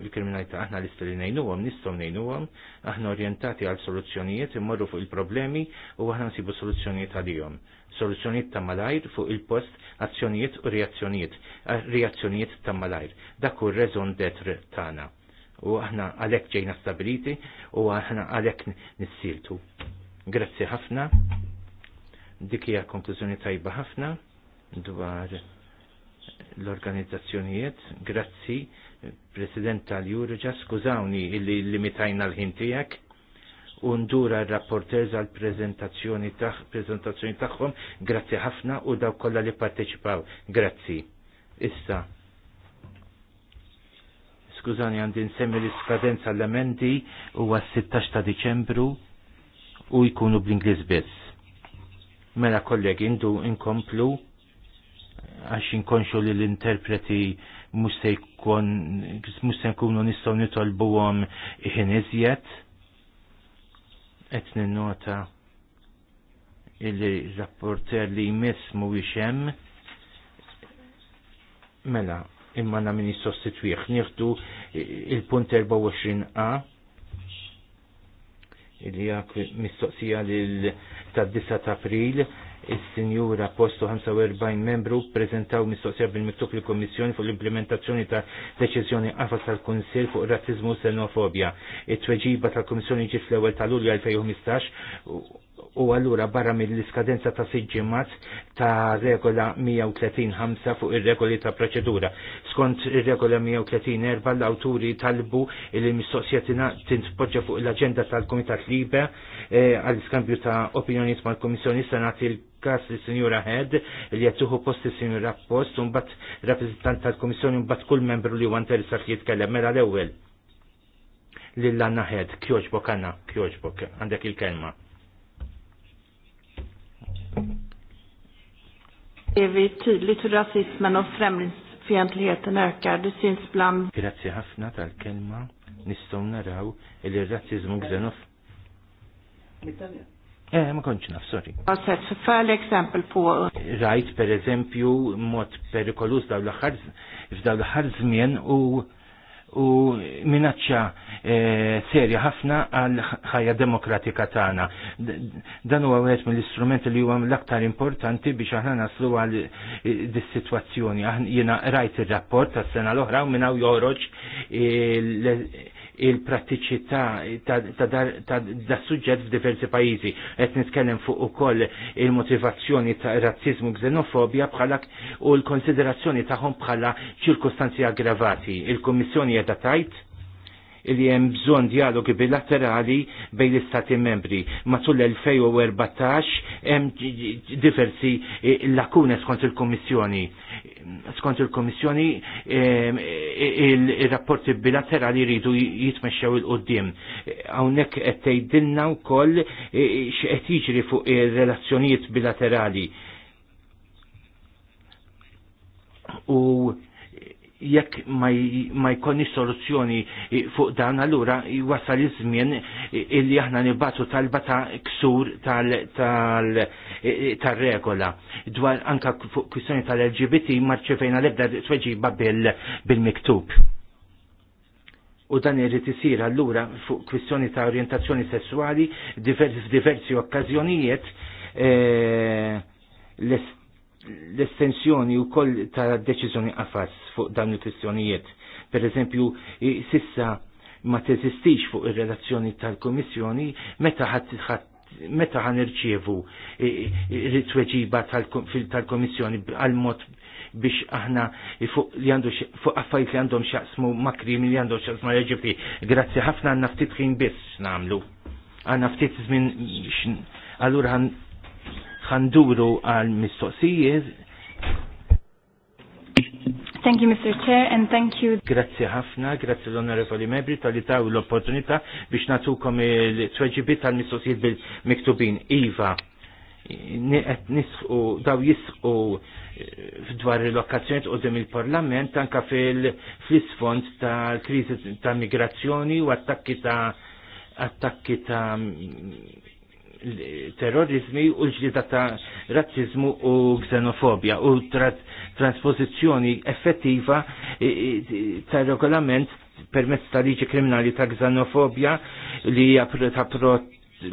il-kriminalità aħna l għom, nistom nejnu għom, aħna orientati għal soluzzjonijiet, immorru fuq il-problemi u aħna nsibu soluzzjonijiet għal-jom. Soluzzjonijiet ta' malajr fuq il-post azzjonijiet u reazzjonijiet, reazzjonijiet ta' malajr. Dak u rezon detr tana. U aħna għalek ġejna stabiliti u aħna għalek nissiltu. Grazzi ħafna, dikija konklużjoni tajba ħafna dwar l-organizzazzjonijiet, grazzi, President tal-Jureġa, skużawni illi limitajna l-ħin undura r-rapporters għal prezentazzjoni tagħhom, grazzi ħafna u daw kollha li parteċipaw, grazzi. Issa, skużani għandi nsemmi l-iskadenza l u huwa 16 ta' Diċembru u jkunu bl inglis biss. Mela kollegi, indu inkomplu għax inkonxu li l-interpreti musten kunu nistaw nitolbu għom iħin iżjed. Etni nota il-rapporter li jmiss mu hemm mela imma na min jissostitwieħ nieħdu il-punt 24a il-li mistoqsija l-tad-9 ta' april il-Sinjura postu 45 membru prezentaw mistoqsija bil-miktub li komissjoni fuq l-implementazzjoni ta' deċiżjoni għafas tal-Kunsil fuq razzizmu u xenofobja. It-tweġiba tal komissjoni ġiet fl-ewwel tal-Lulju 2015 u għallura barra mill-iskadenza ta' siġġimat ta' regola 135 fuq ir-regoli ta' proċedura. Skont ir-regola 134 l-awturi talbu li mistoqsijatina tintpoġġa fuq l-agenda tal-Komitat Libe eh, għall-iskambju ta' opinjoniet mal-Komissjoni Senati l-kas li Sinjura Head li jattuħu post Sinjura Post un bat rappresentant tal-Komissjoni un bat kull membru li terisar li jitkellem mela l-ewel. Lilla Head, kjoġbok għanna, kjoġbok, għandek il-kelma. Ser vi tydligt hur rasismen och främlingsfientligheten ökar. Det syns bland... Grazie hafna tal-kelma. Nistgħu naraw il och xenof. Eh, ma konċ naf, sorry. Har sett förfärliga exempel på... Rajt, per eżempju, mot perikolus daw l-ħar, f'daw l-ħar u u minaċċa eh, serja ħafna għal ħajja demokratika tagħna. Dan huwa wieħed mill-istrumenti li huwa l-aktar importanti biex aħna naslu għal eh, dis-sitwazzjoni. Jiena rajt ir-rapport tas-sena l-oħra u minnaw joħroġ eh, il-prattiċità ta' da' suġġett f'diversi pajjiżi. Qed nitkellem fuq ukoll il-motivazzjoni ta' razzizmu xenofobja bħalak u l-konsiderazzjoni tagħhom bħala ċirkostanzi aggravati. Il-Kummissjoni qiegħda tajt li hemm bżonn dialogi bilaterali bejn l-Istati membri. Matul l-2014 hemm diversi eh, lakune skont il-Kummissjoni. Skont il-Kummissjoni ehm, e- e- il-rapporti bilaterali jridu jitmexxew il-qudiem. Hawnhekk qed tgħidilna wkoll e- x'qed jiġri fuq ir-relazzjonijiet bilaterali. U jekk ma jkonni soluzzjoni fuq dan allura jwasal iż-żmien illi aħna nibatu talba ta' ksur tal-regola. Dwar anka fuq kwistjoni tal-LGBT marċevejna l-ebda tweġiba bil-miktub. U dan irrid isir allura fuq kwistjoni ta' orjentazzjoni sessuali f'diversi okkażjonijiet eh, l-estensjoni u koll ta' deċizjoni qafas fuq dawn il-kwistjonijiet. Per eżempju, sissa ma teżistix fuq ir-relazzjoni tal-Komissjoni meta ħadd meta ħan irċievu tweġiba tal-Komissjoni għal-mod biex aħna fuq li għandu fuq affajt li għandhom xaqsmu makri krim li għandhom xaqsmu reġibti. Grazzi ħafna għanna ftit ħin biss namlu. Għanna ftit zmin allura għan ħanduru għal mistoqsijiet. Thank you, Mr. Chair, and thank you. Grazzi ħafna, grazie l-onorevoli membri tal taw l-opportunità biex natukom il-tweġibi tal-mistoqsijiet bil-miktubin. Iva, nisqu, daw jisqu f'dwar eh, il lokazzjoniet u il-parlament anka fil-isfond tal-krizi ta' migrazzjoni u attakki ta' attakki ta' terrorizmi u l-ġlida ta' razzizmu u xenofobia u transpozizjoni effettiva ta' regolament permezz ta' liġi kriminali ta' xenofobia li hija ta'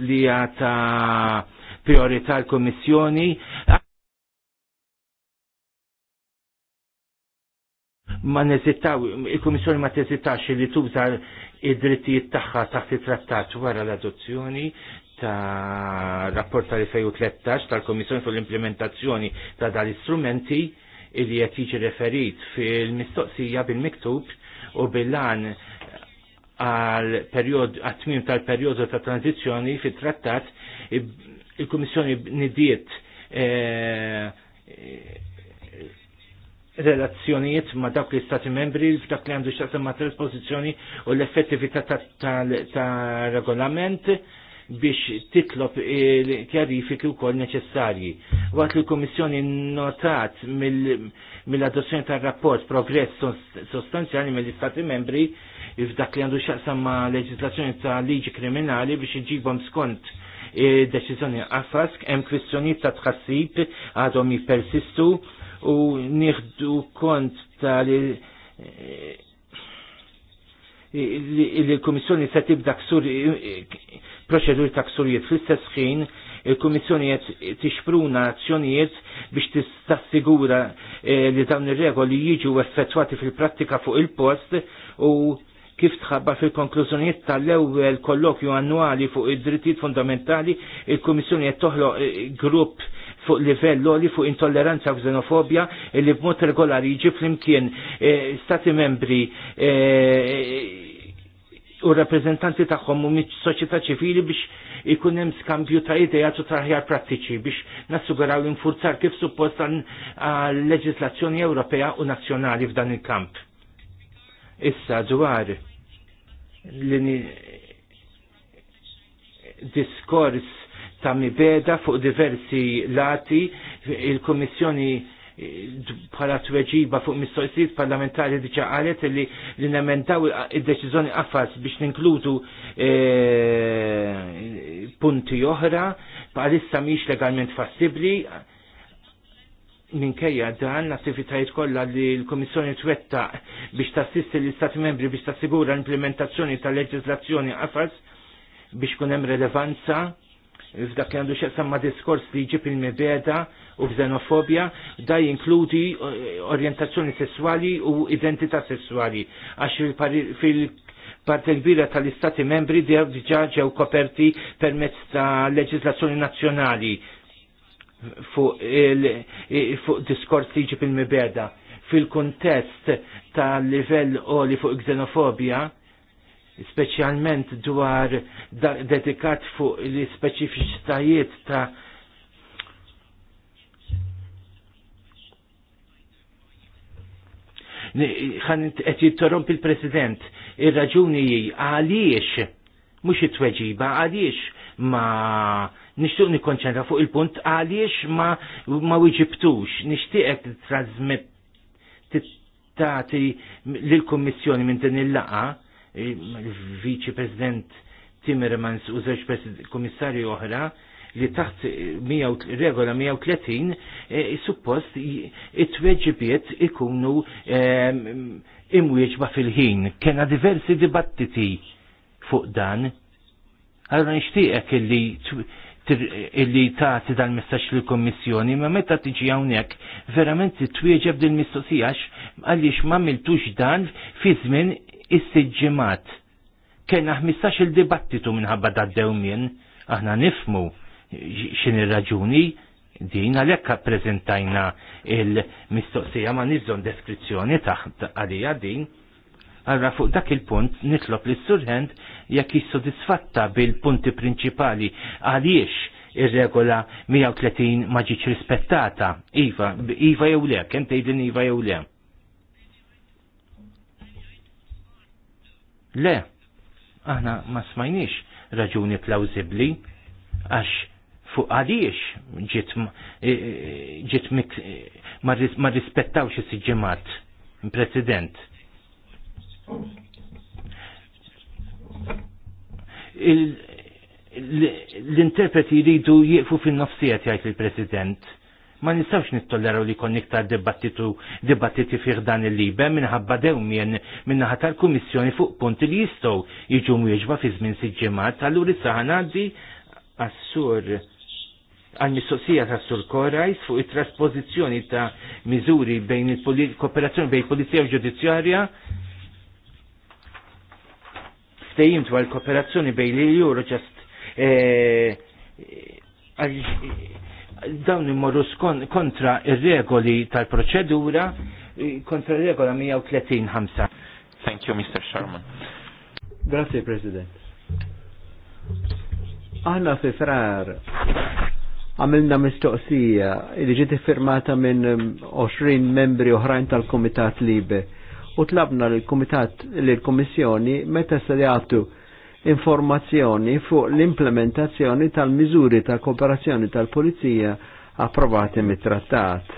li ta' priorità l komissjoni ma neżittaw, il-Komissjoni ma teżittax li tuża id-drittijiet tagħha taħt it-trattat wara l-adozzjoni ta' rapport tal-2013 tal-Komissjoni fuq l-implementazzjoni ta' dal-istrumenti li qed jiġi referit fil-mistoqsija bil-miktub u bil-lan għal period għat tal-perjodu ta' tranzizjoni fit-trattat il-Komissjoni nidiet eh, relazzjonijiet ma dawk li stati membri f'dak li għandu xaqsam ma' trasposizjoni u l-effettività ta', ta, ta, ta regolament biex titlob il-kjarifiki eh, u kol neċessarji. Waqt li l-Komissjoni notat mill-adozzjoni tal-rapport progress sostanzjali mill-Istati membri f'dak li għandu xaqsam ma' leġislazzjoni ta' liġi kriminali biex iġibhom skont eh, deċiżjoni għafask, hemm kwistjonijiet ta' tħassib għadhom jippersistu u nieħdu kont tal eh, il-Komissjoni se tibda ksur proċedur ta' ksurijiet fl-istess ħin il-Komissjoni qed tixpruna azzjonijiet biex tistassigura eh, li dawn ir-regoli jiġu effettwati fil-prattika fuq il-post u kif tħabba fil-konklużjonijiet tal-ewwel kollokju annwali fuq id-drittijiet fundamentali, il-Kummissjoni qed toħloq eh, grupp fuq livell li fuq intolleranza u xenofobja li b'mod regolari jiġi flimkien eh, stati membri eh, u rappresentanti tagħhom u soċjetà ċivili biex ikun hemm skambju ta' idea u traħjar prattiċi biex nassuguraw infurzar kif suppost għal leġislazzjoni Ewropea u nazzjonali f'dan il-kamp. Issa dwar li diskors ta' mibeda fuq diversi lati, il-Komissjoni eh, bħala tweġiba fuq mistoqsijiet parlamentari diġa qalet li li nemendaw id-deċiżjoni qafas biex ninkludu eh, punti oħra bħalissa mhix legalment fassibbli minkejja dan l-attivitajiet kollha li l-Komissjoni twetta biex tassisti l-Istati membri biex tassigura l-implementazzjoni tal-leġislazzjoni qafas biex kun hemm relevanza f'dak li għandu xeqsam diskors li jġib il-mibeda u xenofobja, da jinkludi eh, orientazzjoni sessuali u identità sessuali. Għax fil l-bira tal-istati membri diġa ġew koperti permezz ta' leġislazzjoni nazzjonali fuq eh, fu diskors li jġib il-mibeda. Fil-kontest tal-livell oli fuq xenofobja, specialment dwar dedikat fuq l-speċifiċtajiet ta' ħan qed jittorromp il-President ir-raġuni għaliex mhux it-tweġiba għaliex ma nixtuq nikkonċentra fuq il-punt għaliex ma ma wiġibtux nixtieqek titrasmet tagħti lill-Kummissjoni minn din il-laqa E, viċi President Timmermans u żewġ komissarju oħra li taħt regola 130 e, suppost it-tweġibiet ikunu imwieġba fil-ħin. Kena diversi dibattiti fuq dan. Allora nixtieqek illi illi taħti dal-messaċ l-Kommissjoni, ma meta tiġi hawnhekk verament titwieġeb din mistoqsijax għaliex ma miltux dan fi żmien is-siġġimat. Kena 15 il-dibattitu minħabba da' dewmien, aħna nifmu xin il raġuni din għalhekk prezentajna il-mistoqsija ma nizzon deskrizzjoni taħt għalija din. Għarra fuq dak il-punt nitlob li surħend jekk jissodisfatta bil-punti prinċipali għaliex ir-regola 130 ma rispettata. Iva, Iva jew le, kemm tgħidin Iva jew le. Le, aħna ma smajniex raġuni plawzibli għax fuq għaliex ġiet ma e, e, e, rispettawx is-siġġimat president. L-interpreti jridu jieqfu fin-nofsijiet jgħid il-President ma nistawx nittolleraw li kon iktar dibattitu dibattiti fih dan il-libe minħabba dewmien minnaħa tal-Kummissjoni fuq punti li jistgħu jiġu mwieġba fi żmien siġġimat allura saħan ngħaddi għas-sur għal-mistoqsija ta' sur Korajs fuq it-traspożizzjoni ta' miżuri bejn il-kooperazzjoni bejn il-Polizija u Ġudizzjarja stejjim dwar kooperazzjoni bejn l-Eurojust eh, dawn immorru kontra ir-regoli tal-proċedura eh, kontra regola 135. Thank you, Mr. Sherman. Grazie, President. Aħna fi frar għamilna mistoqsija li ġiet firmata minn 20 membri oħrajn tal-Komitat Libe u tlabna l-Komitat l-Komissjoni meta se jagħtu informazzjoni fuq l-implementazzjoni tal-miżuri ta' kooperazzjoni tal-Pulizija approvati mit-trattat.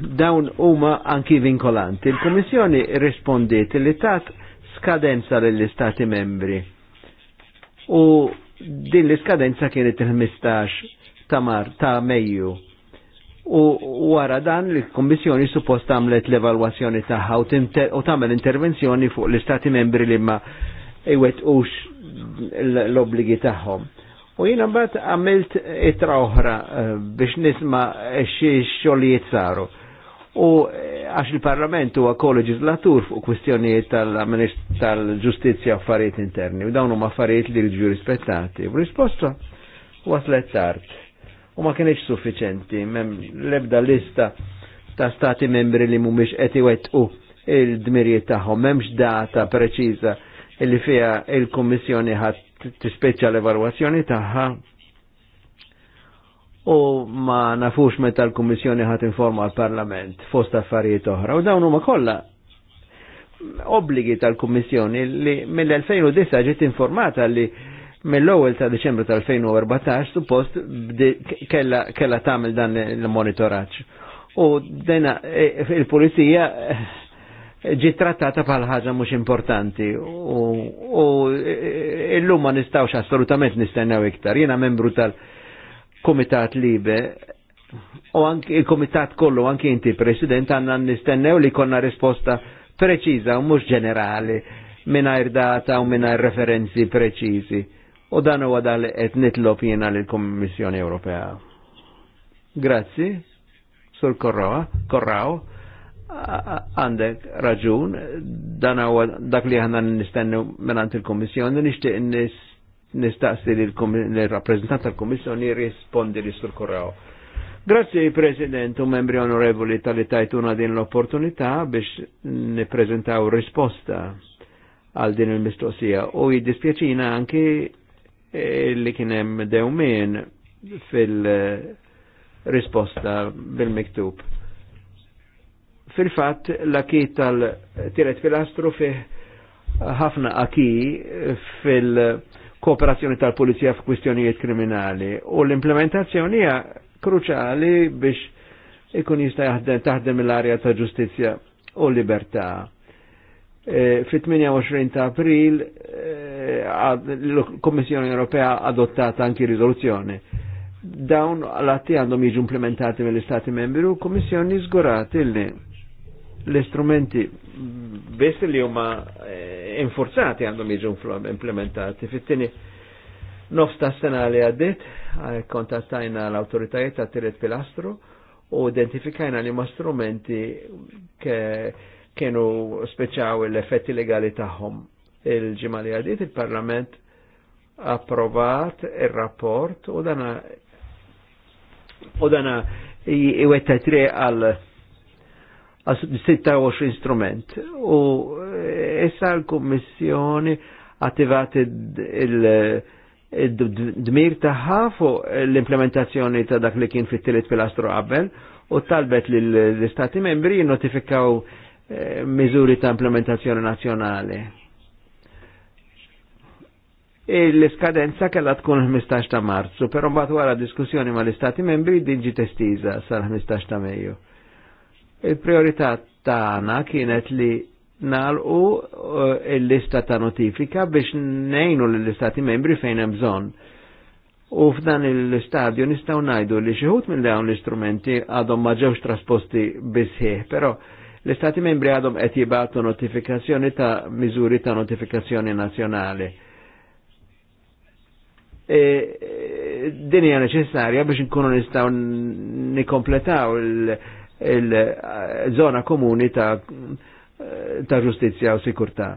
Dawn huma anki vinkolanti. Il-Kummissjoni rispondiet li tat skadenza lill-Istati membri. U din l-iskadenza kienet il-15 ta' mar ta' Mejju U wara dan li l-Kommissjoni suppost għamlet l-evalwazzjoni tagħha u tagħmel intervenzjoni fuq l-Istati membri li ma iwettqux l-obbligi tagħhom. U jiena mbagħad għamilt itra oħra eh, biex nisma' xie xogħlijiet saru. U eh, għax il-Parlament huwa koleġislatur fuq kwistjonijiet tal-ġustizzja affarijiet interni u dawn huma affarijiet li l ġurispettati rispettati. U risposta waslet tard u ma kienx suffiċenti, mem lebda lista ta' stati membri li mumiex qed iwettqu il-dmirijiet tagħhom, m'hemmx data preċiża li fiha il-Kummissjoni ħadd tispeċċa l-evalwazzjoni tagħha u ma nafux meta l-Kummissjoni ħadd informa l-Parlament fost affarijiet oħra. U dawn huma kollha obbligi tal-Kummissjoni li mill-2009 ġiet informata li mill-ewwel ta' Deċembru tal-2014 suppost kella kella tagħmel dan il-monitoraġġ. U dejna e, il-pulizija eh, ġi trattata bħal ħaġa mhux importanti u e, illum ma nistgħux assolutament nistennew iktar. Jiena membru tal-Kumitat Libe u anki il-Kumitat kollu anki inti President għandna nistennew li konna risposta preċiża u mhux ġenerali mingħajr data u mingħajr referenzi preċiżi U dan huwa dan li qed nitlob jiena lill-Kummissjoni Ewropea. Grazzi, sur Korraw, Korraw, għandek raġun, dan huwa dak li aħna nistennu minn il-Kummissjoni, nixtieq nis nistaqsi l-rappresentant tal kommissjoni rispondi li sur korraw. Grazie President u membri onorevoli tal tajtuna din l-opportunità biex niprezentaw risposta għal din il-mistoqsija u jiddispjaċina anki li kienem dewmin fil-risposta bil-miktub. Fil-fat, l-aki tal-tiret fil-astru fih ħafna aki fil-kooperazzjoni tal-polizija f'kwistjonijiet kriminali u l-implementazzjoni hija kruċali biex ikun jista' taħdem l-arja ta' ġustizzja u libertà Eh, fit-28 ta' april eh, l-Kommissjoni Ewropea adottat anki rizoluzzjoni. Dawn l-atti għandhom jiġu implementati mill-Istati membri u Kommissjoni zgurat illi l-istrumenti biss li huma eh, infurzati għandhom jiġu implementati. Fit-tieni nofs ta' sena li għaddit kontattajna l-autoritajiet ta' tiret pilastru u identifikajna li ma' strumenti ke kienu speċaw l-effetti legali tagħhom. Il-ġimali għadiet il-Parlament approvat il-rapport u dana u dana iwetta tre għal 26 instrument u eh, issa l-Kommissjoni attivat il-dmir taħħa fuq l-implementazzjoni ta' dak li kien fit-tielet pilastru qabel u talbet l-Istati membri notifikaw Eh, miżuri ta' implementazzjoni nazzjonali. E l-iskadenza kella tkun 15 ta' marzu, però mbagħad wara diskussjoni mal istati membri din ġi testiża sal-15 ta' Mejju. Il-priorità tagħna kienet li nalqu eh, l-lista ta' notifika biex nejnu l-istati membri fejn hemm bżonn. U f'dan il-stadju nistaw najdu li xieħut minn dawn l-istrumenti għadhom ma ġewx trasposti bisħieħ, però L-Istati membri għadhom qed jibgħatu notifikazzjoni ta' miżuri ta' notifikazzjoni nazzjonali. E, din hija neċessarja biex nkunu nistgħu nikkompletaw il-żona il komuni ta' ta' ġustizzja u sikurtà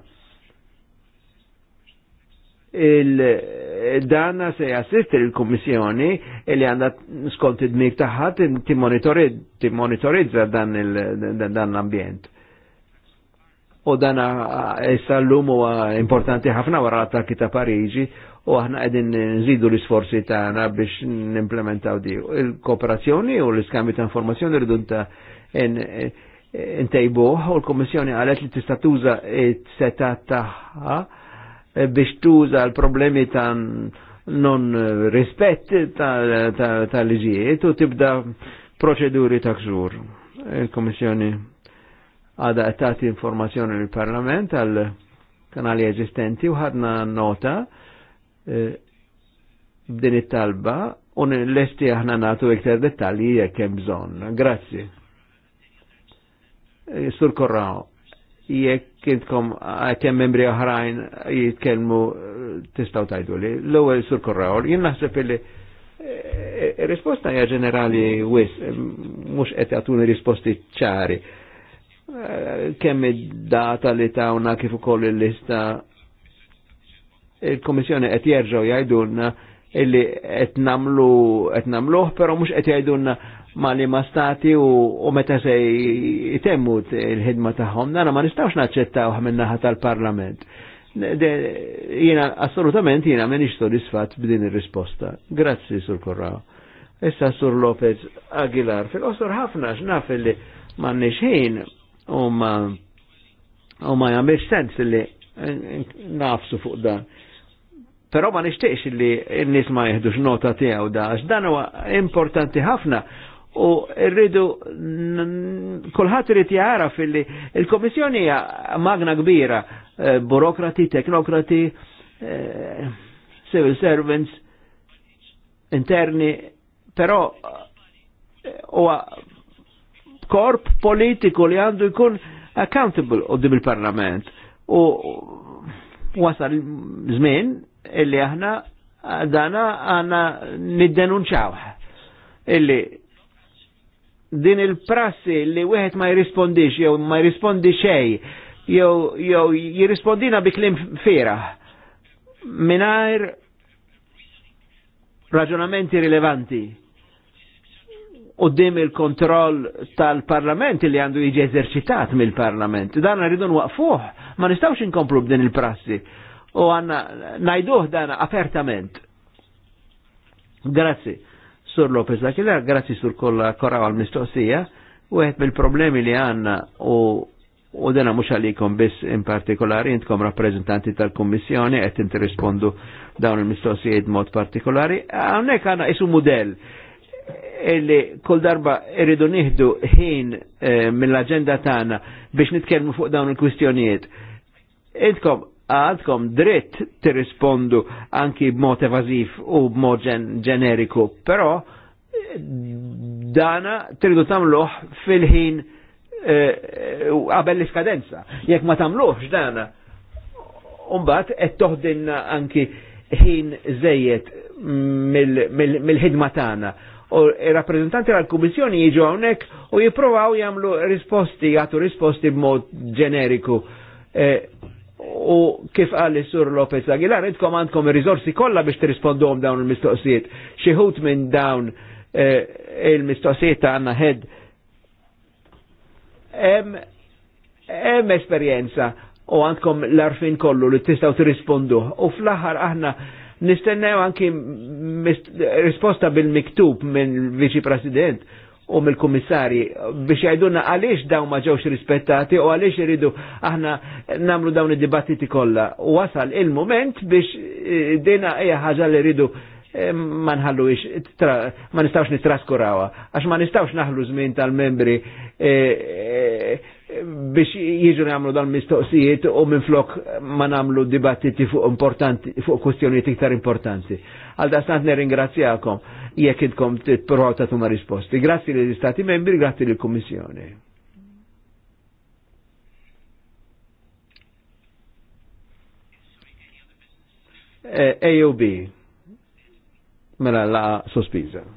il-dana se jassistir il-Kommissjoni li għandha skont id-dmir tagħha timmonitorizza dan l-ambjent. U dan issa l-lum huwa importanti ħafna wara l-attakki ta' Pariġi u aħna qegħdin nżidu l-isforzi tagħna biex nimplementaw di. Il-kooperazzjoni u l-iskambju ta' informazzjoni rridu ta' intejbuh u l-Kommissjoni għalet li tista' tuża it-setat tagħha biex tuża l-problemi ta' non rispett ta' liġijiet u tibda proċeduri ta' kżur. Il-Komissjoni e, għada għettati informazzjoni l-Parlament għal kanali eżistenti u ħadna nota e, din it-talba u l-esti aħna natu iktar dettalji jekk hemm bżonn. Grazzi. E, Sur Korrao, jekk kienkom għatjem membri oħrajn jitkelmu tistaw tajdu li. L-ewel sur korraħor, jien naħseb li eh, eh, risposta hija ġenerali wis, mux qed għatuni risposti ċari. Eh, kemm id-data li tawna kif ukoll il-lista il-Komissjoni qed jerġgħu jgħidulna illi qed namlu qed namluh, però mhux qed jgħidulna ma li ma stati u, u meta se jitemmu il-ħidma taħħom, nara ma nistawx naċċettaw minnaħat tal-parlament. Jena, assolutament jena menix sodisfatt b'din il-risposta. Grazzi, Sur Korraw. Issa Sur Lopez Aguilar, fil-qosor ħafna xnaf li ma nixħin u ma u ma sens li nafsu fuq dan. Pero ma nishtiqx li n-nis ma jihdux nota tijaw da, għax dan huwa importanti ħafna u rridu kulħadd rrit jara fil li il-Komissjoni hija magna kbira, eh, burokrati, teknokrati, eh, civil servants, interni, però eh, u korp politiku li għandu jkun accountable qudiem il-Parlament. U wasal żmien illi aħna dana għana niddenunċawħ illi din il-prassi li wieħed ma jirrispondix jew ma jirrispondi xej jew jew jirrispondina bi klim fira mingħajr raġunamenti rilevanti dim il-kontroll tal-parlament li għandu jiġi eżerċitat mill-parlament. Dan rridu nwaqfuh, ma nistawx inkomplu b'din il-prassi. U għanna najduħ dan apertament. Grazie. Sur Lopez Akila, grazzi sur kolla korra għal-mistoqsija, u għed mill-problemi li għanna u u dena mux għalikom biss in partikolari, intkom rappresentanti tal-Kommissjoni, għed interrispondu dawn il-mistoqsijiet mod partikolari, għawnek għanna isu model illi kull darba irridu nieħdu ħin eh, mill-agenda tagħna biex nitkellmu fuq dawn il-kwistjonijiet. Intkom għadkom dritt tirrispondu anki b'mod evaziv u b'mod ġeneriku, però dana tridu tamluħ fil-ħin eh, eh, qabel l-iskadenza. Jekk ma tamluħx dana, umbat qed toħdinna anki ħin żejjed mill-ħidma tagħna. U il-rappresentanti tal-Kummissjoni jiġu hawnhekk u jippruvaw jagħmlu risposti, jagħtu risposti b'mod ġeneriku. Eh, u kif għalli sur Lopez Aguilar, idkom għandkom il-rizorsi kolla biex t-rispondu dawn il-mistoqsijiet. Xieħut minn dawn eh, il-mistoqsijiet ta' għanna ħed. Em esperienza u għandkom l-arfin kollu li t-istaw t-rispondu. U fl-axar aħna nistennew anki risposta bil-miktub minn viċi president u mill-kummissarji biex jajduna għaliex dawn ma ġewx rispettati u għaliex iridu aħna namlu dawn id-dibattiti kollha. Wasal il-moment biex eh, dina hija ħaġa li rridu eh, ma nħalluix, ma nistawx nitraskurawa, għax ma nistawx naħlu żmien tal-membri eh, biex jiġu namlu dal-mistoqsijiet u minn flok ma namlu dibattiti fuq importanti, fuq kustjonijiet iktar importanti. Għal da stant ringrazzjakom jekk idkom tipprovaw ta' tuma risposti. Grazzi lill istati membri, grazzi lill kummissjoni eh, AOB mela la sospiza.